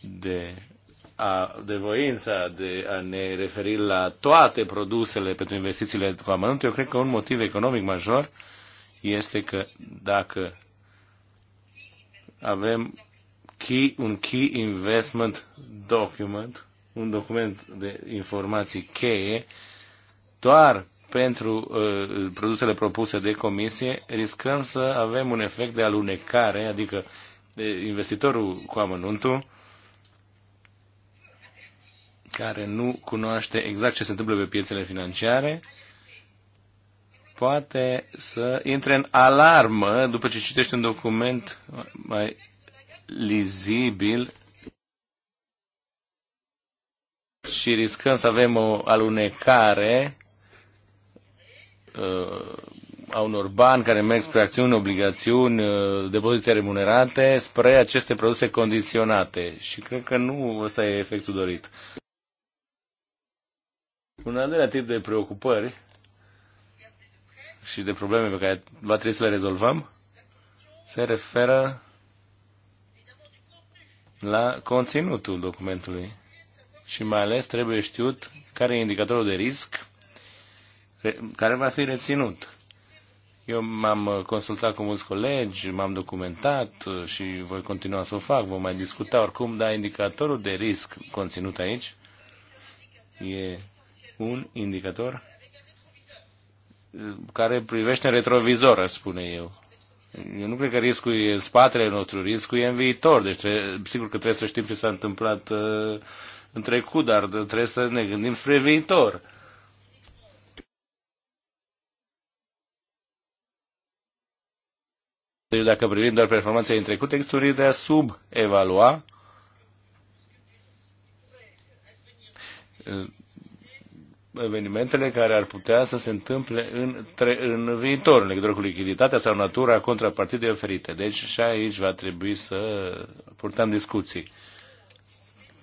de a, de voință de a ne referi la toate produsele pentru investițiile cu amănunt, eu cred că un motiv economic major este că dacă avem key, un key investment document, un document de informații cheie, doar pentru uh, produsele propuse de comisie, riscăm să avem un efect de alunecare, adică investitorul cu amănuntul care nu cunoaște exact ce se întâmplă pe piețele financiare, poate să intre în alarmă după ce citește un document mai lizibil și riscăm să avem o alunecare uh, a unor bani care merg spre acțiuni, obligațiuni, uh, depozite remunerate, spre aceste produse condiționate. Și cred că nu ăsta e efectul dorit. Un al doilea tip de preocupări și de probleme pe care va trebui să le rezolvăm se referă la conținutul documentului și mai ales trebuie știut care e indicatorul de risc care va fi reținut. Eu m-am consultat cu mulți colegi, m-am documentat și voi continua să o fac, vom mai discuta oricum, dar indicatorul de risc conținut aici e un indicator uh, care privește în retrovizor, aș spune eu. Eu nu cred că riscul e în spatele nostru, riscul e în viitor. Deci, trebuie, sigur că trebuie să știm ce s-a întâmplat uh, în trecut, dar trebuie să ne gândim spre viitor. Deci dacă privim doar performanța din trecut, există un de a subevalua uh, evenimentele care ar putea să se întâmple în, tre- în viitor, în legătură cu lichiditatea sau natura contrapartidei oferite. Deci și aici va trebui să purtăm discuții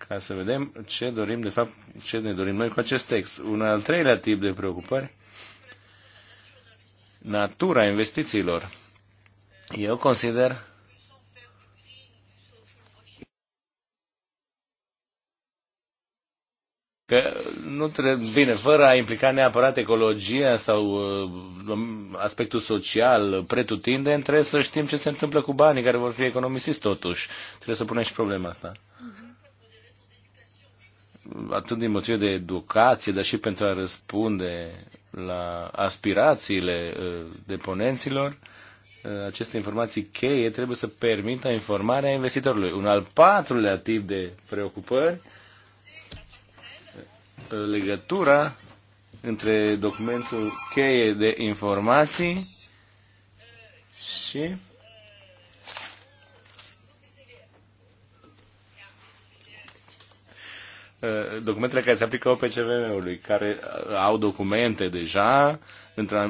ca să vedem ce dorim, de fapt, ce ne dorim noi cu acest text. Un al treilea tip de preocupări, natura investițiilor. Eu consider că nu trebuie, bine, fără a implica neapărat ecologia sau uh, aspectul social pretutindeni, trebuie să știm ce se întâmplă cu banii care vor fi economisiți totuși. Trebuie să punem și problema asta. Mhm. Atât din motive de educație, dar și pentru a răspunde la aspirațiile uh, deponenților, uh, aceste informații cheie trebuie să permită informarea investitorului. Un al patrulea tip de preocupări legătura între documentul cheie de informații și uh, documentele care se aplică OPCVM-ului, care uh, au documente deja,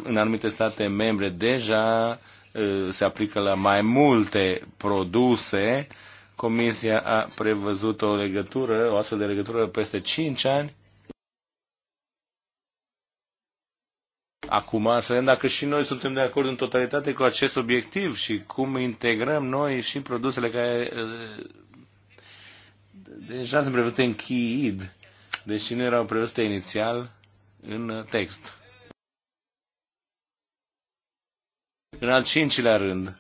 în anumite state membre deja uh, se aplică la mai multe produse. Comisia a prevăzut o legătură, o astfel de legătură peste 5 ani acum să vedem dacă și noi suntem de acord în totalitate cu acest obiectiv și cum integrăm noi și produsele care eh, deja sunt prevăzute în chiid, deși nu erau prevăzute inițial în text. În al cincilea rând,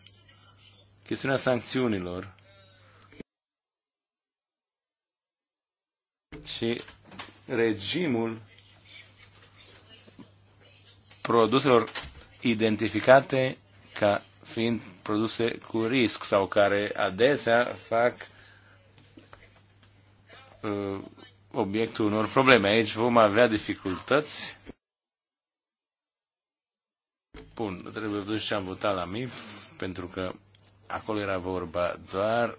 chestiunea sancțiunilor. Și regimul produselor identificate ca fiind produse cu risc sau care adesea fac uh, obiectul unor probleme. Aici vom avea dificultăți. Bun, trebuie văzut ce am votat la MIF, pentru că acolo era vorba doar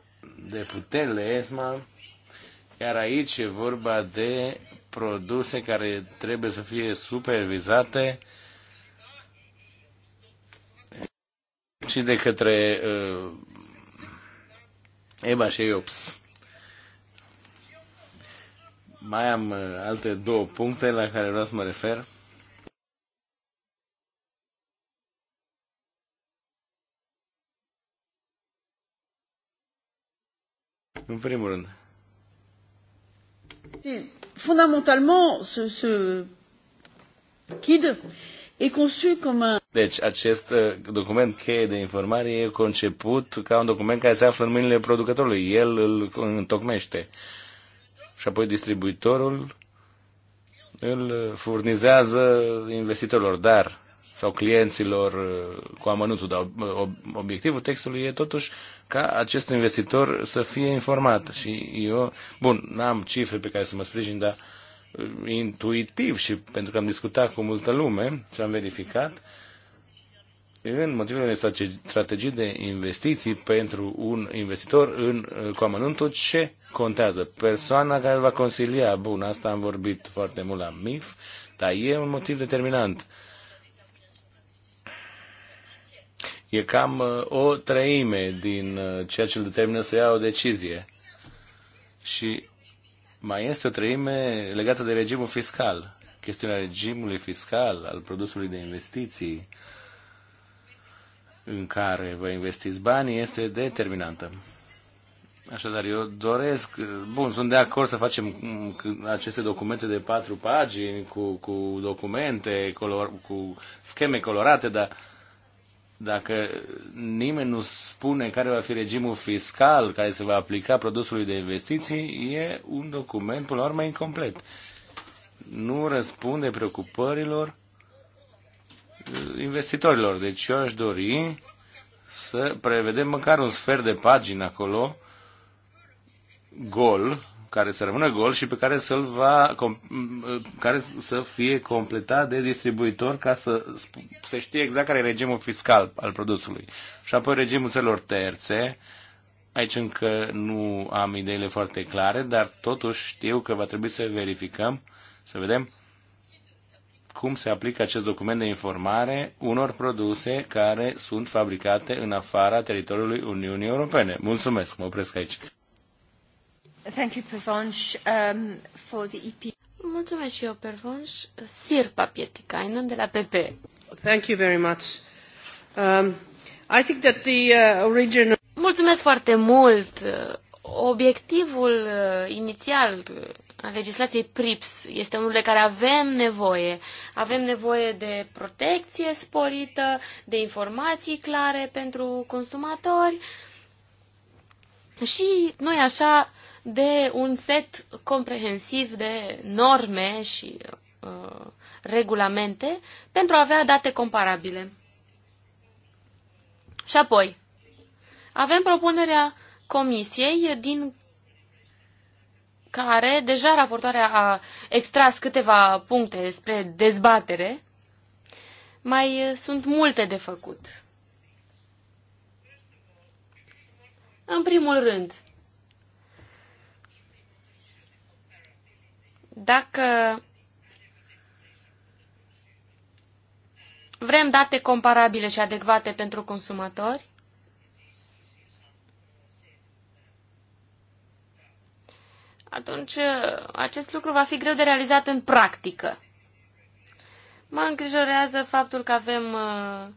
de puterile ESMA, iar aici e vorba de produse care trebuie să fie supervizate uh, și de către uh, Eva și Iops. Mai am uh, alte două puncte la care vreau să mă refer. În primul rând.
Fundamentalement, ce, ce kid
deci, acest uh, document cheie de informare e conceput ca un document care se află în mâinile producătorului. El îl întocmește. Și apoi distribuitorul îl furnizează investitorilor, dar sau clienților uh, cu amănuntul, dar uh, obiectivul textului e totuși ca acest investitor să fie informat. Și eu, bun, n-am cifre pe care să mă sprijin, dar intuitiv și pentru că am discutat cu multă lume și am verificat, în motivele de strategii de investiții pentru un investitor în, cu amănuntul ce contează. Persoana care va consilia, bun, asta am vorbit foarte mult la MIF, dar e un motiv determinant. E cam uh, o treime din uh, ceea ce îl determină să ia o decizie. Și mai este o treime legată de regimul fiscal, chestiunea regimului fiscal al produsului de investiții în care vă investiți banii este determinantă. Așadar, eu doresc, bun, sunt de acord să facem aceste documente de patru pagini cu, cu documente, color, cu scheme colorate, dar dacă nimeni nu spune care va fi regimul fiscal care se va aplica produsului de investiții, e un document, până la urmă, incomplet. Nu răspunde preocupărilor eh, investitorilor. Deci eu aș dori să prevedem măcar un sfert de pagină acolo, gol, care să rămână gol și pe care, să va, care să fie completat de distribuitor ca să se știe exact care e regimul fiscal al produsului. Și apoi regimul țărilor terțe, aici încă nu am ideile foarte clare, dar totuși știu că va trebui să verificăm, să vedem cum se aplică acest document de informare unor produse care sunt fabricate în afara teritoriului Uniunii Europene. Mulțumesc, mă opresc aici.
Thank you, Pervanș, um, for the EP.
Mulțumesc și eu, Pervanș. Sirpa Pietikainen de la PP. Thank you very much. Um, I think that the uh, original... Mulțumesc foarte mult. Obiectivul uh, inițial uh, al legislației PRIPS este unul de care avem nevoie. Avem nevoie de protecție sporită, de informații clare pentru consumatori și, noi așa, de un set comprehensiv de norme și uh, regulamente pentru a avea date comparabile. Și apoi, avem propunerea comisiei din care deja raportoarea a extras câteva puncte spre dezbatere. Mai uh, sunt multe de făcut. În primul rând, Dacă vrem date comparabile și adecvate pentru consumatori, atunci uh, acest lucru va fi greu de realizat în practică. Mă îngrijorează faptul că avem uh,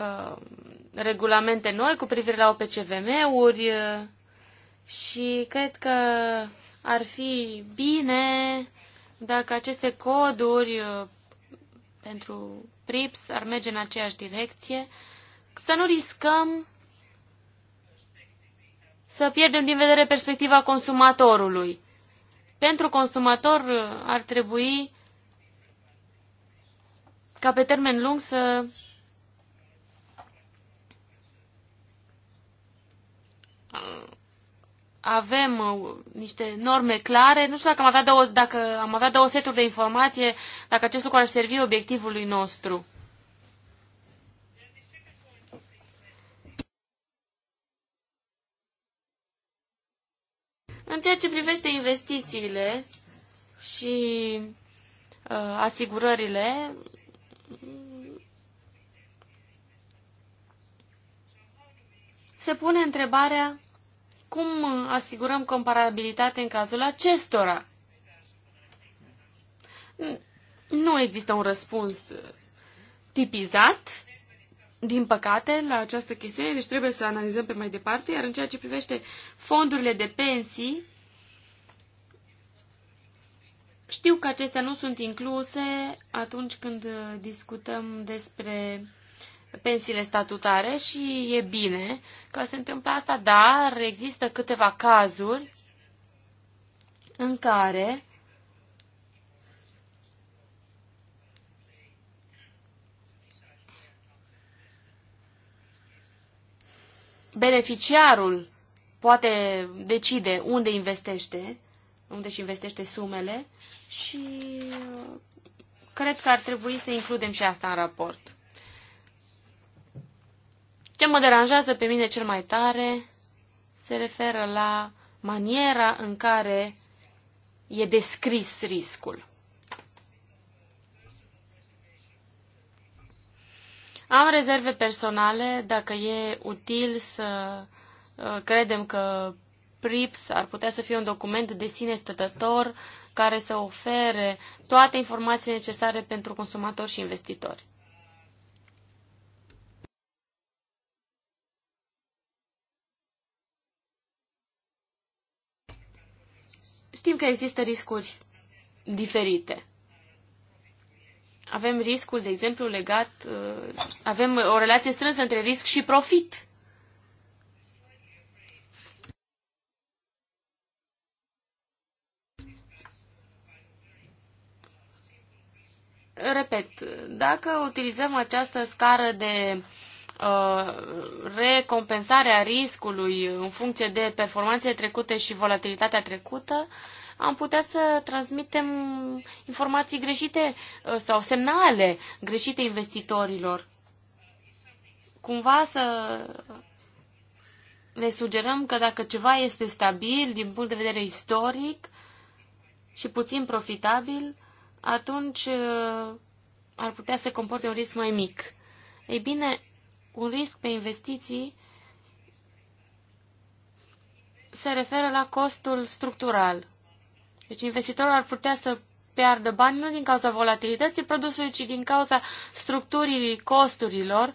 uh, regulamente noi cu privire la OPCVM-uri uh, și cred că ar fi bine dacă aceste coduri uh, pentru PRIPS ar merge în aceeași direcție, să nu riscăm să pierdem din vedere perspectiva consumatorului. Pentru consumator uh, ar trebui ca pe termen lung să avem uh, niște norme clare. Nu știu dacă am avea două, dacă am avea două seturi de informație, dacă acest lucru ar servi obiectivului nostru. În ceea ce privește investițiile și uh, asigurările, se pune întrebarea cum asigurăm comparabilitate în cazul acestora? Nu există un răspuns tipizat, din păcate, la această chestiune, deci trebuie să analizăm pe mai departe, iar în ceea ce privește fondurile de pensii, știu că acestea nu sunt incluse atunci când discutăm despre pensiile statutare și e bine că se întâmplă asta, dar există câteva cazuri în care beneficiarul poate decide unde investește, unde și investește sumele și cred că ar trebui să includem și asta în raport. Ce mă deranjează pe mine cel mai tare se referă la maniera în care e descris riscul. Am rezerve personale dacă e util să uh, credem că PRIPS ar putea să fie un document de sine stătător care să ofere toate informațiile necesare pentru consumatori și investitori. Știm că există riscuri diferite. Avem riscul, de exemplu, legat, uh, avem o relație strânsă între risc și profit. Repet, dacă utilizăm această scară de Uh, recompensarea riscului în funcție de performanțele trecute și volatilitatea trecută, am putea să transmitem informații greșite uh, sau semnale greșite investitorilor. Cumva să le sugerăm că dacă ceva este stabil din punct de vedere istoric și puțin profitabil, atunci uh, ar putea să comporte un risc mai mic. Ei bine, un risc pe investiții se referă la costul structural. Deci investitorul ar putea să piardă bani nu din cauza volatilității produsului, ci din cauza structurii costurilor,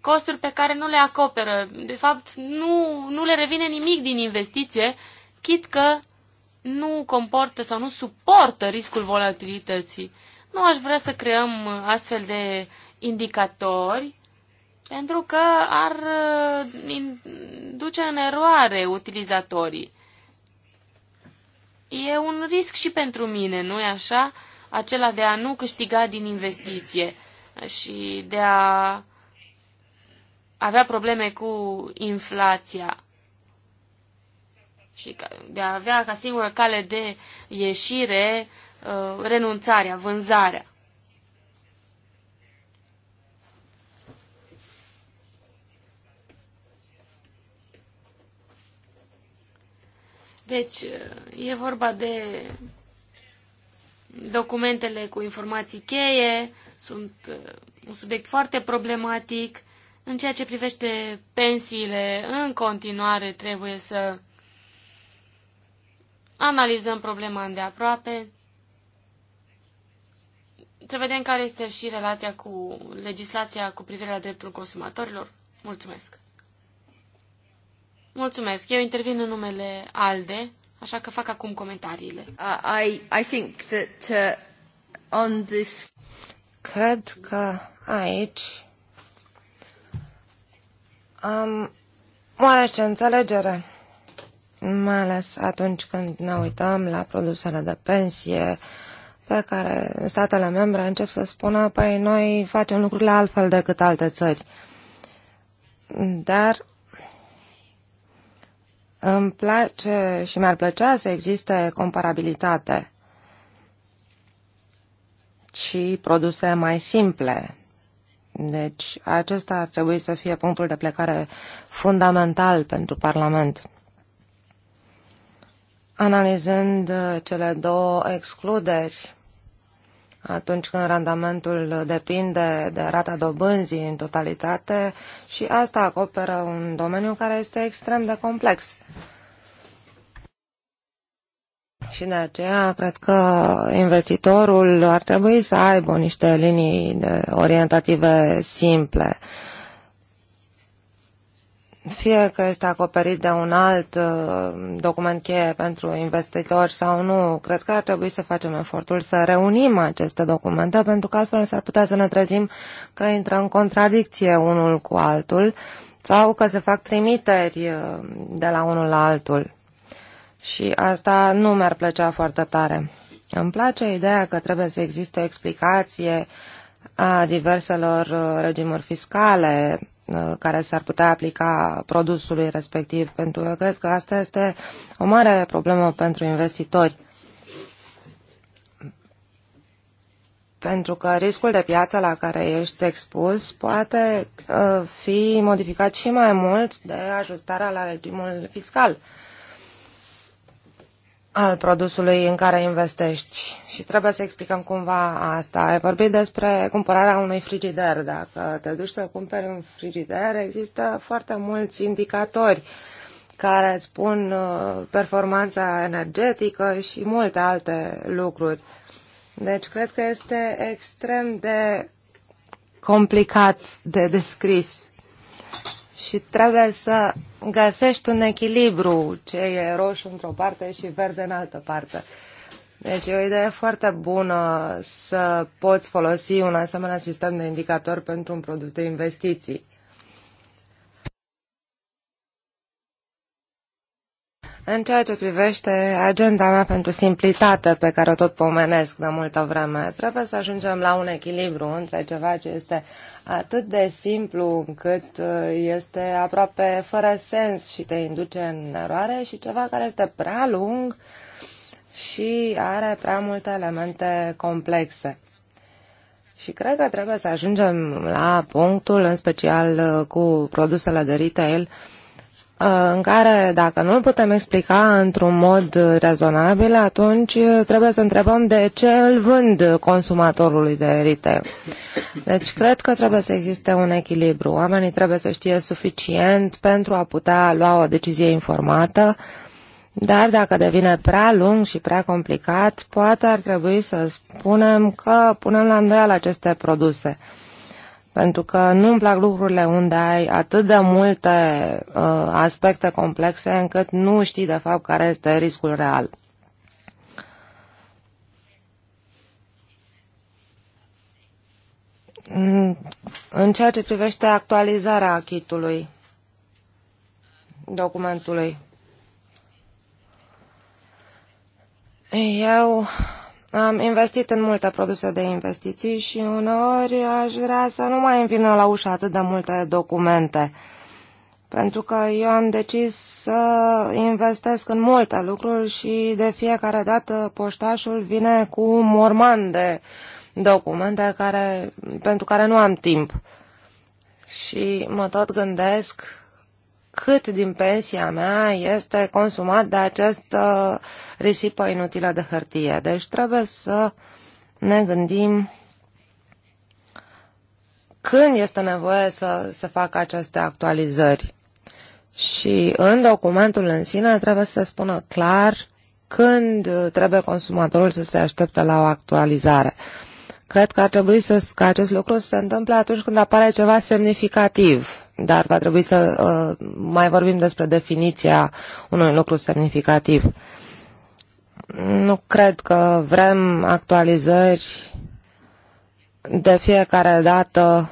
costuri pe care nu le acoperă. De fapt, nu, nu le revine nimic din investiție, chit că nu comportă sau nu suportă riscul volatilității. Nu aș vrea să creăm astfel de indicatori pentru că ar uh, duce în eroare utilizatorii. E un risc și pentru mine, nu-i așa? Acela de a nu câștiga din investiție și de a avea probleme cu inflația și de a avea ca singură cale de ieșire uh, renunțarea, vânzarea. Deci, e vorba de documentele cu informații cheie, sunt uh, un subiect foarte problematic. În ceea ce privește pensiile, în continuare trebuie să analizăm problema îndeaproape. Să vedem care este și relația cu legislația cu privire la dreptul consumatorilor. Mulțumesc! Mulțumesc. Eu intervin în numele ALDE, așa că fac acum comentariile.
Uh, I, I think that uh, on this... Cred că aici am oarece înțelegere, mai ales atunci când ne uităm la produsele de pensie, pe care statele membre încep să spună, păi noi facem lucrurile altfel decât alte țări. Dar îmi place și mi-ar plăcea să existe comparabilitate și produse mai simple. Deci acesta ar trebui să fie punctul de plecare fundamental pentru Parlament. Analizând uh, cele două excluderi atunci când randamentul depinde de rata dobânzii în totalitate și asta acoperă un domeniu care este extrem de complex. Și de aceea cred că investitorul ar trebui să aibă niște linii orientative simple fie că este acoperit de un alt uh, document cheie pentru investitori sau nu, cred că ar trebui să facem efortul să reunim aceste documente, pentru că altfel s-ar putea să ne trezim că intră în contradicție unul cu altul sau că se fac trimiteri uh, de la unul la altul. Și asta nu mi-ar plăcea foarte tare. Îmi place ideea că trebuie să existe o explicație a diverselor uh, regimuri fiscale, Uh, care s-ar putea aplica produsului respectiv, pentru că cred că asta este o mare problemă pentru investitori. Pentru că riscul de piață la care ești expus poate uh, fi modificat și mai mult de ajustarea la regimul fiscal al produsului în care investești. Și trebuie să explicăm cumva asta. Ai vorbit despre cumpărarea unui frigider. Dacă te duci să cumperi un frigider, există foarte mulți indicatori care îți spun uh, performanța energetică și multe alte lucruri. Deci cred că este extrem de complicat de descris și trebuie să găsești un echilibru ce e roșu într-o parte și verde în altă parte. Deci e o idee foarte bună să poți folosi un asemenea sistem de indicator pentru un produs de investiții. În ceea ce privește agenda mea pentru simplitate pe care o tot pomenesc de multă vreme, trebuie să ajungem la un echilibru între ceva ce este atât de simplu încât uh, este aproape fără sens și te induce în eroare și ceva care este prea lung și are prea multe elemente complexe. Și cred că trebuie să ajungem la punctul, în special uh, cu produsele de retail, în care dacă nu putem explica într-un mod rezonabil, atunci uh, trebuie să întrebăm de ce îl vând consumatorului de retail. Deci cred că trebuie să existe un echilibru. Oamenii trebuie să știe suficient pentru a putea lua o decizie informată, dar dacă devine prea lung și prea complicat, poate ar trebui să spunem că punem la îndoială aceste produse pentru că nu îmi plac lucrurile unde ai atât de multe uh, aspecte complexe încât nu știi de fapt care este riscul real. Mm, în ceea ce privește actualizarea achitului, documentului, eu am investit în multe produse de investiții și uneori aș vrea să nu mai îmi vină la ușă atât de multe documente. Pentru că eu am decis să investesc în multe lucruri și de fiecare dată poștașul vine cu un morman de documente care, pentru care nu am timp. Și mă tot gândesc cât din pensia mea este consumat de această risipă inutilă de hârtie. Deci trebuie să ne gândim când este nevoie să se facă aceste actualizări. Și în documentul în sine trebuie să spună clar când trebuie consumatorul să se aștepte la o actualizare. Cred că ar trebui să, ca acest lucru să se întâmple atunci când apare ceva semnificativ dar va trebui să uh, mai vorbim despre definiția unui lucru semnificativ. Nu cred că vrem actualizări de fiecare dată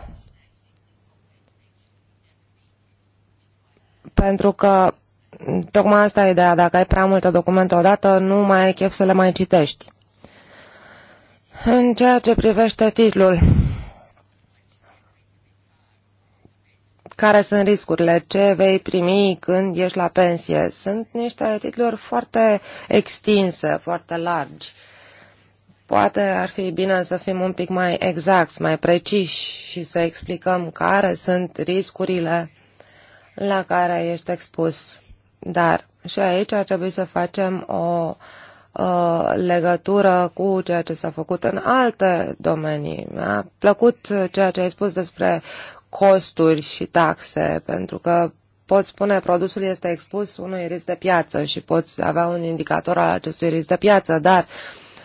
pentru că tocmai asta e ideea, dacă ai prea multe documente odată, nu mai ai chef să le mai citești. În ceea ce privește titlul, care sunt riscurile, ce vei primi când ești la pensie. Sunt niște titluri foarte extinse, foarte largi. Poate ar fi bine să fim un pic mai exacti, mai preciși și să explicăm care sunt riscurile la care ești expus. Dar și aici ar trebui să facem o uh, legătură cu ceea ce s-a făcut în alte domenii. Mi-a plăcut ceea ce ai spus despre costuri și taxe, pentru că poți spune produsul este expus unui risc de piață și poți avea un indicator al acestui risc de piață, dar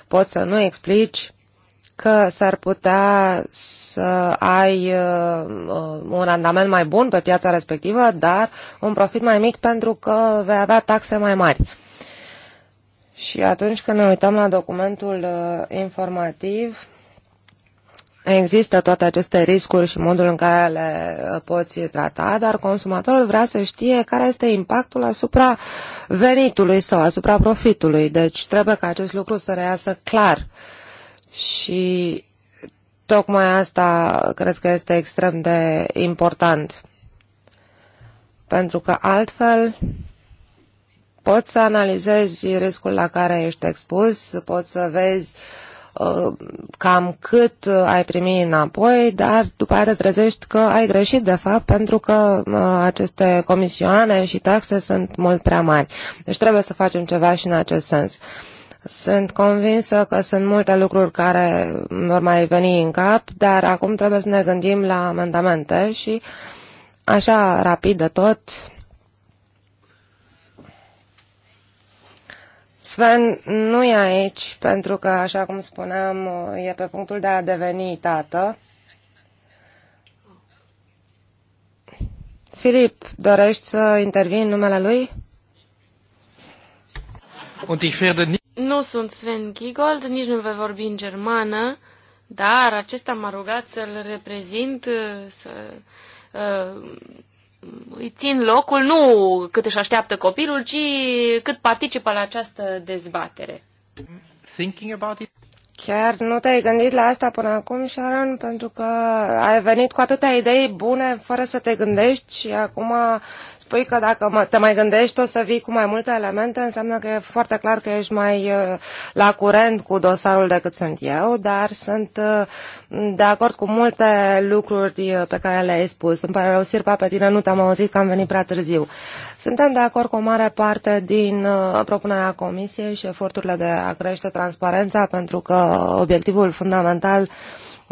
poți să nu explici că s-ar putea să ai uh, un randament mai bun pe piața respectivă, dar un profit mai mic pentru că vei avea taxe mai mari. Și atunci când ne uităm la documentul uh, informativ, Există toate aceste riscuri și modul în care le uh, poți trata, dar consumatorul vrea să știe care este impactul asupra venitului sau asupra profitului. Deci trebuie ca acest lucru să reiasă clar. Și tocmai asta cred că este extrem de important. Pentru că altfel poți să analizezi riscul la care ești expus, poți să vezi uh, Uh, cam cât uh, ai primi înapoi, dar după aia te trezești că ai greșit, de fapt, pentru că uh, aceste comisioane și taxe sunt mult prea mari. Deci trebuie să facem ceva și în acest sens. Sunt convinsă că sunt multe lucruri care vor mai veni în cap, dar acum trebuie să ne gândim la amendamente și așa rapid de tot Sven nu e aici pentru că, așa cum spuneam, e pe punctul de a deveni tată. Filip, dorești să intervii în numele lui?
Nu sunt Sven Giegold, nici nu vă vorbi în germană, dar acesta m-a rugat să-l reprezint, să uh, îi țin locul nu cât își așteaptă copilul, ci cât participă la această dezbatere.
Chiar nu te-ai gândit la asta până acum, Sharon, pentru că ai venit cu atâtea idei bune fără să te gândești și acum spui că dacă te mai gândești o să vii cu mai multe elemente, înseamnă că e foarte clar că ești mai uh, la curent cu dosarul decât sunt eu, dar sunt uh, de acord cu multe lucruri uh, pe care le-ai spus. Îmi pare rău, Sirpa, pe tine nu te-am auzit că am venit prea târziu. Suntem de acord cu o mare parte din propunerea Comisiei și eforturile de a crește transparența, pentru că obiectivul fundamental uh,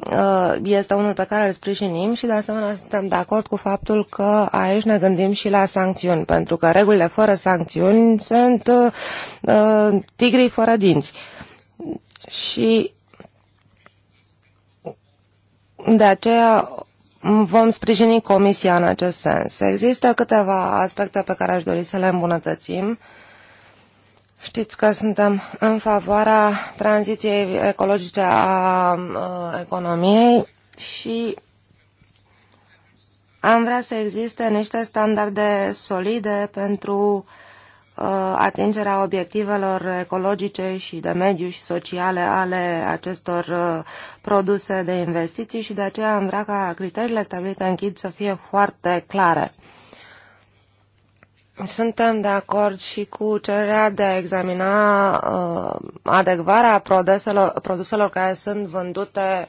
Uh, este unul pe care îl sprijinim și de asemenea suntem de acord cu faptul că aici ne gândim și la sancțiuni, pentru că regulile fără sancțiuni sunt uh, uh, tigrii fără dinți. Și de aceea vom sprijini Comisia în acest sens. Există câteva aspecte pe care aș dori să le îmbunătățim. Uh, Știți că suntem în favoarea tranziției ecologice a economiei și am vrea să existe niște standarde solide pentru atingerea obiectivelor ecologice și de mediu și sociale ale acestor produse de investiții și de aceea am vrea ca criteriile stabilite în să fie foarte clare. Suntem de acord și cu cererea de a examina uh, adecvarea produselor, produselor care sunt vândute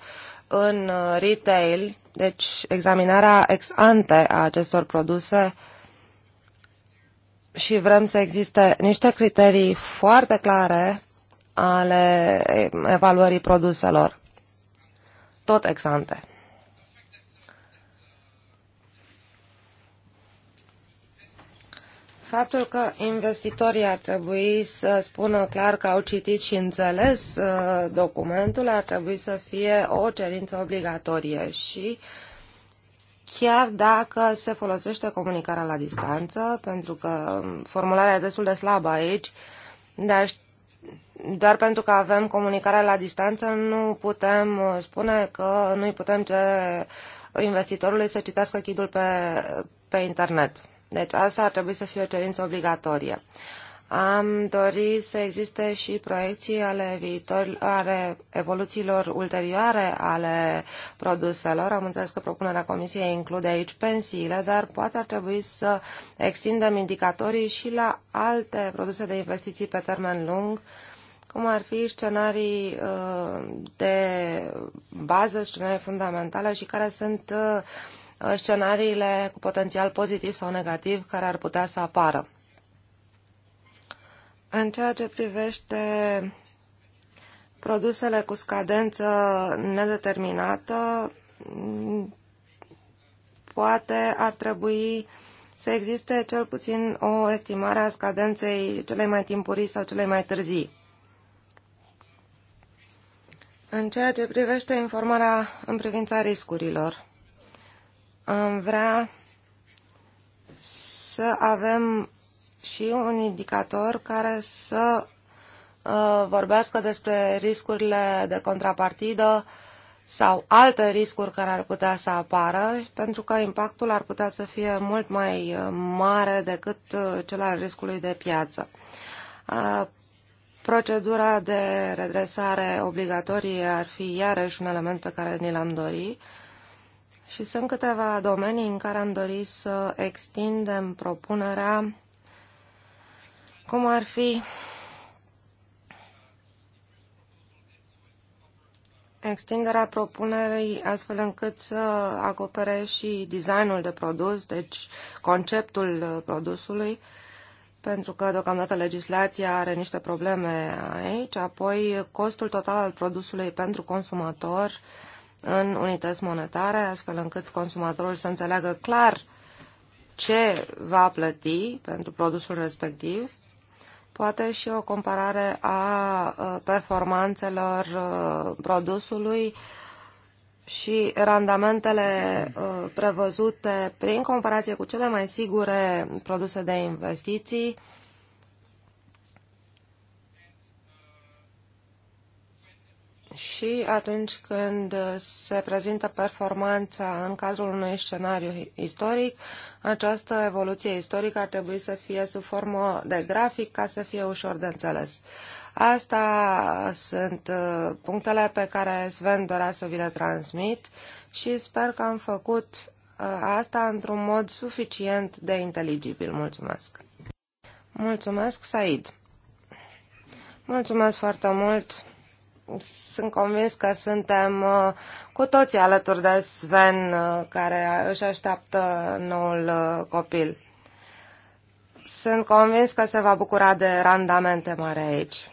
în uh, retail, deci examinarea ex ante a acestor produse și vrem să existe niște criterii foarte clare ale evaluării produselor, tot ex ante. Faptul că investitorii ar trebui să spună clar că au citit și înțeles uh, documentul ar trebui să fie o cerință obligatorie și chiar dacă se folosește comunicarea la distanță, pentru că formularea e destul de slabă aici, dar doar pentru că avem comunicarea la distanță nu putem uh, spune că nu-i putem cere investitorului să citească chidul pe, pe internet. Deci asta ar trebui să fie o cerință obligatorie. Am dorit să existe și proiecții ale, viitor, evoluțiilor ulterioare ale produselor. Am înțeles că propunerea Comisiei include aici pensiile, dar poate ar trebui să extindem indicatorii și la alte produse de investiții pe termen lung, cum ar fi scenarii uh, de bază, scenarii fundamentale și care sunt uh, Uh, scenariile cu potențial pozitiv sau negativ care ar putea să apară. În ceea ce privește produsele cu scadență nedeterminată, poate ar trebui să existe cel puțin o estimare a scadenței celei mai timpurii sau celei mai târzii. În ceea ce privește informarea în privința riscurilor, am vrea să avem și un indicator care să uh, vorbească despre riscurile de contrapartidă sau alte riscuri care ar putea să apară, pentru că impactul ar putea să fie mult mai uh, mare decât uh, cel al riscului de piață. procedura de redresare obligatorie ar fi iarăși un element pe care ni l-am dorit și sunt câteva domenii în care am dorit să extindem propunerea, cum ar fi extinderea propunerii astfel încât să acopere și designul de produs, deci conceptul produsului, pentru că deocamdată legislația are niște probleme aici, apoi costul total al produsului pentru consumator, uh, în unități monetare, astfel încât consumatorul să înțeleagă clar ce va plăti pentru produsul respectiv, poate și o comparare a performanțelor produsului și randamentele prevăzute prin comparație cu cele mai sigure produse de investiții și atunci când se prezintă performanța în cadrul unui scenariu istoric, această evoluție istorică ar trebui să fie sub formă de grafic ca să fie ușor de înțeles. Asta sunt uh, punctele pe care Sven dorea să vi le transmit și sper că am făcut uh, asta într-un mod suficient de inteligibil. Mulțumesc! Mulțumesc, Said! Mulțumesc foarte mult! sunt convins că suntem uh, cu toții alături de Sven, uh, care își așteaptă noul uh, copil. Sunt convins că se va bucura de randamente mari aici.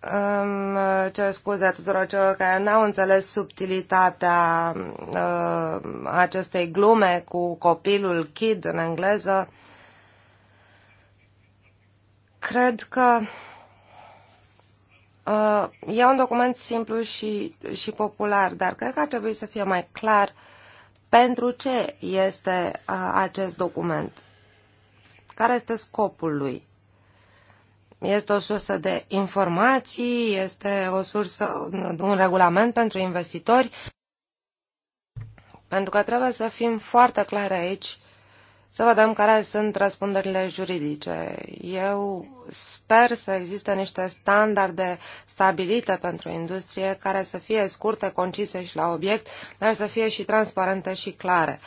Îmi cer scuze tuturor celor care n-au înțeles subtilitatea uh, acestei glume cu copilul kid în engleză. Cred că Uh, e un document simplu și, și popular, dar cred că ar trebui să fie mai clar pentru ce este uh, acest document, care este scopul lui. Este o sursă de informații, este o sursă, un regulament pentru investitori, pentru că trebuie să fim foarte clari aici să vedem care sunt răspunderile juridice. Eu sper să existe niște standarde stabilite pentru industrie care să fie scurte, concise și la obiect, dar să fie și transparente și clare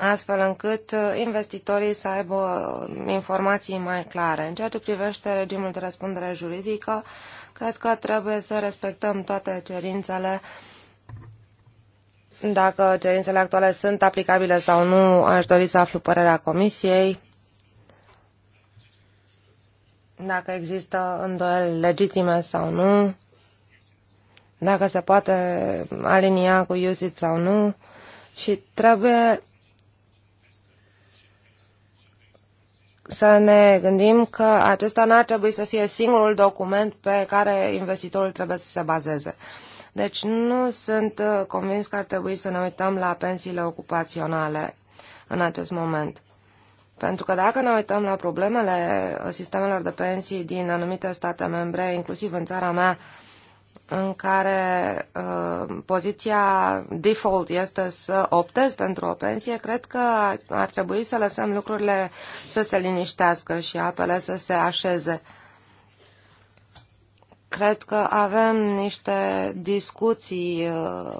astfel încât investitorii să aibă informații mai clare. În ceea ce privește regimul de răspundere juridică, cred că trebuie să respectăm toate cerințele uh, dacă cerințele actuale sunt aplicabile sau nu, aș dori să aflu părerea Comisiei. Dacă există îndoieli legitime sau nu, dacă se poate alinia cu USIT sau nu și trebuie să ne gândim că acesta n-ar trebui să fie singurul document pe care investitorul trebuie să se bazeze. Deci nu sunt uh, convins că ar trebui să ne uităm la pensiile ocupaționale în acest moment. Pentru că dacă ne uităm la problemele uh, sistemelor de pensii din anumite state membre, inclusiv în țara mea, în care uh, poziția default este să optezi pentru o pensie, cred că ar trebui să lăsăm lucrurile să se liniștească și apele să se așeze. Uh, Cred că avem niște discuții uh,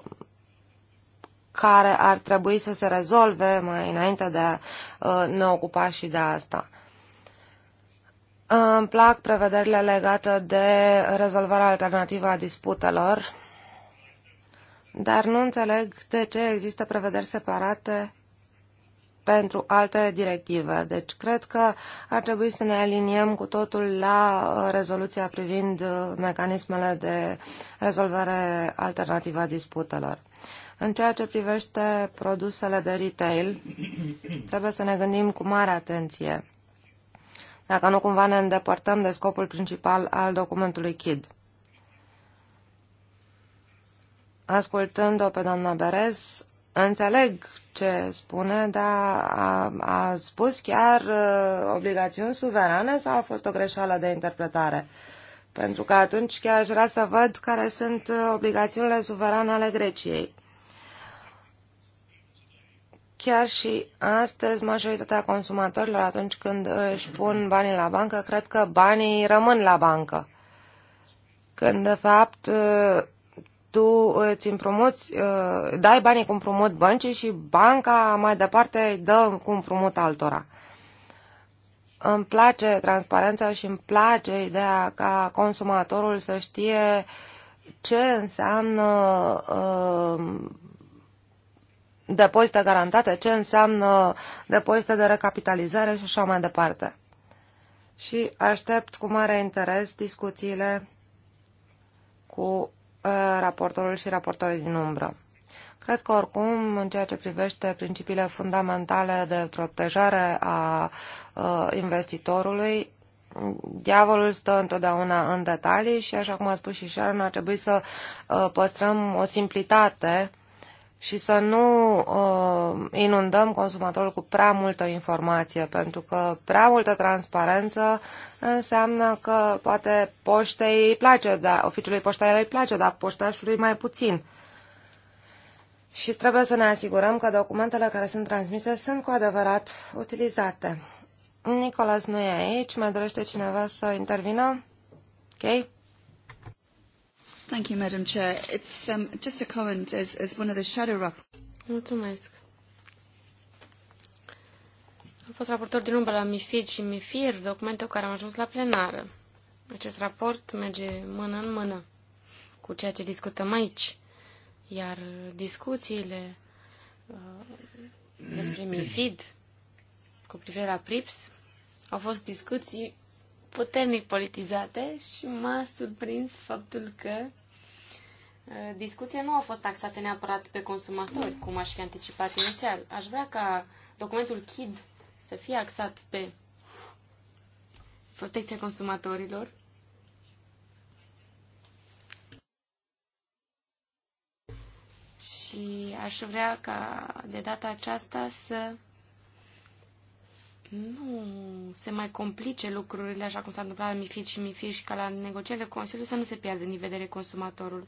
care ar trebui să se rezolve mai înainte de a uh, ne ocupa și de asta. Îmi plac prevederile legate de rezolvarea alternativă a disputelor, dar nu înțeleg de ce există prevederi separate pentru alte directive. Deci cred că ar trebui să ne aliniem cu totul la uh, rezoluția privind uh, mecanismele de rezolvare alternativă a disputelor. În ceea ce privește produsele de retail, trebuie să ne gândim cu mare atenție dacă nu cumva ne îndepărtăm de scopul principal al documentului KID. Ascultând-o pe doamna Berez, Înțeleg ce spune, dar a, a spus chiar uh, obligațiuni suverane sau a fost o greșeală de interpretare? Pentru că atunci chiar aș vrea să văd care sunt uh, obligațiunile suverane ale Greciei. Chiar și astăzi, majoritatea consumatorilor, atunci când își pun banii la bancă, cred că banii rămân la bancă. Când, de fapt, uh, tu îți împrumuți, uh, dai banii cu împrumut băncii și banca mai departe dă cu împrumut altora. Îmi place transparența și îmi place ideea ca consumatorul să știe ce înseamnă uh, depozite garantate, ce înseamnă depozite de recapitalizare și așa mai departe. Și aștept cu mare interes discuțiile cu Uh, raportorul și raportorii din umbră. Cred că oricum, în ceea ce privește principiile fundamentale de protejare a uh, investitorului, diavolul stă întotdeauna în detalii și, așa cum a spus și Sharon, ar trebui să uh, păstrăm o simplitate și să nu uh, inundăm consumatorul cu prea multă informație, pentru că prea multă transparență înseamnă că poate poștei îi place, da, oficiului poștaier îi place, dar poștașului mai puțin. Și trebuie să ne asigurăm că documentele care sunt transmise sunt cu adevărat utilizate. Nicolas nu e aici, mai dorește cineva să intervină? Ok? Thank you, Madam Chair. It's um, just a comment as, as one of the shadow rapporteurs. Mulțumesc.
Am fost raportor din umbră la MIFID și MIFIR, documentul care am ajuns la plenară. Acest raport merge mână în mână cu ceea ce discutăm aici, iar discuțiile uh, despre MIFID cu privire la PRIPS au fost discuții puternic politizate și m-a surprins faptul că uh, discuția nu a fost axată neapărat pe consumatori, cum aș fi anticipat inițial. Aș vrea ca documentul KID să fie axat pe protecția consumatorilor, și aș vrea ca de data aceasta să nu se mai complice lucrurile așa cum s-a întâmplat la MIFID și MIFID și ca la negocierile Consiliului să nu se piardă din vedere consumatorul.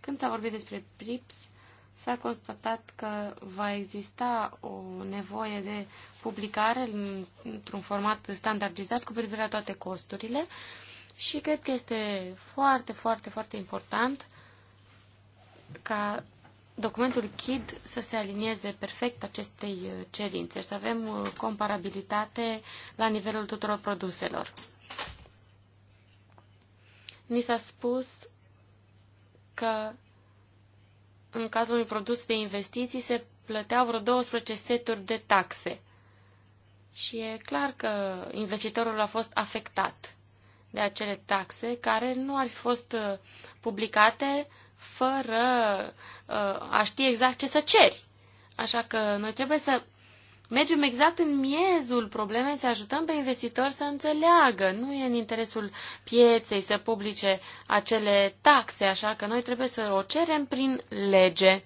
Când s-a vorbit despre PRIPS, s-a constatat că va exista o nevoie de publicare într-un format standardizat cu privire la toate costurile și cred că este foarte, foarte, foarte important ca documentul KID să se alinieze perfect acestei uh, cerințe, să avem uh, comparabilitate la nivelul tuturor produselor. Ni s-a spus că în cazul unui produs de investiții se plăteau vreo 12 seturi de taxe. Și e clar că investitorul a fost afectat de acele taxe care nu ar fi fost uh, publicate fără uh, a ști exact ce să ceri. Așa că noi trebuie să mergem exact în miezul problemei, să ajutăm pe investitori să înțeleagă. Nu e în interesul pieței să publice acele taxe, așa că noi trebuie să o cerem prin lege.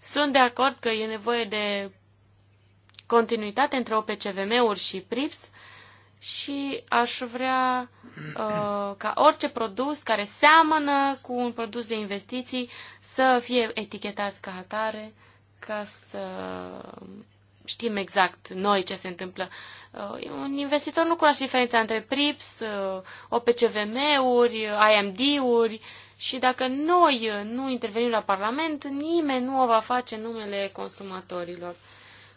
Sunt de acord că e nevoie de continuitate între OPCVM-uri și PRIPS, și aș vrea uh, ca orice produs care seamănă cu un produs de investiții să fie etichetat ca atare, ca să știm exact noi ce se întâmplă. Uh, un investitor nu cunoaște diferența între PRIPS, uh, OPCVM-uri, IMD-uri și dacă noi nu intervenim la Parlament, nimeni nu o va face numele consumatorilor.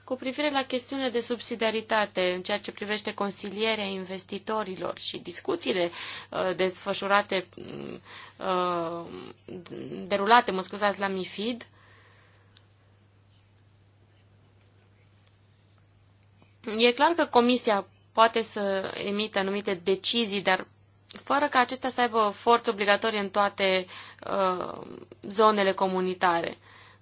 Cu privire la chestiunea de subsidiaritate în ceea ce privește consilierea investitorilor și discuțiile uh, desfășurate, mm, uh, derulate, mă scuzați, la MIFID, e clar că Comisia poate să emită anumite decizii, dar fără ca acestea să aibă forță obligatorie în toate uh, zonele comunitare.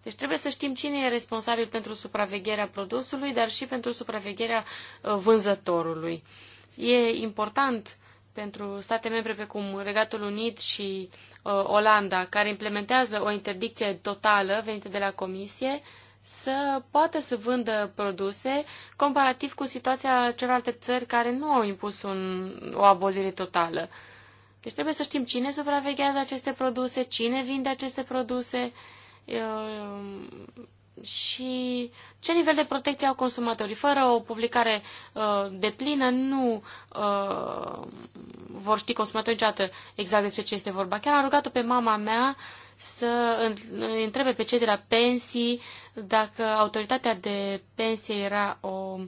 Deci trebuie să știm cine e responsabil pentru supravegherea produsului, dar și pentru supravegherea uh, vânzătorului. E important pentru state membre precum Regatul Unit și uh, Olanda, care implementează o interdicție totală venită de la Comisie, să poată să vândă produse comparativ cu situația celorlalte țări care nu au impus un, o abolire totală. Deci trebuie să știm cine supraveghează aceste produse, cine vinde aceste produse. Uh, Ehm, și ce nivel de protecție au consumatorii. Fără o publicare uh, de plină, nu uh, vor ști consumatorii niciodată exact despre ce este vorba. Chiar am rugat-o pe mama mea să întrebe pe cei de la pensii dacă autoritatea de pensie era o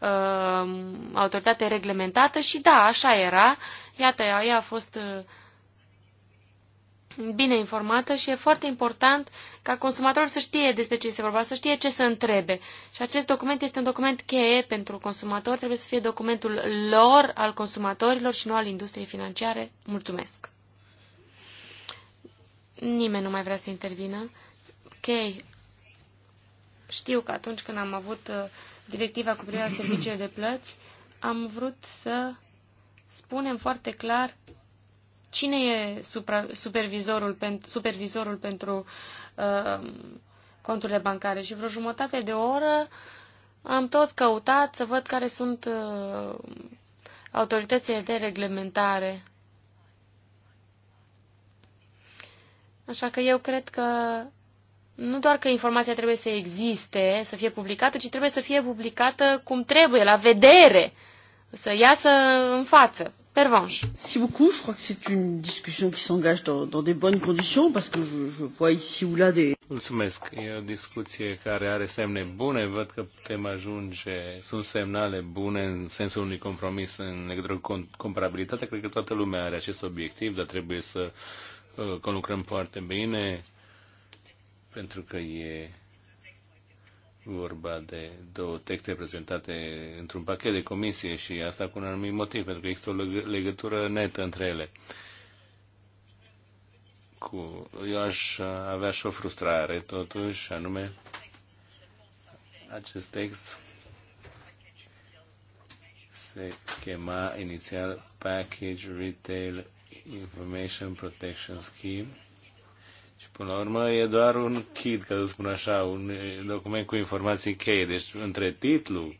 uh, autoritate reglementată și da, așa era. Iată, ea a fost uh, bine informată și e foarte important ca consumatorul să știe despre ce se vorba, să știe ce să întrebe. Și acest document este un document cheie pentru consumator, trebuie să fie documentul lor, al consumatorilor și nu al industriei financiare. Mulțumesc! Nimeni nu mai vrea să intervină. Ok. Știu că atunci când am avut uh, directiva cu privire la serviciile de plăți, am vrut să spunem foarte clar Cine e supra, supervizorul, pen, supervizorul pentru uh, conturile bancare? Și vreo jumătate de oră am tot căutat să văd care sunt uh, autoritățile de reglementare. Așa că eu cred că nu doar că informația trebuie să existe, să fie publicată, ci trebuie să fie publicată cum trebuie, la vedere, să iasă în față revanche.
Merci beaucoup. Je crois que c'est une discussion qui s'engage dans, dans des bonnes conditions parce que
je, je vois ici ou là des... Mulțumesc. E o discuție care are semne bune. Văd că putem ajunge, sunt semnale bune în sensul unui compromis în legătură cu comparabilitatea. Cred că toată lumea are acest obiectiv, dar trebuie să uh, conlucrăm foarte bine pentru că e vorba de două texte prezentate într-un pachet de comisie și asta cu un anumit motiv, pentru că există o legătură netă între ele. Cu, eu aș avea și o frustrare, totuși, anume, acest text se chema inițial Package Retail Information Protection Scheme și până la urmă e doar un kit, ca să spun așa, un document cu informații cheie. Deci între titlu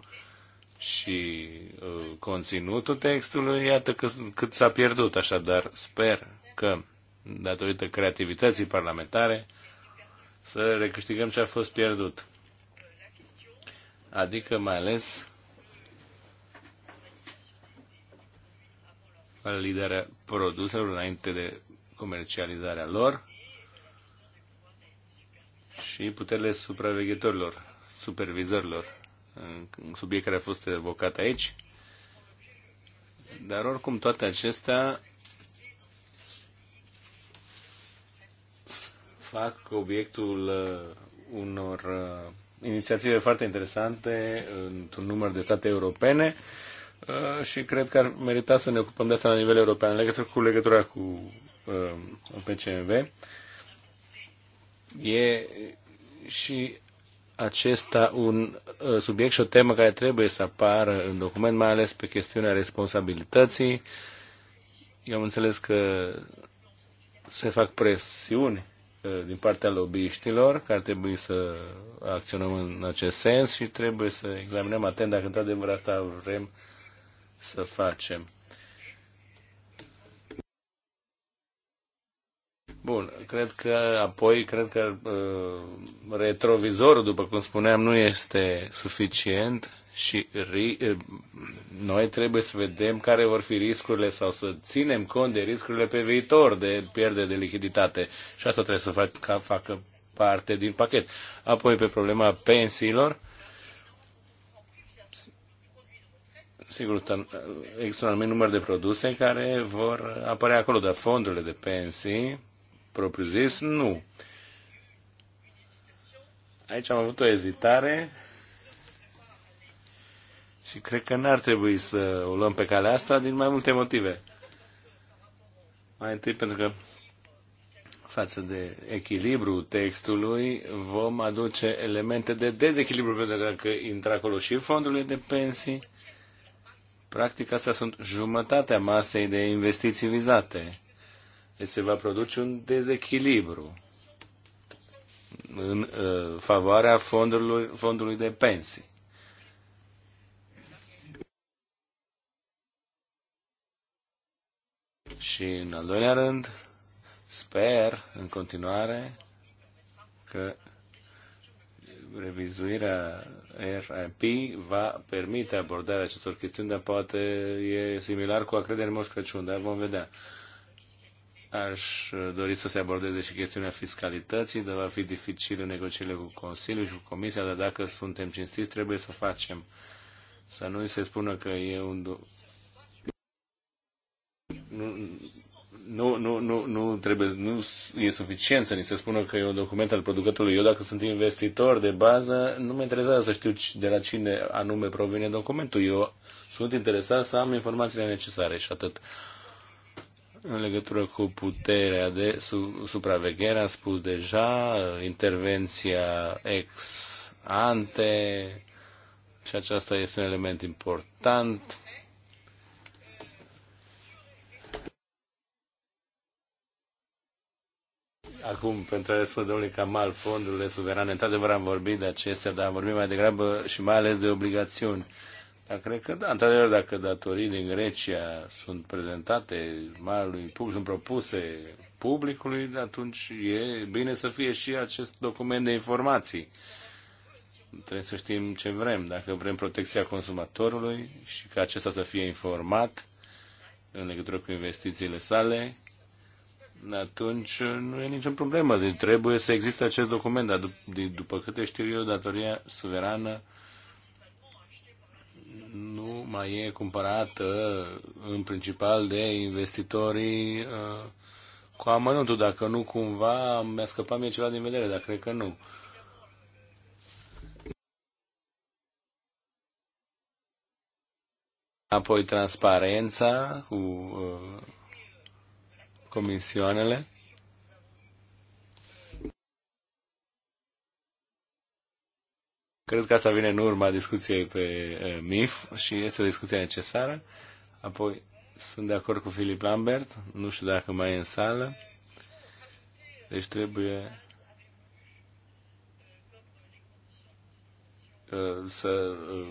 și uh, conținutul textului, iată că, cât s-a pierdut așa, dar sper că, datorită creativității parlamentare, să recâștigăm ce a fost pierdut. Adică mai ales validarea produselor înainte de comercializarea lor și puterile supraveghetorilor, supervizorilor, în subiect care a fost evocat aici. Dar oricum toate acestea fac obiectul uh, unor uh, inițiative foarte interesante într-un număr de state europene uh, și cred că ar merita să ne ocupăm de asta la nivel european, în legătură cu legătura cu PCMV. E și acesta un uh, subiect și o temă care trebuie să apară în document, mai ales pe chestiunea responsabilității. Eu am înțeles că se fac presiuni uh, din partea lobbyiștilor, că ar trebui să acționăm în acest sens și trebuie să examinăm atent dacă într-adevăr asta vrem să facem. Bun, cred că apoi, cred că uh, retrovizorul, după cum spuneam, nu este suficient și ri, uh, noi trebuie să vedem care vor fi riscurile sau să ținem cont de riscurile pe viitor de pierdere de lichiditate. Și asta trebuie să fac, ca, facă parte din pachet. Apoi pe problema pensiilor, sigur, există un anumit număr de produse care vor apărea acolo, dar fondurile de pensii propriu-zis, nu. Aici am avut o ezitare și cred că n-ar trebui să o luăm pe calea asta din mai multe motive. Mai întâi pentru că față de echilibru textului vom aduce elemente de dezechilibru pentru că dacă intră acolo și fondurile de pensii, practic astea sunt jumătatea masei de investiții vizate. Deci se va produce un dezechilibru în uh, favoarea fondului, fondului de pensii. Și în al doilea rând, sper în continuare că revizuirea RIP va permite abordarea acestor chestiuni, dar poate e similar cu a crede în Moș Crăciun, dar vom vedea. Aș dori să se abordeze și chestiunea fiscalității, dar va fi dificil în negocierile cu Consiliul și cu Comisia, dar dacă suntem cinstiți, trebuie să facem. Să nu se spună că e un... Do... Nu, nu, nu, nu, nu, trebuie, nu e suficient să ni se spună că e un document al producătorului. Eu dacă sunt investitor de bază, nu mă interesează să știu de la cine anume provine documentul. Eu sunt interesat să am informațiile necesare și atât în legătură cu puterea de su, supraveghere, a spus deja, intervenția ex ante și aceasta este un element important. Acum, pentru a răspunde domnului Camal, fondurile suverane, într-adevăr am vorbit de acestea, dar am vorbit mai degrabă și mai ales de obligațiuni. Dar cred că da, într-adevăr, dacă datorii din Grecia sunt prezentate marului public, sunt propuse publicului, atunci e bine să fie și acest document de informații. Trebuie să știm ce vrem, dacă vrem protecția consumatorului și ca acesta să fie informat în legătură cu investițiile sale, atunci nu e nicio problemă. Deci trebuie să existe acest document, dar după câte știu eu, datoria suverană nu mai e cumpărată în principal de investitorii uh, cu amănuntul, dacă nu cumva mi-a scăpat mie ceva din vedere, dar cred că nu. Apoi transparența cu uh, comisioanele. Cred că asta vine în urma discuției pe eh, MIF și este o discuție necesară. Apoi sunt de acord cu Filip Lambert, nu știu dacă mai e în sală. Deci trebuie eh, să eh,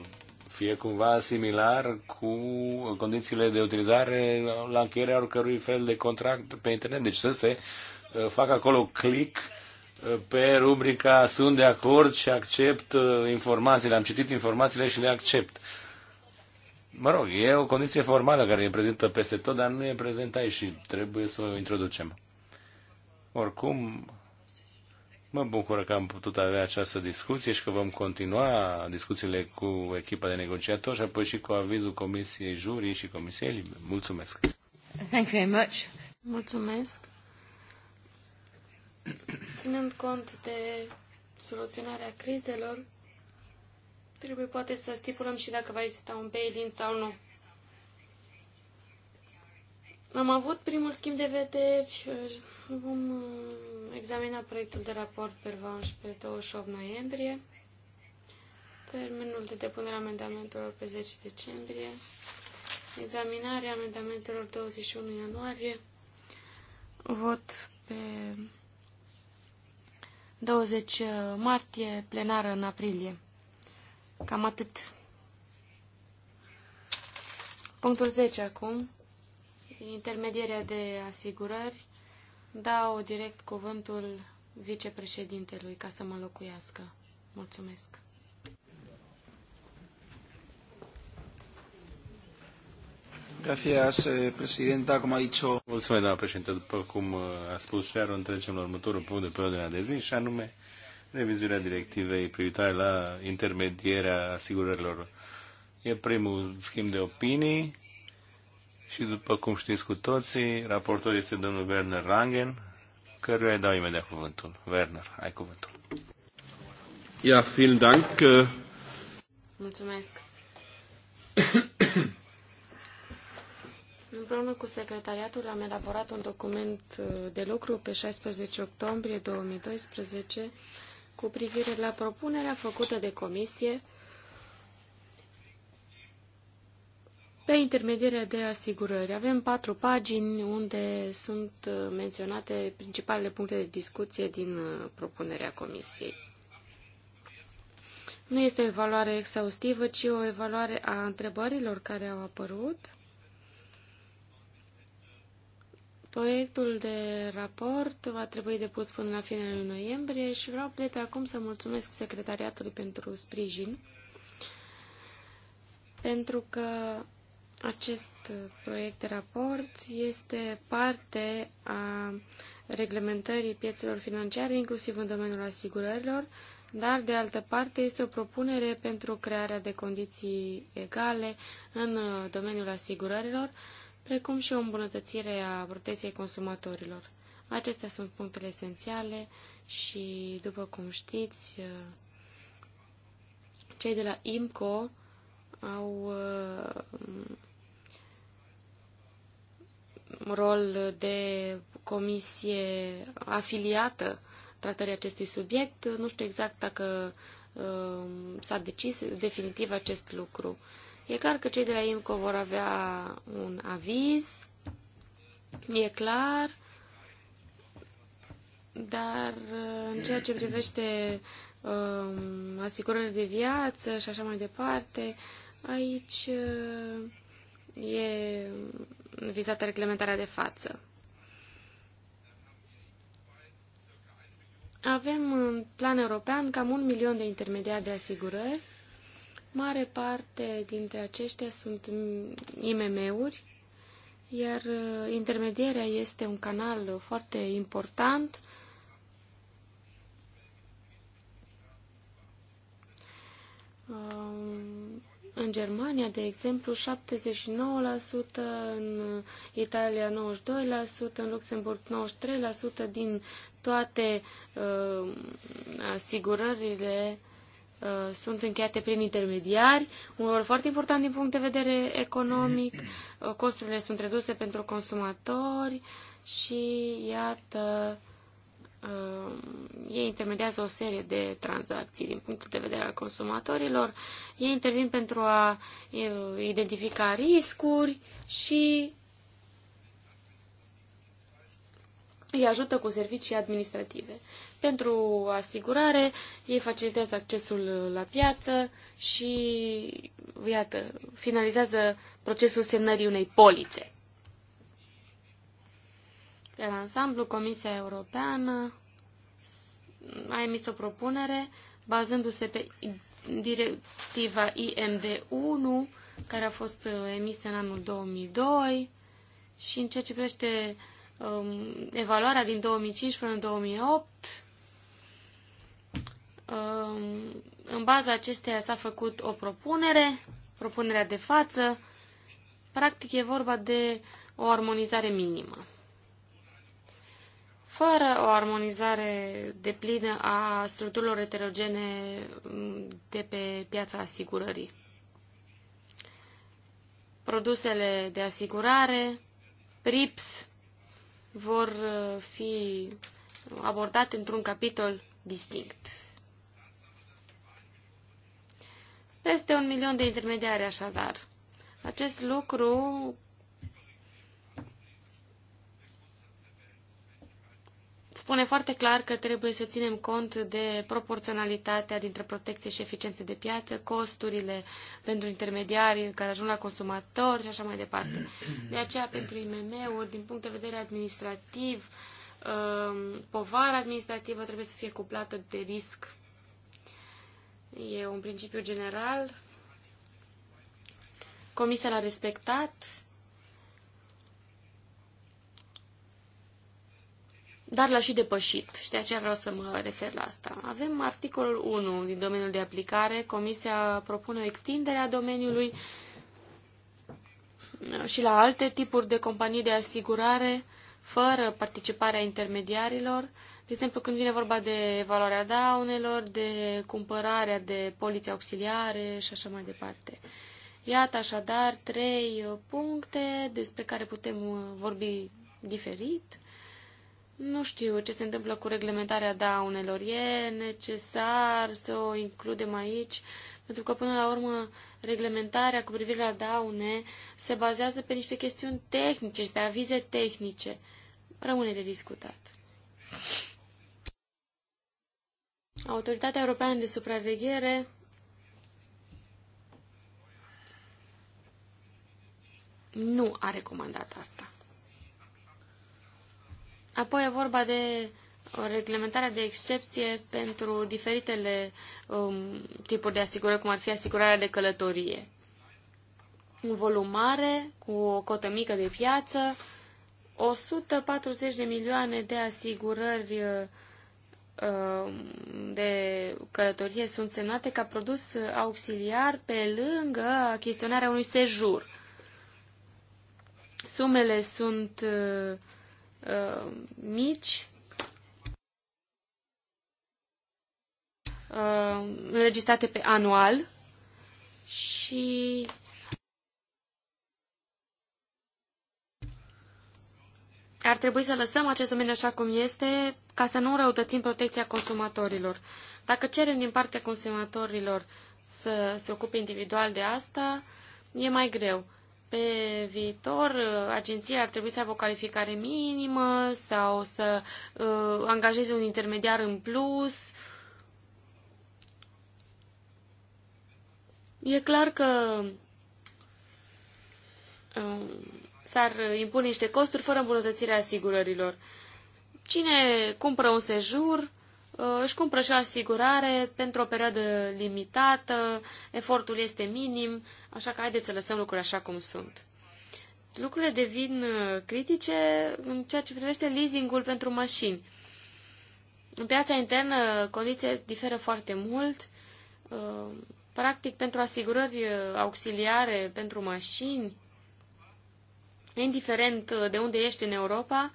fie cumva similar cu condițiile de utilizare la încheierea oricărui fel de contract pe internet. Deci să se facă acolo click pe rubrica Sunt de acord și accept uh, informațiile. Am citit informațiile și le accept. Mă rog, e o condiție formală care e prezentă peste tot, dar nu e prezentă aici și trebuie să o introducem. Oricum, mă bucur că am putut avea această discuție și că vom continua discuțiile cu echipa de negociatori și apoi și cu avizul Comisiei Jurii și Comisiei Libre. Mulțumesc!
Thank you very much. Mulțumesc! Ținând cont de soluționarea crizelor, trebuie poate să stipulăm și dacă va exista un bail-in sau nu. Am avut primul schimb de vederi. Uh, vom uh, examina proiectul de raport pe revanș pe 28 noiembrie. Termenul de depunere a amendamentelor pe 10 decembrie. Examinarea amendamentelor 21 ianuarie. Vot pe 20 uh, martie, plenară în aprilie. Cam atât. Punctul 10 acum. Intermedierea de asigurări. Dau direct cuvântul vicepreședintelui ca să mă locuiască. Mulțumesc. Gracias, eh,
presidenta, como ha dicho... Mulțumesc, doamna președinte. După cum uh, a spus Sharon, trecem la următorul punct de pe ordinea de zi, și anume revizuirea directivei privitoare la intermedierea asigurărilor. E primul schimb de opinii și, după cum știți cu toții, raportor este domnul Werner Langen, căruia îi dau imediat cuvântul. Werner, ai cuvântul. Ja, vielen Dank. Uh,
Mulțumesc împreună cu secretariatul am elaborat un document uh, de lucru pe 16 octombrie 2012 cu privire la propunerea făcută de comisie pe intermediere de asigurări. Avem patru pagini unde sunt uh, menționate principalele puncte de discuție din uh, propunerea comisiei. Nu este o evaluare exhaustivă, ci o evaluare a întrebărilor care au apărut Proiectul de raport va trebui depus până la finele noiembrie și vreau de pe acum să mulțumesc secretariatului pentru sprijin, pentru că acest proiect de raport este parte a reglementării piețelor financiare, inclusiv în domeniul asigurărilor, dar, de altă parte, este o propunere pentru crearea de condiții egale în domeniul asigurărilor, precum și o îmbunătățire a protecției consumatorilor. Acestea sunt punctele esențiale și, după cum știți, cei de la IMCO au uh, rol de comisie afiliată tratării acestui subiect. Nu știu exact dacă uh, s-a decis definitiv acest lucru. E clar că cei de la IMCO vor avea un aviz, e clar, dar uh, în ceea ce privește um, asigurările de viață și așa mai departe, aici uh, e vizată reglementarea de față. Avem în plan european cam un milion de intermediari de asigurări Mare parte dintre aceștia sunt IMM-uri, iar uh, intermedierea este un canal foarte important. Um, în Germania, de exemplu, 79%, în Italia 92%, în Luxemburg 93% din toate uh, asigurările Uh, sunt încheiate prin intermediari, un rol foarte important din punct de vedere economic, mm-hmm. uh, costurile sunt reduse pentru consumatori și, iată, uh, ei intermediază o serie de tranzacții din punctul de vedere al consumatorilor, ei intervin pentru a uh, identifica riscuri și îi ajută cu servicii administrative pentru asigurare, ei facilitează accesul la piață și, iată, finalizează procesul semnării unei polițe. Pe ansamblu, Comisia Europeană a emis o propunere bazându-se pe directiva IMD1, care a fost uh, emisă în anul 2002 și în ceea ce privește um, evaluarea din 2005 până în 2008, în baza acesteia s-a făcut o propunere, propunerea de față. Practic e vorba de o armonizare minimă. Fără o armonizare deplină a structurilor heterogene mm, de pe piața asigurării. Produsele de asigurare, PRIPS, vor uh, fi abordate într-un capitol distinct. Peste un milion de intermediari așadar. Acest lucru spune foarte clar că trebuie să ținem cont de proporționalitatea dintre protecție și eficiență de piață, costurile pentru intermediari care ajung la consumator și așa mai departe. De aceea, pentru IMM-uri, din punct de vedere administrativ, ă, povara administrativă trebuie să fie cuplată de risc E un principiu general. Comisia l-a respectat. Dar l-a și depășit și de aceea vreau să mă refer la asta. Avem articolul 1 din domeniul de aplicare. Comisia propune o extindere a domeniului și la alte tipuri de companii de asigurare fără participarea intermediarilor, de exemplu când vine vorba de evaluarea daunelor, de cumpărarea de poliții auxiliare și așa mai departe. Iată așadar trei puncte despre care putem uh, vorbi diferit. Nu știu ce se întâmplă cu reglementarea daunelor. E necesar să o includem aici, pentru că până la urmă reglementarea cu privire la daune se bazează pe niște chestiuni tehnice și pe avize tehnice rămâne de discutat. Autoritatea Europeană de Supraveghere nu a recomandat asta. Apoi e vorba de reglementarea de excepție pentru diferitele um, tipuri de asigurări, cum ar fi asigurarea de călătorie. Un volum mare, cu o cotă mică de piață, 140 de milioane de asigurări uh, um, de călătorie sunt semnate ca produs auxiliar pe lângă chestionarea unui sejur. Sumele sunt uh, uh, mici, înregistrate pe anual și ar trebui să lăsăm acest domeniu așa cum este, ca să nu răutățim protecția consumatorilor. Dacă cerem din partea consumatorilor să se ocupe individual de asta, e mai greu. Pe viitor, uh, agenția ar trebui să aibă o calificare minimă sau să uh, angajeze un intermediar în plus. E clar că Um, s-ar impune niște costuri fără îmbunătățirea asigurărilor. Cine cumpără un sejur, uh, își cumpără și o asigurare pentru o perioadă limitată, efortul este minim, așa că haideți să lăsăm lucrurile așa cum sunt. Lucrurile devin uh, critice în ceea ce privește leasingul pentru mașini. În piața internă condiția diferă foarte mult. Uh, practic, pentru asigurări auxiliare pentru mașini, indiferent uh, de unde ești în Europa,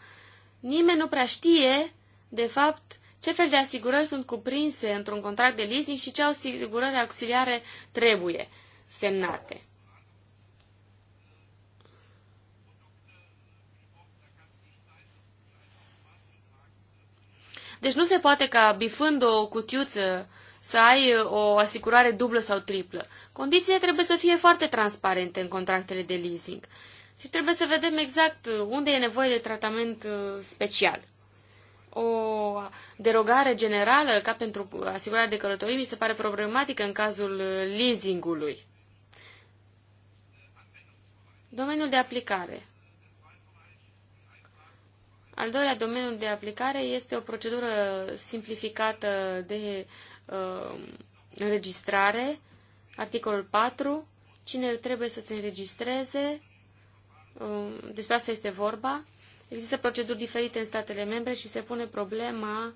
nimeni nu prea știe, de fapt, ce fel de asigurări sunt cuprinse într-un contract de leasing și ce asigurări auxiliare trebuie semnate. Deci nu se poate ca bifând o cutiuță să ai uh, o asigurare dublă sau triplă. Condițiile trebuie să fie foarte transparente în contractele de leasing și trebuie să vedem exact uh, unde e nevoie de tratament uh, special. O derogare generală, ca pentru asigurarea de călătorii, mi se pare problematică în cazul uh, leasingului. Domeniul de aplicare. Al doilea domeniu de aplicare este o procedură simplificată de uh, înregistrare, articolul 4, cine trebuie să se înregistreze Um, despre asta este vorba. Există proceduri diferite în statele membre și se pune problema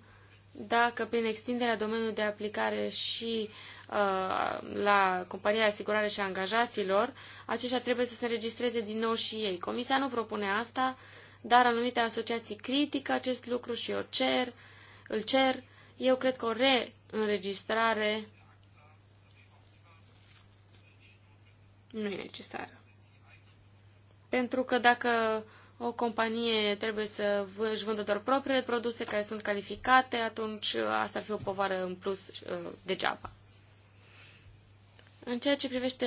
dacă prin extinderea domeniului de aplicare și uh, la compania de asigurare și a angajaților, aceștia trebuie să se înregistreze din nou și ei. Comisia nu propune asta, dar anumite asociații critică acest lucru și o cer, îl cer. Eu cred că o reînregistrare nu e necesară. Pentru că dacă o companie trebuie să își vândă doar propriile produse care sunt calificate, atunci uh, asta ar fi o povară în plus uh, degeaba. În ceea ce privește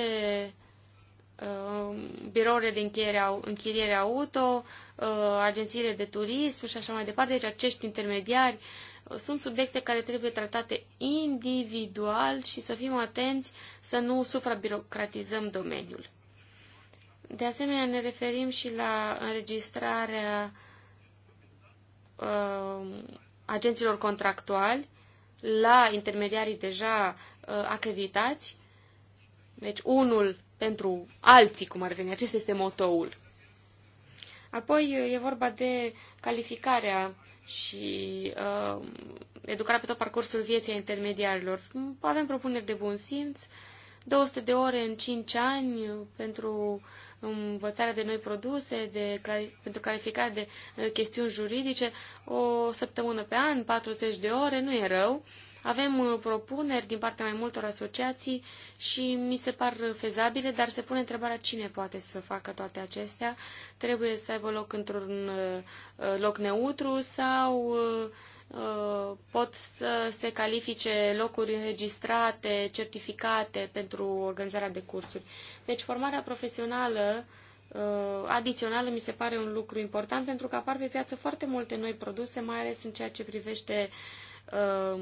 uh, birourile de închiriere, închiriere auto, agențiile de turism și așa mai departe, deci acești intermediari sunt subiecte care trebuie tratate individual și să fim atenți să nu suprabirocratizăm domeniul. De asemenea, ne referim și la înregistrarea uh, agenților contractuali la intermediarii deja uh, acreditați. Deci unul pentru alții, cum ar veni. Acesta este motoul. Apoi uh, e vorba de calificarea și uh, educarea pe tot parcursul vieții a intermediarilor. Avem propuneri de bun simț, 200 de ore în 5 ani pentru învățarea de noi produse, de, pentru clarificare de uh, chestiuni juridice, o săptămână pe an, 40 de ore, nu e rău. Avem uh, propuneri din partea mai multor asociații și mi se par fezabile, dar se pune întrebarea cine poate să facă toate acestea. Trebuie să aibă loc într-un uh, loc neutru sau uh, Uh, pot să se califice locuri înregistrate, certificate pentru organizarea de cursuri. Deci formarea profesională uh, adițională mi se pare un lucru important pentru că apar pe piață foarte multe noi produse, mai ales în ceea ce privește uh,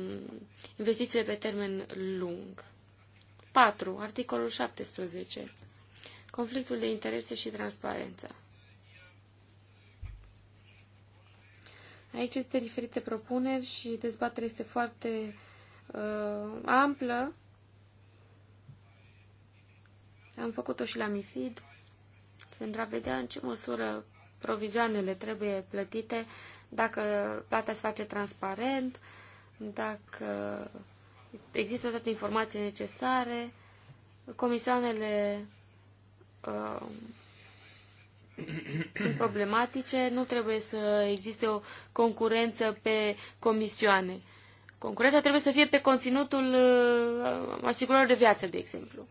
investițiile pe termen lung. 4. Articolul 17. Conflictul de interese și transparența. Aici este diferite propuneri și dezbaterea este foarte uh, amplă. Am făcut-o și la MIFID pentru a vedea în ce măsură provizioanele trebuie plătite, dacă plata se face transparent, dacă există toate informațiile necesare, comisioanele uh, sunt problematice, nu trebuie să existe o concurență pe comisioane. Concurența trebuie să fie pe conținutul uh, asigurărilor de viață, de exemplu.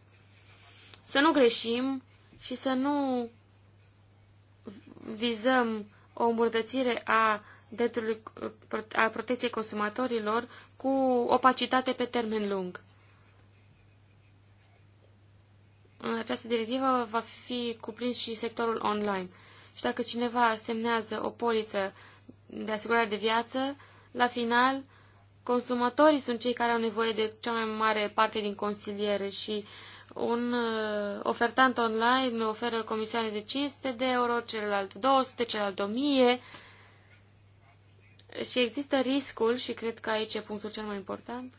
Să nu greșim și să nu vizăm o îmbunătățire a dreptului uh, a protecției consumatorilor cu opacitate pe termen lung. în această directivă va fi cuprins și sectorul online. Și dacă cineva semnează o poliță de asigurare de viață, la final consumatorii sunt cei care au nevoie de cea mai mare parte din consiliere și un uh, ofertant online mi oferă comisioane de 500 de euro, celălalt 200, celălalt 1000 și există riscul, și cred că aici e punctul cel mai important,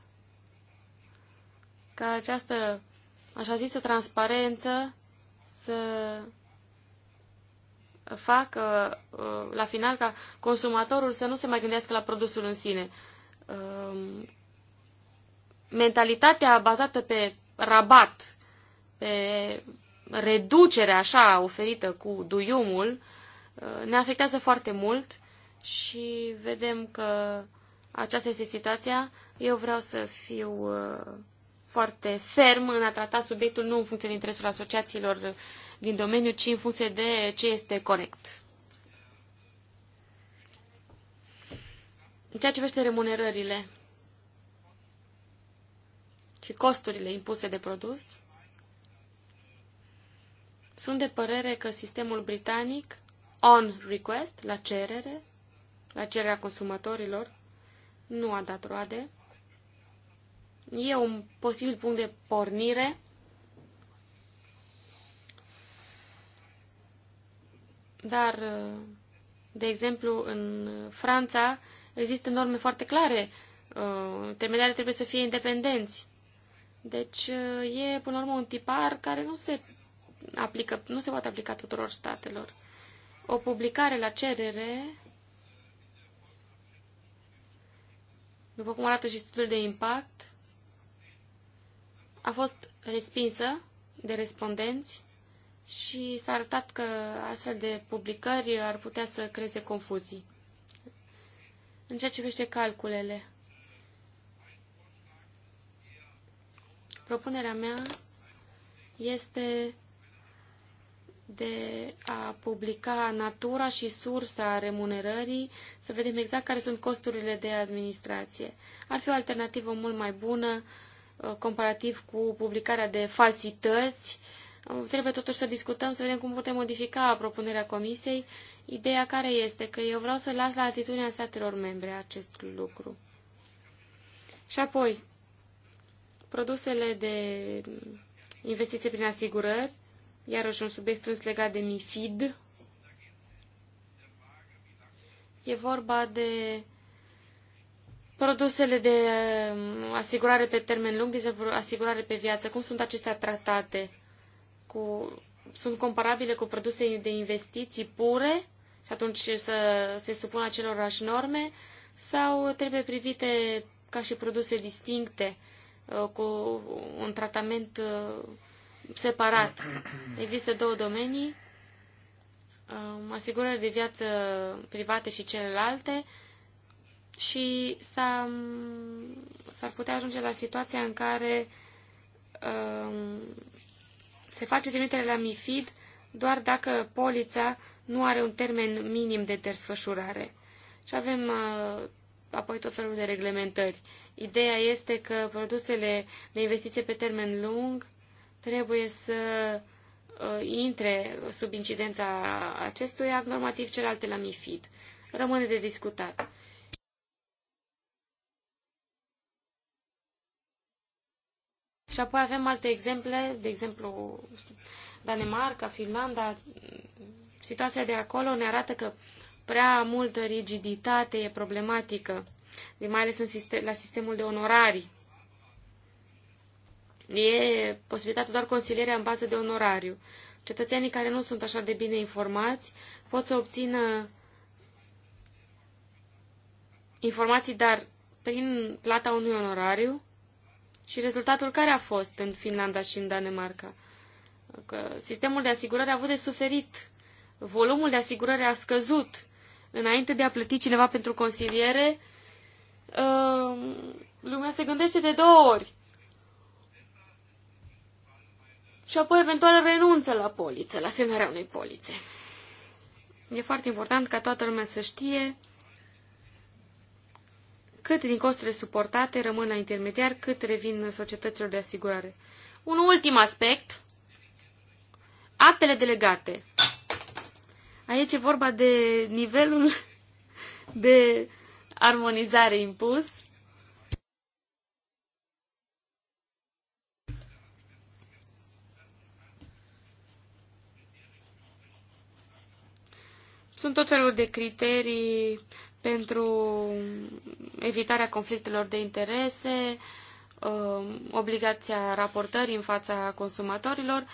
ca această așa zisă transparență să facă uh, la final ca consumatorul să nu se mai gândească la produsul în sine. Um, mentalitatea bazată pe rabat, pe reducerea așa oferită cu duiumul, uh, ne afectează foarte mult și vedem că aceasta este situația. Eu vreau să fiu uh, foarte ferm în a trata subiectul nu în funcție de interesul asociațiilor din domeniu, ci în funcție de ce este corect. În ceea ce vește remunerările și costurile impuse de produs, sunt de părere că sistemul britanic on request, la cerere, la cererea consumatorilor, nu a dat roade. E un posibil punct de pornire. Dar, de exemplu, în Franța există norme foarte clare. Intermediarii uh, trebuie să fie independenți. Deci uh, e, până la urmă, un tipar care nu se, aplică, nu se poate aplica tuturor statelor. O publicare la cerere, după cum arată și studiul de impact, a fost respinsă de respondenți și s-a arătat că astfel de publicări ar putea să creeze confuzii. În ceea ce privește calculele, propunerea mea este de a publica natura și sursa remunerării, să vedem exact care sunt costurile de administrație. Ar fi o alternativă mult mai bună Uh, comparativ cu publicarea de falsități. Uh, trebuie totuși să discutăm, să vedem cum putem modifica propunerea comisiei. Ideea care este că eu vreau să las la atitudinea statelor membre acest lucru. Și apoi, produsele de investiție prin asigurări, iarăși un subiect strâns legat de MIFID. E vorba de Produsele de um, asigurare pe termen lung, de asigurare pe viață, cum sunt acestea tratate? Cu, sunt comparabile cu produse de investiții pure și atunci să se supună acelorași norme sau trebuie privite ca și produse distincte uh, cu un tratament uh, separat? Există două domenii um, asigurări de viață private și celelalte, și s-ar putea ajunge la situația în care um, se face trimitere la MIFID doar dacă polița nu are un termen minim de desfășurare. Și avem uh, apoi tot felul de reglementări. Ideea este că produsele de investiție pe termen lung trebuie să uh, intre sub incidența acestui act normativ, celelalte la MIFID. Rămâne de discutat. Și apoi avem alte exemple, de exemplu Danemarca, Finlanda. Situația de acolo ne arată că prea multă rigiditate e problematică, mai ales în sistem, la sistemul de onorarii. E posibilitatea doar consilierea în bază de onorariu. Cetățenii care nu sunt așa de bine informați pot să obțină informații, dar prin plata unui onorariu, și rezultatul care a fost în Finlanda și în Danemarca? Că sistemul de asigurare a avut de suferit, volumul de asigurare a scăzut. Înainte de a plăti cineva pentru consiliere, uh, lumea se gândește de două ori. Și apoi eventual renunță la poliță, la semnarea unei polițe. E foarte important ca toată lumea să știe cât din costurile suportate rămân la intermediar, cât revin societăților de asigurare. Un ultim aspect, actele delegate. Aici e vorba de nivelul de armonizare impus. Sunt tot felul de criterii pentru evitarea conflictelor de interese, um, obligația raportării în fața consumatorilor.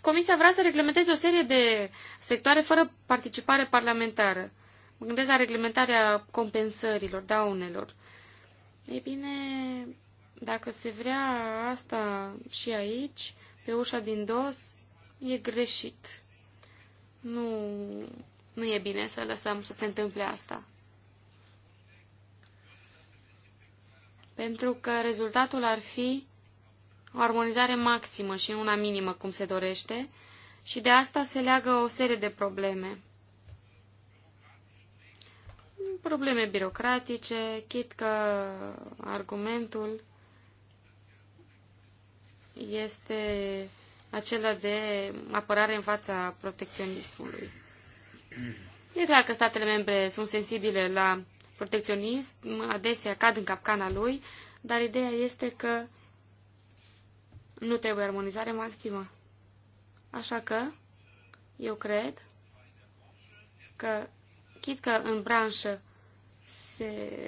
Comisia vrea să reglementeze o serie de sectoare fără participare parlamentară. Mă gândesc la reglementarea compensărilor, daunelor. Ei bine, dacă se vrea asta și aici, pe ușa din dos, e greșit. Nu nu e bine să lăsăm să se întâmple asta. Pentru că rezultatul ar fi o armonizare maximă și una minimă, cum se dorește, și de asta se leagă o serie de probleme. Probleme birocratice, chit că argumentul este acela de apărare în fața protecționismului. E clar că statele membre sunt sensibile la protecționism, adesea cad în capcana lui, dar ideea este că nu trebuie armonizare maximă. Așa că eu cred că, chit că în branșă se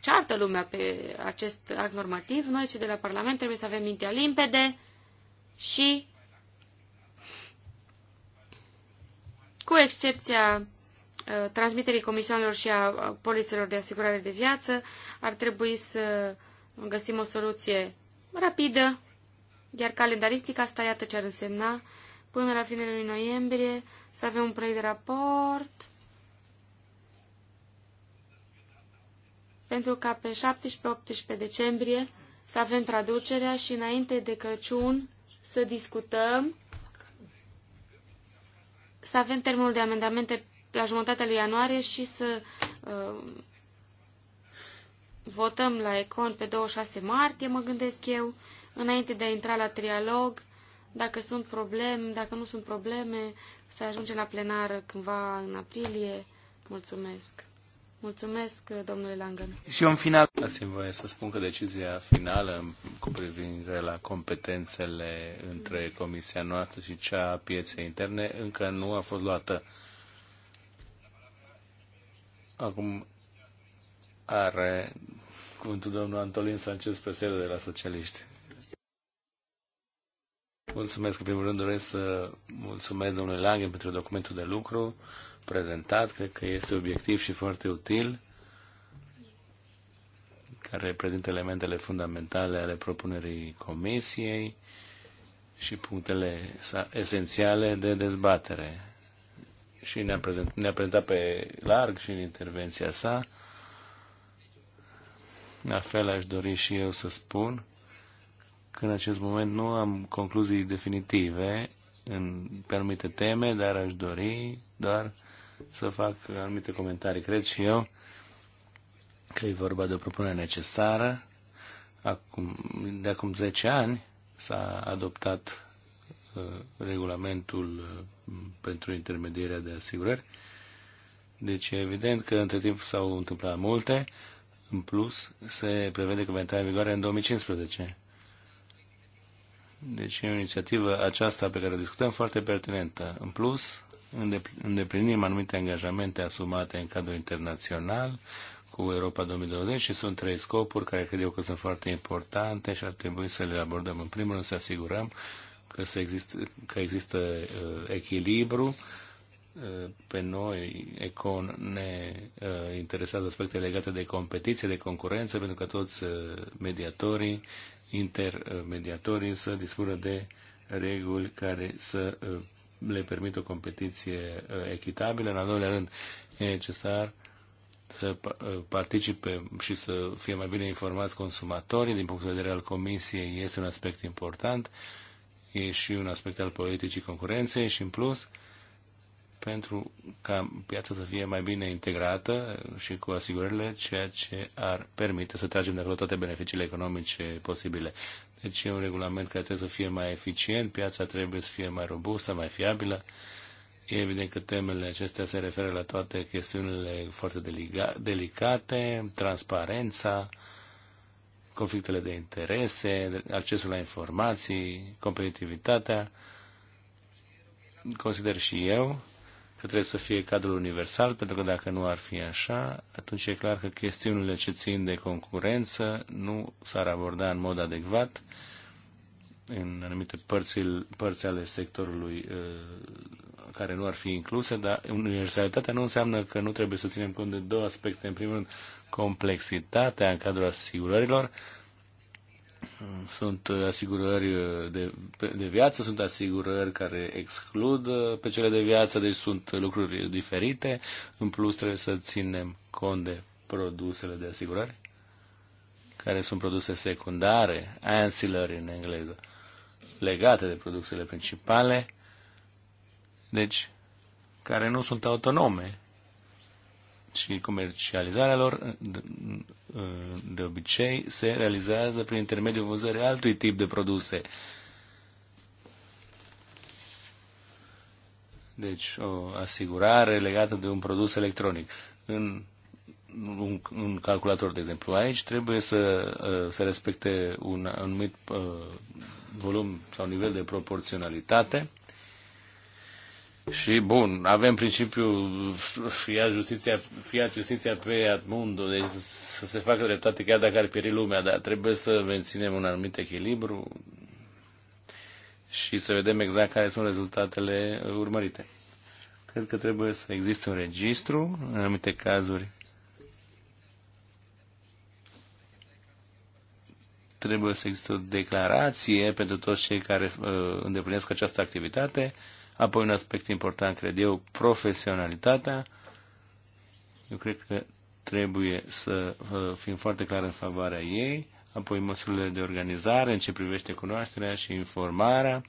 ceartă lumea pe acest act normativ, noi cei de la Parlament trebuie să avem mintea limpede și cu excepția ă, transmiterii comisioanelor și a polițelor de asigurare de viață, ar trebui să găsim o soluție rapidă, iar calendaristic asta iată ce ar însemna până la finele lui noiembrie să avem un proiect de raport pentru ca pe 17-18 decembrie să avem traducerea și înainte de Crăciun să discutăm să avem termenul de amendamente la jumătatea lui ianuarie și să uh, votăm la Econ pe 26 martie, mă gândesc eu, înainte de a intra la trialog, dacă sunt probleme, dacă nu sunt probleme, să ajungem la plenar cândva în aprilie. Mulțumesc! Mulțumesc, domnule langan
Și eu în final... Dați-mi voie să spun că decizia finală cu privire la competențele între comisia noastră și cea a pieței interne încă nu a fost luată. Acum are cuvântul domnul Antolin Sanchez Presedo de la Socialiști. Mulțumesc, în primul rând doresc să mulțumesc domnului Lange pentru documentul de lucru prezentat, cred că este obiectiv și foarte util, care reprezintă elementele fundamentale ale propunerii Comisiei și punctele esențiale de dezbatere. Și ne-a prezentat, ne prezentat pe larg și în intervenția sa. La fel aș dori și eu să spun că în acest moment nu am concluzii definitive în, pe anumite teme, dar aș dori doar să fac anumite comentarii. Cred și eu că e vorba de o propunere necesară. Acum, de acum 10 ani s-a adoptat uh, regulamentul uh, pentru intermedierea de asigurări. Deci, evident că între timp s-au întâmplat multe. În plus, se prevede că va intra în vigoare în 2015. Deci e o inițiativă aceasta pe care o discutăm foarte pertinentă. În plus, îndeplinim anumite angajamente asumate în cadrul internațional cu Europa 2020 și sunt trei scopuri care cred eu că sunt foarte importante și ar trebui să le abordăm. În primul rând să asigurăm că, să exist, că există uh, echilibru. Uh, pe noi, Econ, ne uh, interesează aspecte legate de competiție, de concurență, pentru că toți uh, mediatorii, intermediatorii să dispună de reguli care să uh, le permit o competiție uh, echitabilă. În al doilea rând, e necesar să uh, participe și să fie mai bine informați consumatorii. Din punct de vedere al Comisiei este un aspect important. E și un aspect al politicii concurenței și, în plus, pentru ca piața să fie mai bine integrată și cu asigurările, ceea ce ar permite să tragem de acolo toate beneficiile economice posibile. Deci e un regulament care trebuie să fie mai eficient, piața trebuie să fie mai robustă, mai fiabilă. E evident că temele acestea se referă la toate chestiunile foarte delicate, transparența, conflictele de interese, accesul la informații, competitivitatea. Consider și eu că trebuie să fie cadrul universal, pentru că dacă nu ar fi așa, atunci e clar că chestiunile ce țin de concurență nu s-ar aborda în mod adecvat în anumite părți, părți ale sectorului uh, care nu ar fi incluse, dar universalitatea nu înseamnă că nu trebuie să ținem cont de două aspecte. În primul rând, complexitatea în cadrul asigurărilor sunt uh, asigurări uh, de, de viață, sunt asigurări care exclud uh, pe cele de viață, deci sunt lucruri diferite. În plus trebuie să ținem cont de produsele de asigurare, care sunt produse secundare, ancillary în engleză, legate de produsele principale, deci care nu sunt autonome și comercializarea lor de obicei se realizează prin intermediul vânzării altui tip de produse. Deci o asigurare legată de un produs electronic. În un, un calculator, de exemplu, aici trebuie să uh, se respecte un anumit uh, volum sau nivel de proporționalitate. Și bun, avem principiul fiat justiția, fiat justiția pe Atmundo, deci să se facă dreptate chiar dacă ar pieri lumea, dar trebuie să menținem un anumit echilibru și să vedem exact care sunt rezultatele urmărite. Cred că trebuie să existe un registru, în anumite cazuri trebuie să existe o declarație pentru toți cei care uh, îndeplinesc această activitate. Apoi un aspect important, cred eu, profesionalitatea. Eu cred că trebuie să fim foarte clar în favoarea ei, apoi măsurile de organizare în ce privește cunoașterea și informarea,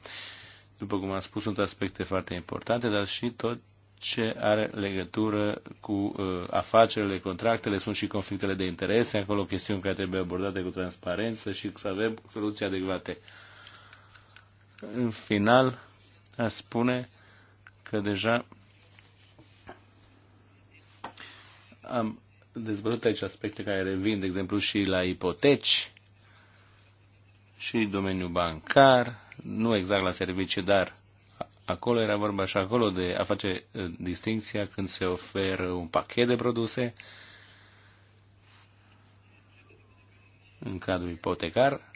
după cum am spus, sunt aspecte foarte importante, dar și tot ce are legătură cu uh, afacerile, contractele, sunt și conflictele de interese, acolo chestiuni care trebuie abordate cu transparență și să avem soluții adecvate. În final, a spune că deja am dezbătut aici aspecte care revin, de exemplu, și la ipoteci și domeniul bancar, nu exact la servicii, dar acolo era vorba și acolo de a face eh, distinția când se oferă un pachet de produse în cadrul ipotecar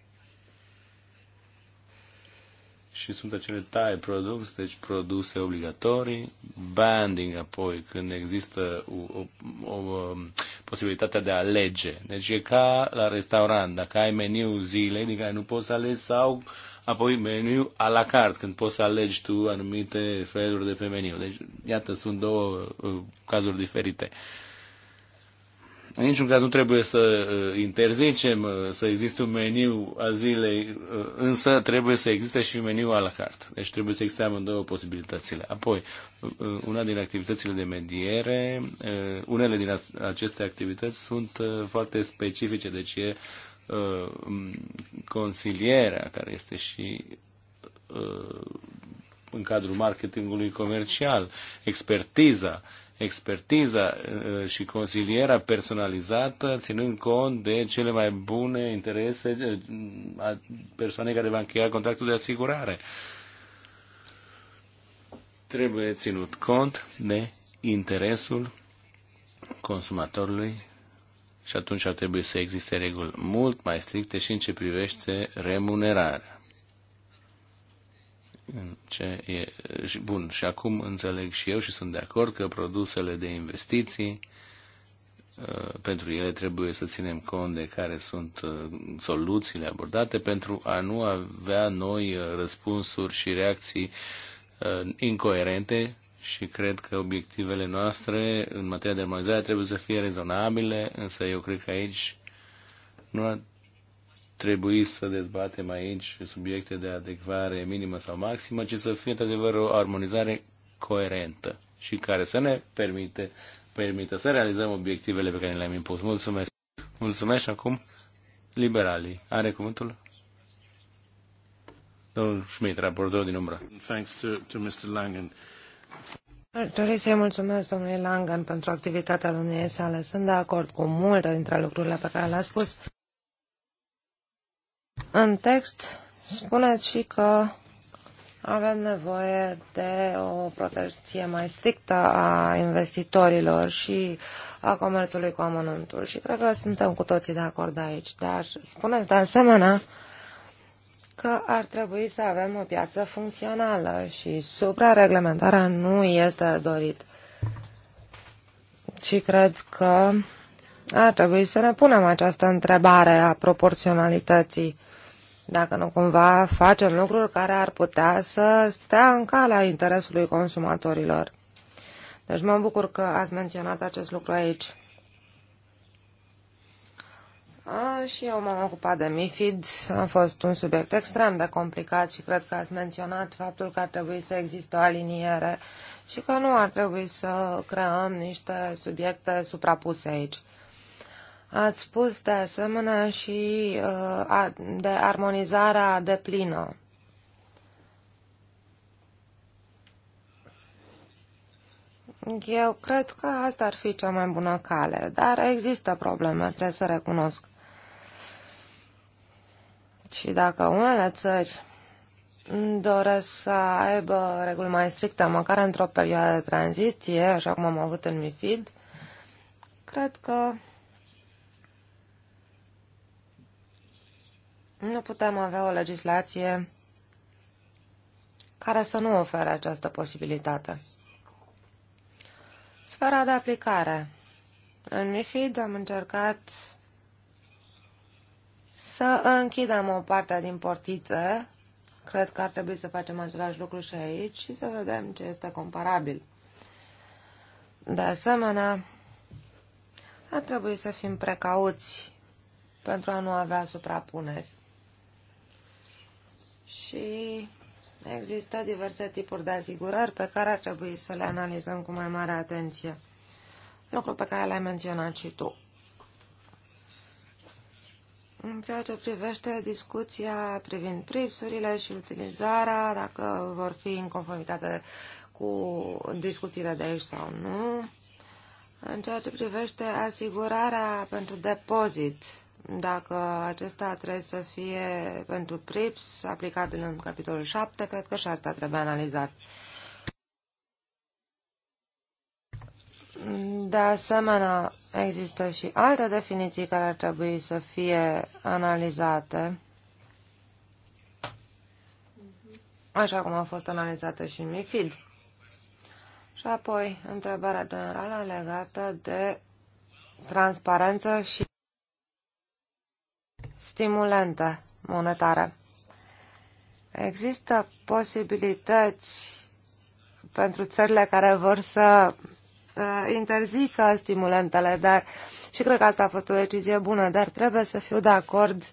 și sunt acele tie products, deci produse obligatorii, banding apoi când există o, o, o posibilitatea de a alege. Deci e ca la restaurant, dacă ai meniu zilei adică din care nu poți alege sau apoi meniu a la carte, când poți să alegi tu anumite feluri de pe meniu. Deci, iată, sunt două uh, cazuri diferite. Uh, în niciun caz nu trebuie să uh, interzicem uh, să existe un meniu al zilei, uh, însă trebuie să existe și un meniu a la carte. Deci trebuie să existe amândouă posibilitățile. Apoi, una din activitățile de mediere, unele din aceste activități sunt foarte specifice, deci e consilierea, care este și în cadrul marketingului comercial, expertiza, expertiza uh, și consiliera personalizată, ținând cont de cele mai bune interese uh, a persoanei care va încheia contractul de asigurare. Trebuie ținut cont de interesul consumatorului și atunci ar trebui să existe reguli mult mai stricte și în ce privește remunerarea ce e, și, bun, și acum înțeleg și eu și sunt de acord că produsele de investiții, uh, pentru ele trebuie să ținem cont de care sunt uh, soluțiile abordate pentru a nu avea noi uh, răspunsuri și reacții incoerente și cred că obiectivele noastre în materie de armonizare trebuie să fie rezonabile, însă eu cred că aici nu ar trebui să dezbatem aici subiecte de adecvare minimă sau maximă, ci să fie într-adevăr o armonizare coerentă și care să ne permite, permite să realizăm obiectivele pe care le-am impus. Mulțumesc! Mulțumesc acum liberalii. Are cuvântul? Domnul Schmidt, raportor din umbră. Thanks to, to Mr. Langen.
Doresc să-i mulțumesc domnului Langan pentru activitatea domnului sale. Sunt de acord cu multe dintre lucrurile pe care le-a spus. În text spuneți și că avem nevoie de o protecție mai strictă a investitorilor și a comerțului cu amănuntul și cred că suntem cu toții de acord aici, dar spuneți de asemenea că ar trebui să avem o piață funcțională și suprareglementarea nu este dorit. Și cred că ar trebui să ne punem această întrebare a proporționalității dacă nu cumva facem lucruri care ar putea să stea în calea interesului consumatorilor. Deci mă bucur că ați menționat acest lucru aici. A, și eu m-am ocupat de MIFID, a fost un subiect extrem de complicat și cred că ați menționat faptul că ar trebui să existe o aliniere și că nu ar trebui să creăm niște subiecte suprapuse aici. Ați spus de asemenea și uh, de armonizarea deplină. Eu cred că asta ar fi cea mai bună cale, dar există probleme, trebuie să recunosc. Și dacă unele țări doresc să aibă reguli mai stricte, măcar într-o perioadă de tranziție, așa cum am avut în MIFID, cred că Nu putem avea o legislație care să nu ofere această posibilitate. Sfera de aplicare. În MIFID am încercat să închidem o parte din portițe. Cred că ar trebui să facem același lucru și aici și să vedem ce este comparabil. De asemenea, ar trebui să fim precauți pentru a nu avea suprapuneri și există diverse tipuri de asigurări pe care ar trebui să le analizăm cu mai mare atenție, lucru pe care l-ai menționat și tu. În ceea ce privește discuția privind pripsurile și utilizarea, dacă vor fi în conformitate cu discuțiile de aici sau nu, în ceea ce privește asigurarea pentru depozit, dacă acesta trebuie să fie pentru PRIPS aplicabil în capitolul 7, cred că și asta trebuie analizat. De asemenea, există și alte definiții care ar trebui să fie analizate, așa cum au fost analizate și în MIFID. Și apoi, întrebarea generală legată de transparență și stimulente monetare. Există posibilități pentru țările care vor să interzică stimulentele, dar și cred că asta a fost o decizie bună, dar trebuie să fiu de acord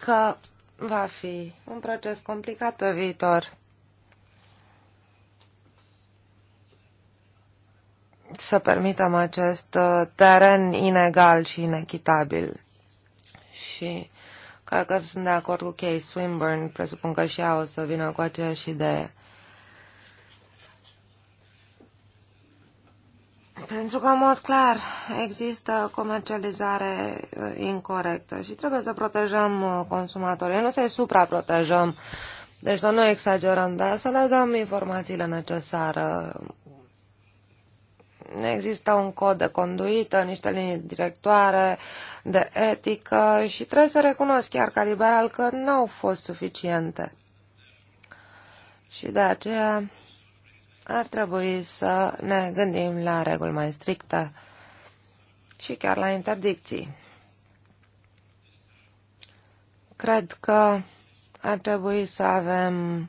că va fi un proces complicat pe viitor. să permitem acest uh, teren inegal și inechitabil. Și cred că sunt de acord cu Kay Swinburne, presupun că și ea o să vină cu aceeași idee. Pentru că, în mod clar, există comercializare uh, incorrectă și trebuie să protejăm uh, consumatorii, nu să-i supraprotejăm. Deci să nu exagerăm, dar să le dăm informațiile necesare nu există un cod de conduită, niște linii directoare de etică și trebuie să recunosc chiar ca liberal că nu au fost suficiente. Și de aceea ar trebui să ne gândim la reguli mai stricte și chiar la interdicții. Cred că ar trebui să avem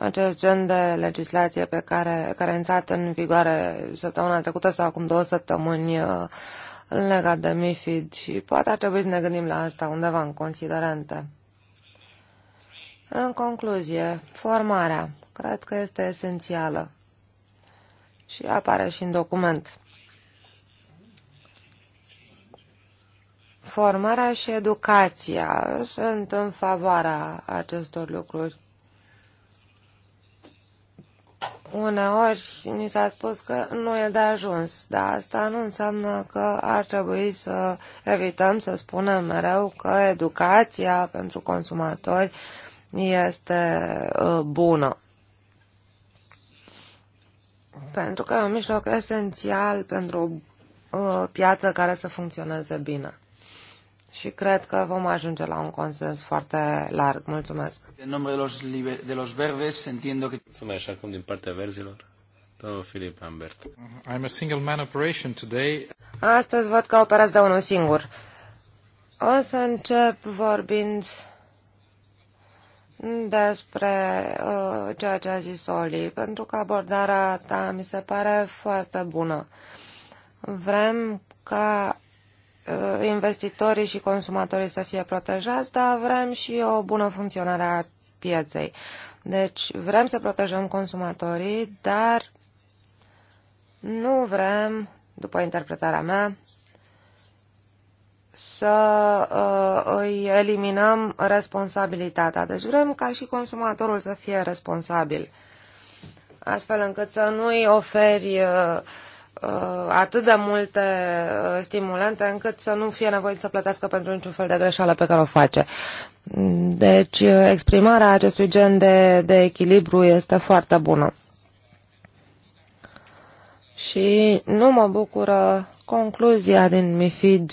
acest gen de legislație pe care, care a intrat în vigoare săptămâna trecută sau acum două săptămâni uh, legat de MIFID și poate ar trebui să ne gândim la asta undeva în considerente. În concluzie, formarea cred că este esențială și apare și în document. Formarea și educația sunt în favoarea acestor lucruri. Uneori ni s-a spus că nu e de ajuns, dar asta nu înseamnă că ar trebui să evităm să spunem mereu că educația pentru consumatori este uh, bună. Pentru că e un mijloc esențial pentru o uh, piață care să funcționeze bine și cred că vom ajunge la un consens foarte larg. Mulțumesc.
În numele de los, de los verdes, entiendo că Mulțumesc și acum din partea verzilor. Domnul Filip Lambert.
I'm a single man operation today. Astăzi văd că operați de unul singur. O să încep vorbind despre uh, ceea ce a zis Oli, pentru că abordarea ta mi se pare foarte bună. Vrem ca Uh, investitorii și consumatorii să fie protejați, dar vrem și o bună funcționare a pieței. Deci vrem să protejăm consumatorii, dar nu vrem, după interpretarea mea, să uh, îi eliminăm responsabilitatea. Deci vrem ca și consumatorul să fie responsabil, astfel încât să nu i oferi uh, Uh, atât de multe uh, stimulante încât să nu fie nevoit să plătească pentru niciun fel de greșeală pe care o face. Deci uh, exprimarea acestui gen de, de echilibru este foarte bună. Și nu mă bucură concluzia din MIFID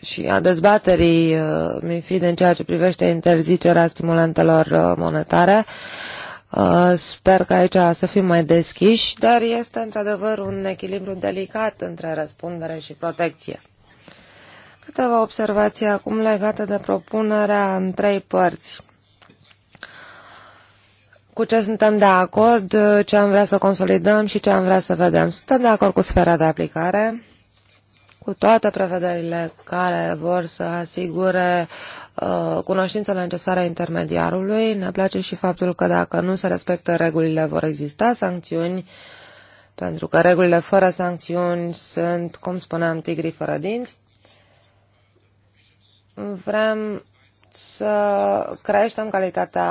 și a dezbaterii MIFID în ceea ce privește interzicerea stimulantelor monetare. Uh, Uh, sper că aici să fim mai deschiși, dar este într-adevăr un echilibru delicat între răspundere și protecție. Câteva observații acum legate de propunerea în trei părți. Cu ce suntem de acord, ce am vrea să consolidăm și ce am vrea să vedem. Suntem de acord cu sfera de aplicare, cu toate prevederile care vor să asigure Uh, cunoștințele necesare a intermediarului. Ne place și faptul că dacă nu se respectă regulile, vor exista sancțiuni, pentru că regulile fără sancțiuni sunt, cum spuneam, tigrii fără dinți. Vrem să creștem calitatea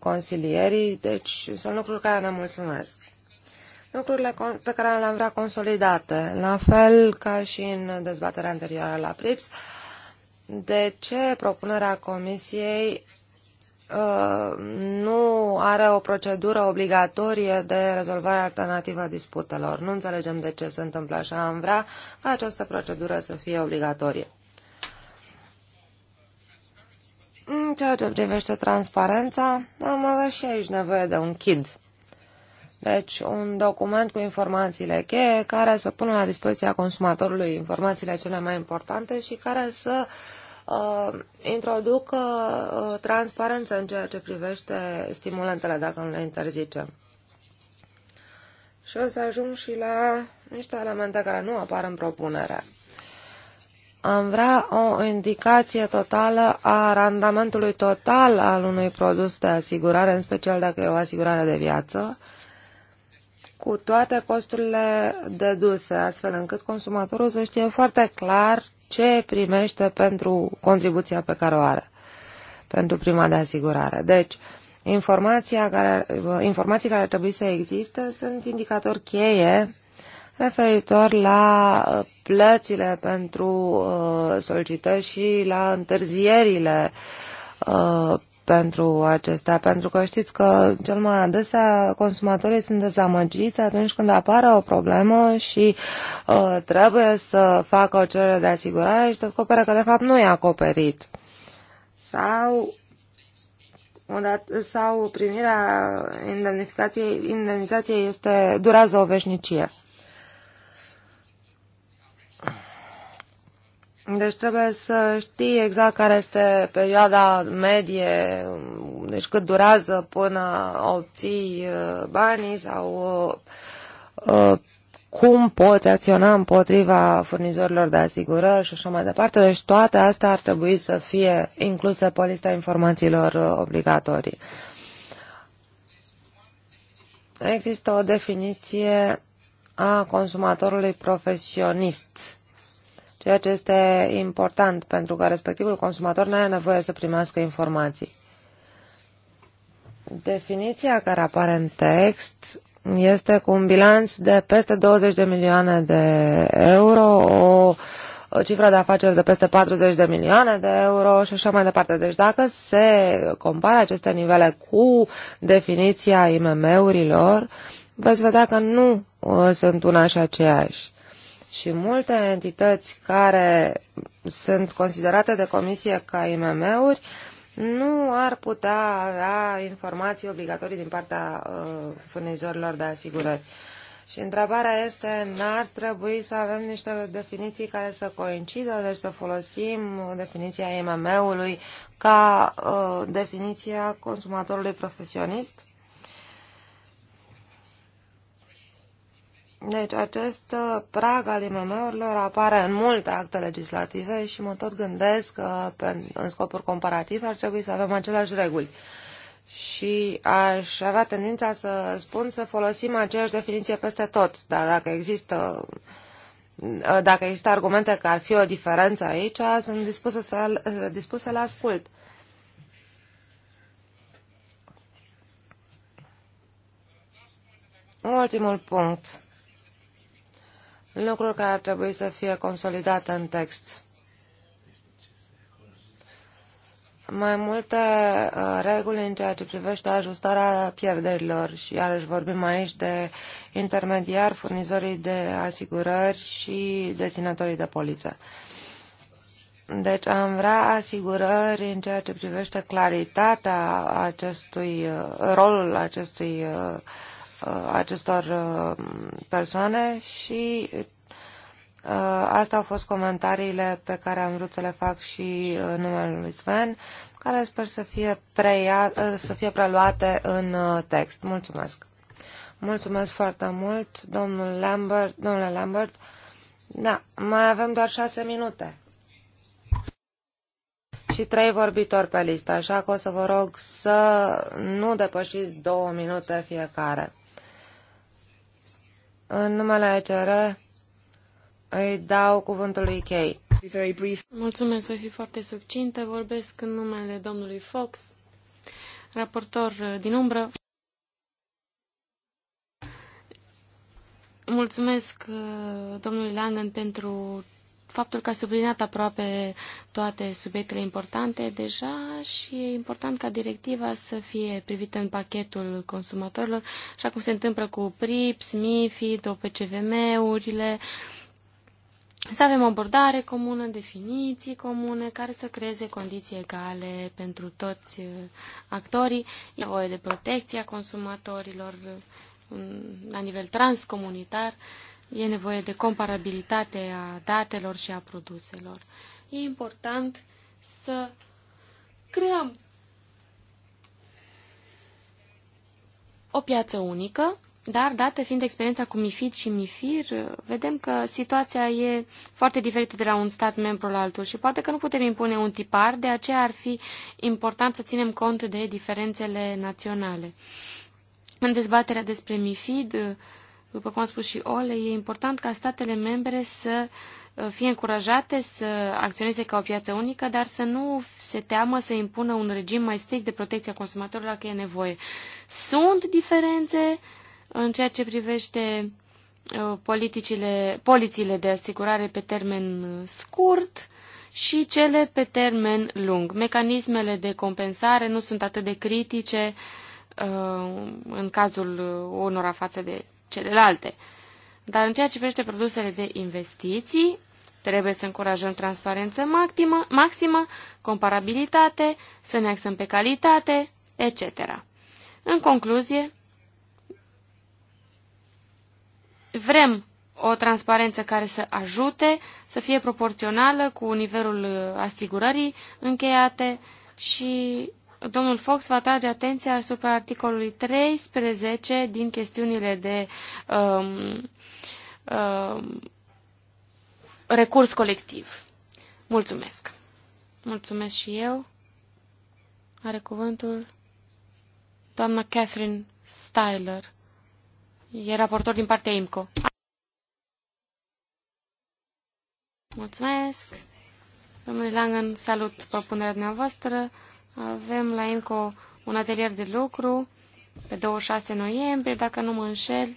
consilierii, deci sunt lucruri care ne mulțumesc. Lucrurile pe care le-am vrea consolidate, la fel ca și în dezbaterea anterioară la PRIPS, uh, de ce propunerea Comisiei uh, nu are o procedură obligatorie de rezolvare alternativă a disputelor. Nu înțelegem de ce se întâmplă așa. Am vrea ca această procedură să fie obligatorie. În ceea ce privește transparența, am avea și aici nevoie de un KID. Deci, un document cu informațiile cheie care să pună la dispoziția consumatorului informațiile cele mai importante și care să uh, uh, uh, transparență în ceea ce privește stimulantele, dacă nu le interzicem. Și o să ajung și la niște elemente care nu apar în propunere. Am vrea o indicație totală a randamentului total al unui produs de asigurare, în special dacă e o asigurare de viață, cu toate costurile deduse, astfel încât consumatorul să știe foarte clar ce primește pentru contribuția pe care o are, pentru prima de asigurare. Deci, informația care, informații care ar trebui să existe sunt indicatori cheie referitor la uh, plățile pentru uh, solicitări și la întârzierile uh, pentru acestea, pentru că știți că cel mai adesea consumatorii sunt dezamăgiți atunci când apare o problemă și uh, trebuie să facă o cerere de asigurare și descoperă că de fapt nu e acoperit. Sau sau primirea indemnizației este, durează o veșnicie. Deci trebuie să știi exact care este perioada medie, deci cât durează până obții uh, banii sau uh, uh, cum poți acționa împotriva furnizorilor de asigurări și așa mai departe. Deci toate astea ar trebui să fie incluse pe lista informațiilor obligatorii. Există o definiție a consumatorului profesionist ceea ce este important pentru că respectivul consumator nu are nevoie să primească informații. Definiția care apare în text este cu un bilanț de peste 20 de milioane de euro, o cifră de afaceri de peste 40 de milioane de euro și așa mai departe. Deci dacă se compară aceste nivele cu definiția IMM-urilor, veți vedea că nu uh, sunt una și aceeași și multe entități care sunt considerate de comisie ca IMM-uri nu ar putea avea informații obligatorii din partea uh, furnizorilor de asigurări. Și întrebarea este, n-ar trebui să avem niște definiții care să coincidă, deci să folosim definiția IMM-ului ca uh, definiția consumatorului profesionist? Deci acest uh, prag al IMM-urilor apare în multe acte legislative și mă tot gândesc că pe, în scopuri comparative ar trebui să avem aceleași reguli. Și aș avea tendința să spun să folosim aceeași definiție peste tot, dar dacă există uh, dacă există argumente că ar fi o diferență aici, sunt dispusă să, uh, dispus să le ascult. Ultimul punct lucruri care ar trebui să fie consolidate în text. Mai multe uh, reguli în ceea ce privește ajustarea pierderilor și iarăși vorbim aici de intermediari, furnizorii de asigurări și deținătorii de poliță. Deci am vrea asigurări în ceea ce privește claritatea acestui, uh, rolul acestui uh, Uh, acestor uh, persoane și uh, astea au fost comentariile pe care am vrut să le fac și numele lui Sven, care sper să fie, preia, să fie preluate în text. Mulțumesc! Mulțumesc foarte mult, domnul Lambert, domnule Lambert. Da, mai avem doar șase minute și trei vorbitori pe listă, așa că o să vă rog să nu depășiți două minute fiecare. În numele ECR îi dau cuvântul lui Kay. Mulțumesc, voi fi foarte succintă.
Vorbesc în numele domnului Fox, raportor din umbră. Mulțumesc uh, domnului Langen pentru faptul că a subliniat aproape toate subiectele importante deja și e important ca directiva să fie privită în pachetul consumatorilor, așa cum se întâmplă cu PRIPS, MIFID, OPCVM-urile, să avem o abordare comună, definiții comune, care să creeze condiții egale pentru toți uh, actorii, e nevoie de protecția consumatorilor uh, la nivel transcomunitar, E nevoie de comparabilitate a datelor și a produselor. E important să creăm o piață unică, dar, date fiind experiența cu MIFID și MIFIR, vedem că situația e foarte diferită de la un stat membru la altul și poate că nu putem impune un tipar, de aceea ar fi important să ținem cont de diferențele naționale. În dezbaterea despre MIFID, după cum a spus și Ole, e important ca statele membre să uh, fie încurajate să acționeze ca o piață unică, dar să nu se teamă să impună un regim mai strict de protecție a consumatorilor dacă e nevoie. Sunt diferențe în ceea ce privește uh, politicile, polițile de asigurare pe termen uh, scurt și cele pe termen lung. Mecanismele de compensare nu sunt atât de critice în cazul unora față de celelalte. Dar în ceea ce privește produsele de investiții, trebuie să încurajăm transparență maximă, maximă comparabilitate, să ne axăm pe calitate, etc. În concluzie, vrem o transparență care să ajute, să fie proporțională cu nivelul uh, asigurării încheiate și domnul Fox va atrage atenția asupra articolului 13 din chestiunile de um, um, recurs colectiv. Mulțumesc. Mulțumesc și eu. Are cuvântul doamna Catherine Styler. E raportor din partea IMCO. Mulțumesc. Domnule Langen, salut propunerea dumneavoastră. Avem la INCO un atelier de lucru pe 26 noiembrie. Dacă nu mă înșel,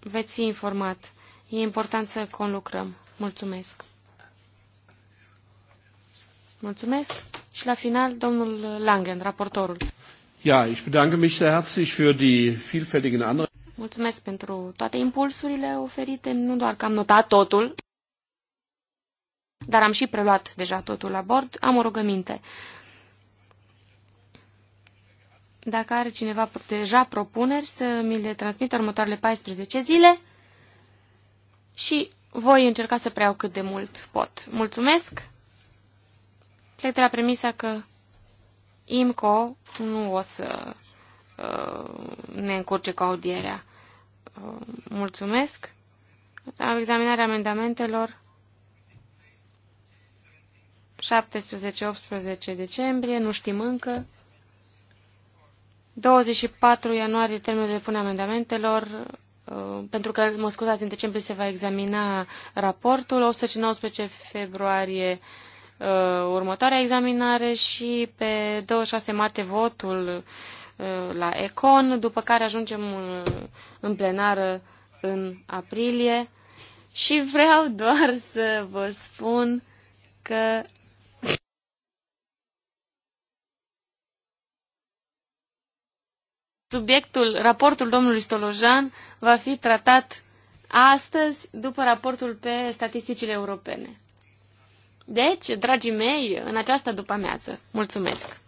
veți fi informat. E important să conlucrăm. Mulțumesc! Mulțumesc! Și la final, domnul Langen, raportorul.
Ja, ich bedanke mich sehr herzlich für die vielfältigen Anregungen.
Mulțumesc pentru toate impulsurile oferite, nu doar că am notat totul, dar am și preluat deja totul la bord. Am o rugăminte. Dacă are cineva deja propuneri, să mi le transmită următoarele 14 zile și voi încerca să preiau cât de mult pot. Mulțumesc! Plec de la premisa că IMCO nu o să uh, ne încurce cu audierea. Uh, mulțumesc! Am examinarea amendamentelor 17-18 decembrie, nu știm încă. 24 ianuarie termenul de pune amendamentelor, uh, pentru că, mă scuzați, în decembrie se va examina raportul, 119 februarie uh, următoarea examinare și pe 26 martie votul uh, la Econ, după care ajungem în plenară în aprilie. Și vreau doar să vă spun că Subiectul, raportul domnului Stolojan va fi tratat astăzi după raportul pe statisticile europene. Deci, dragii mei, în această după-amiază, mulțumesc!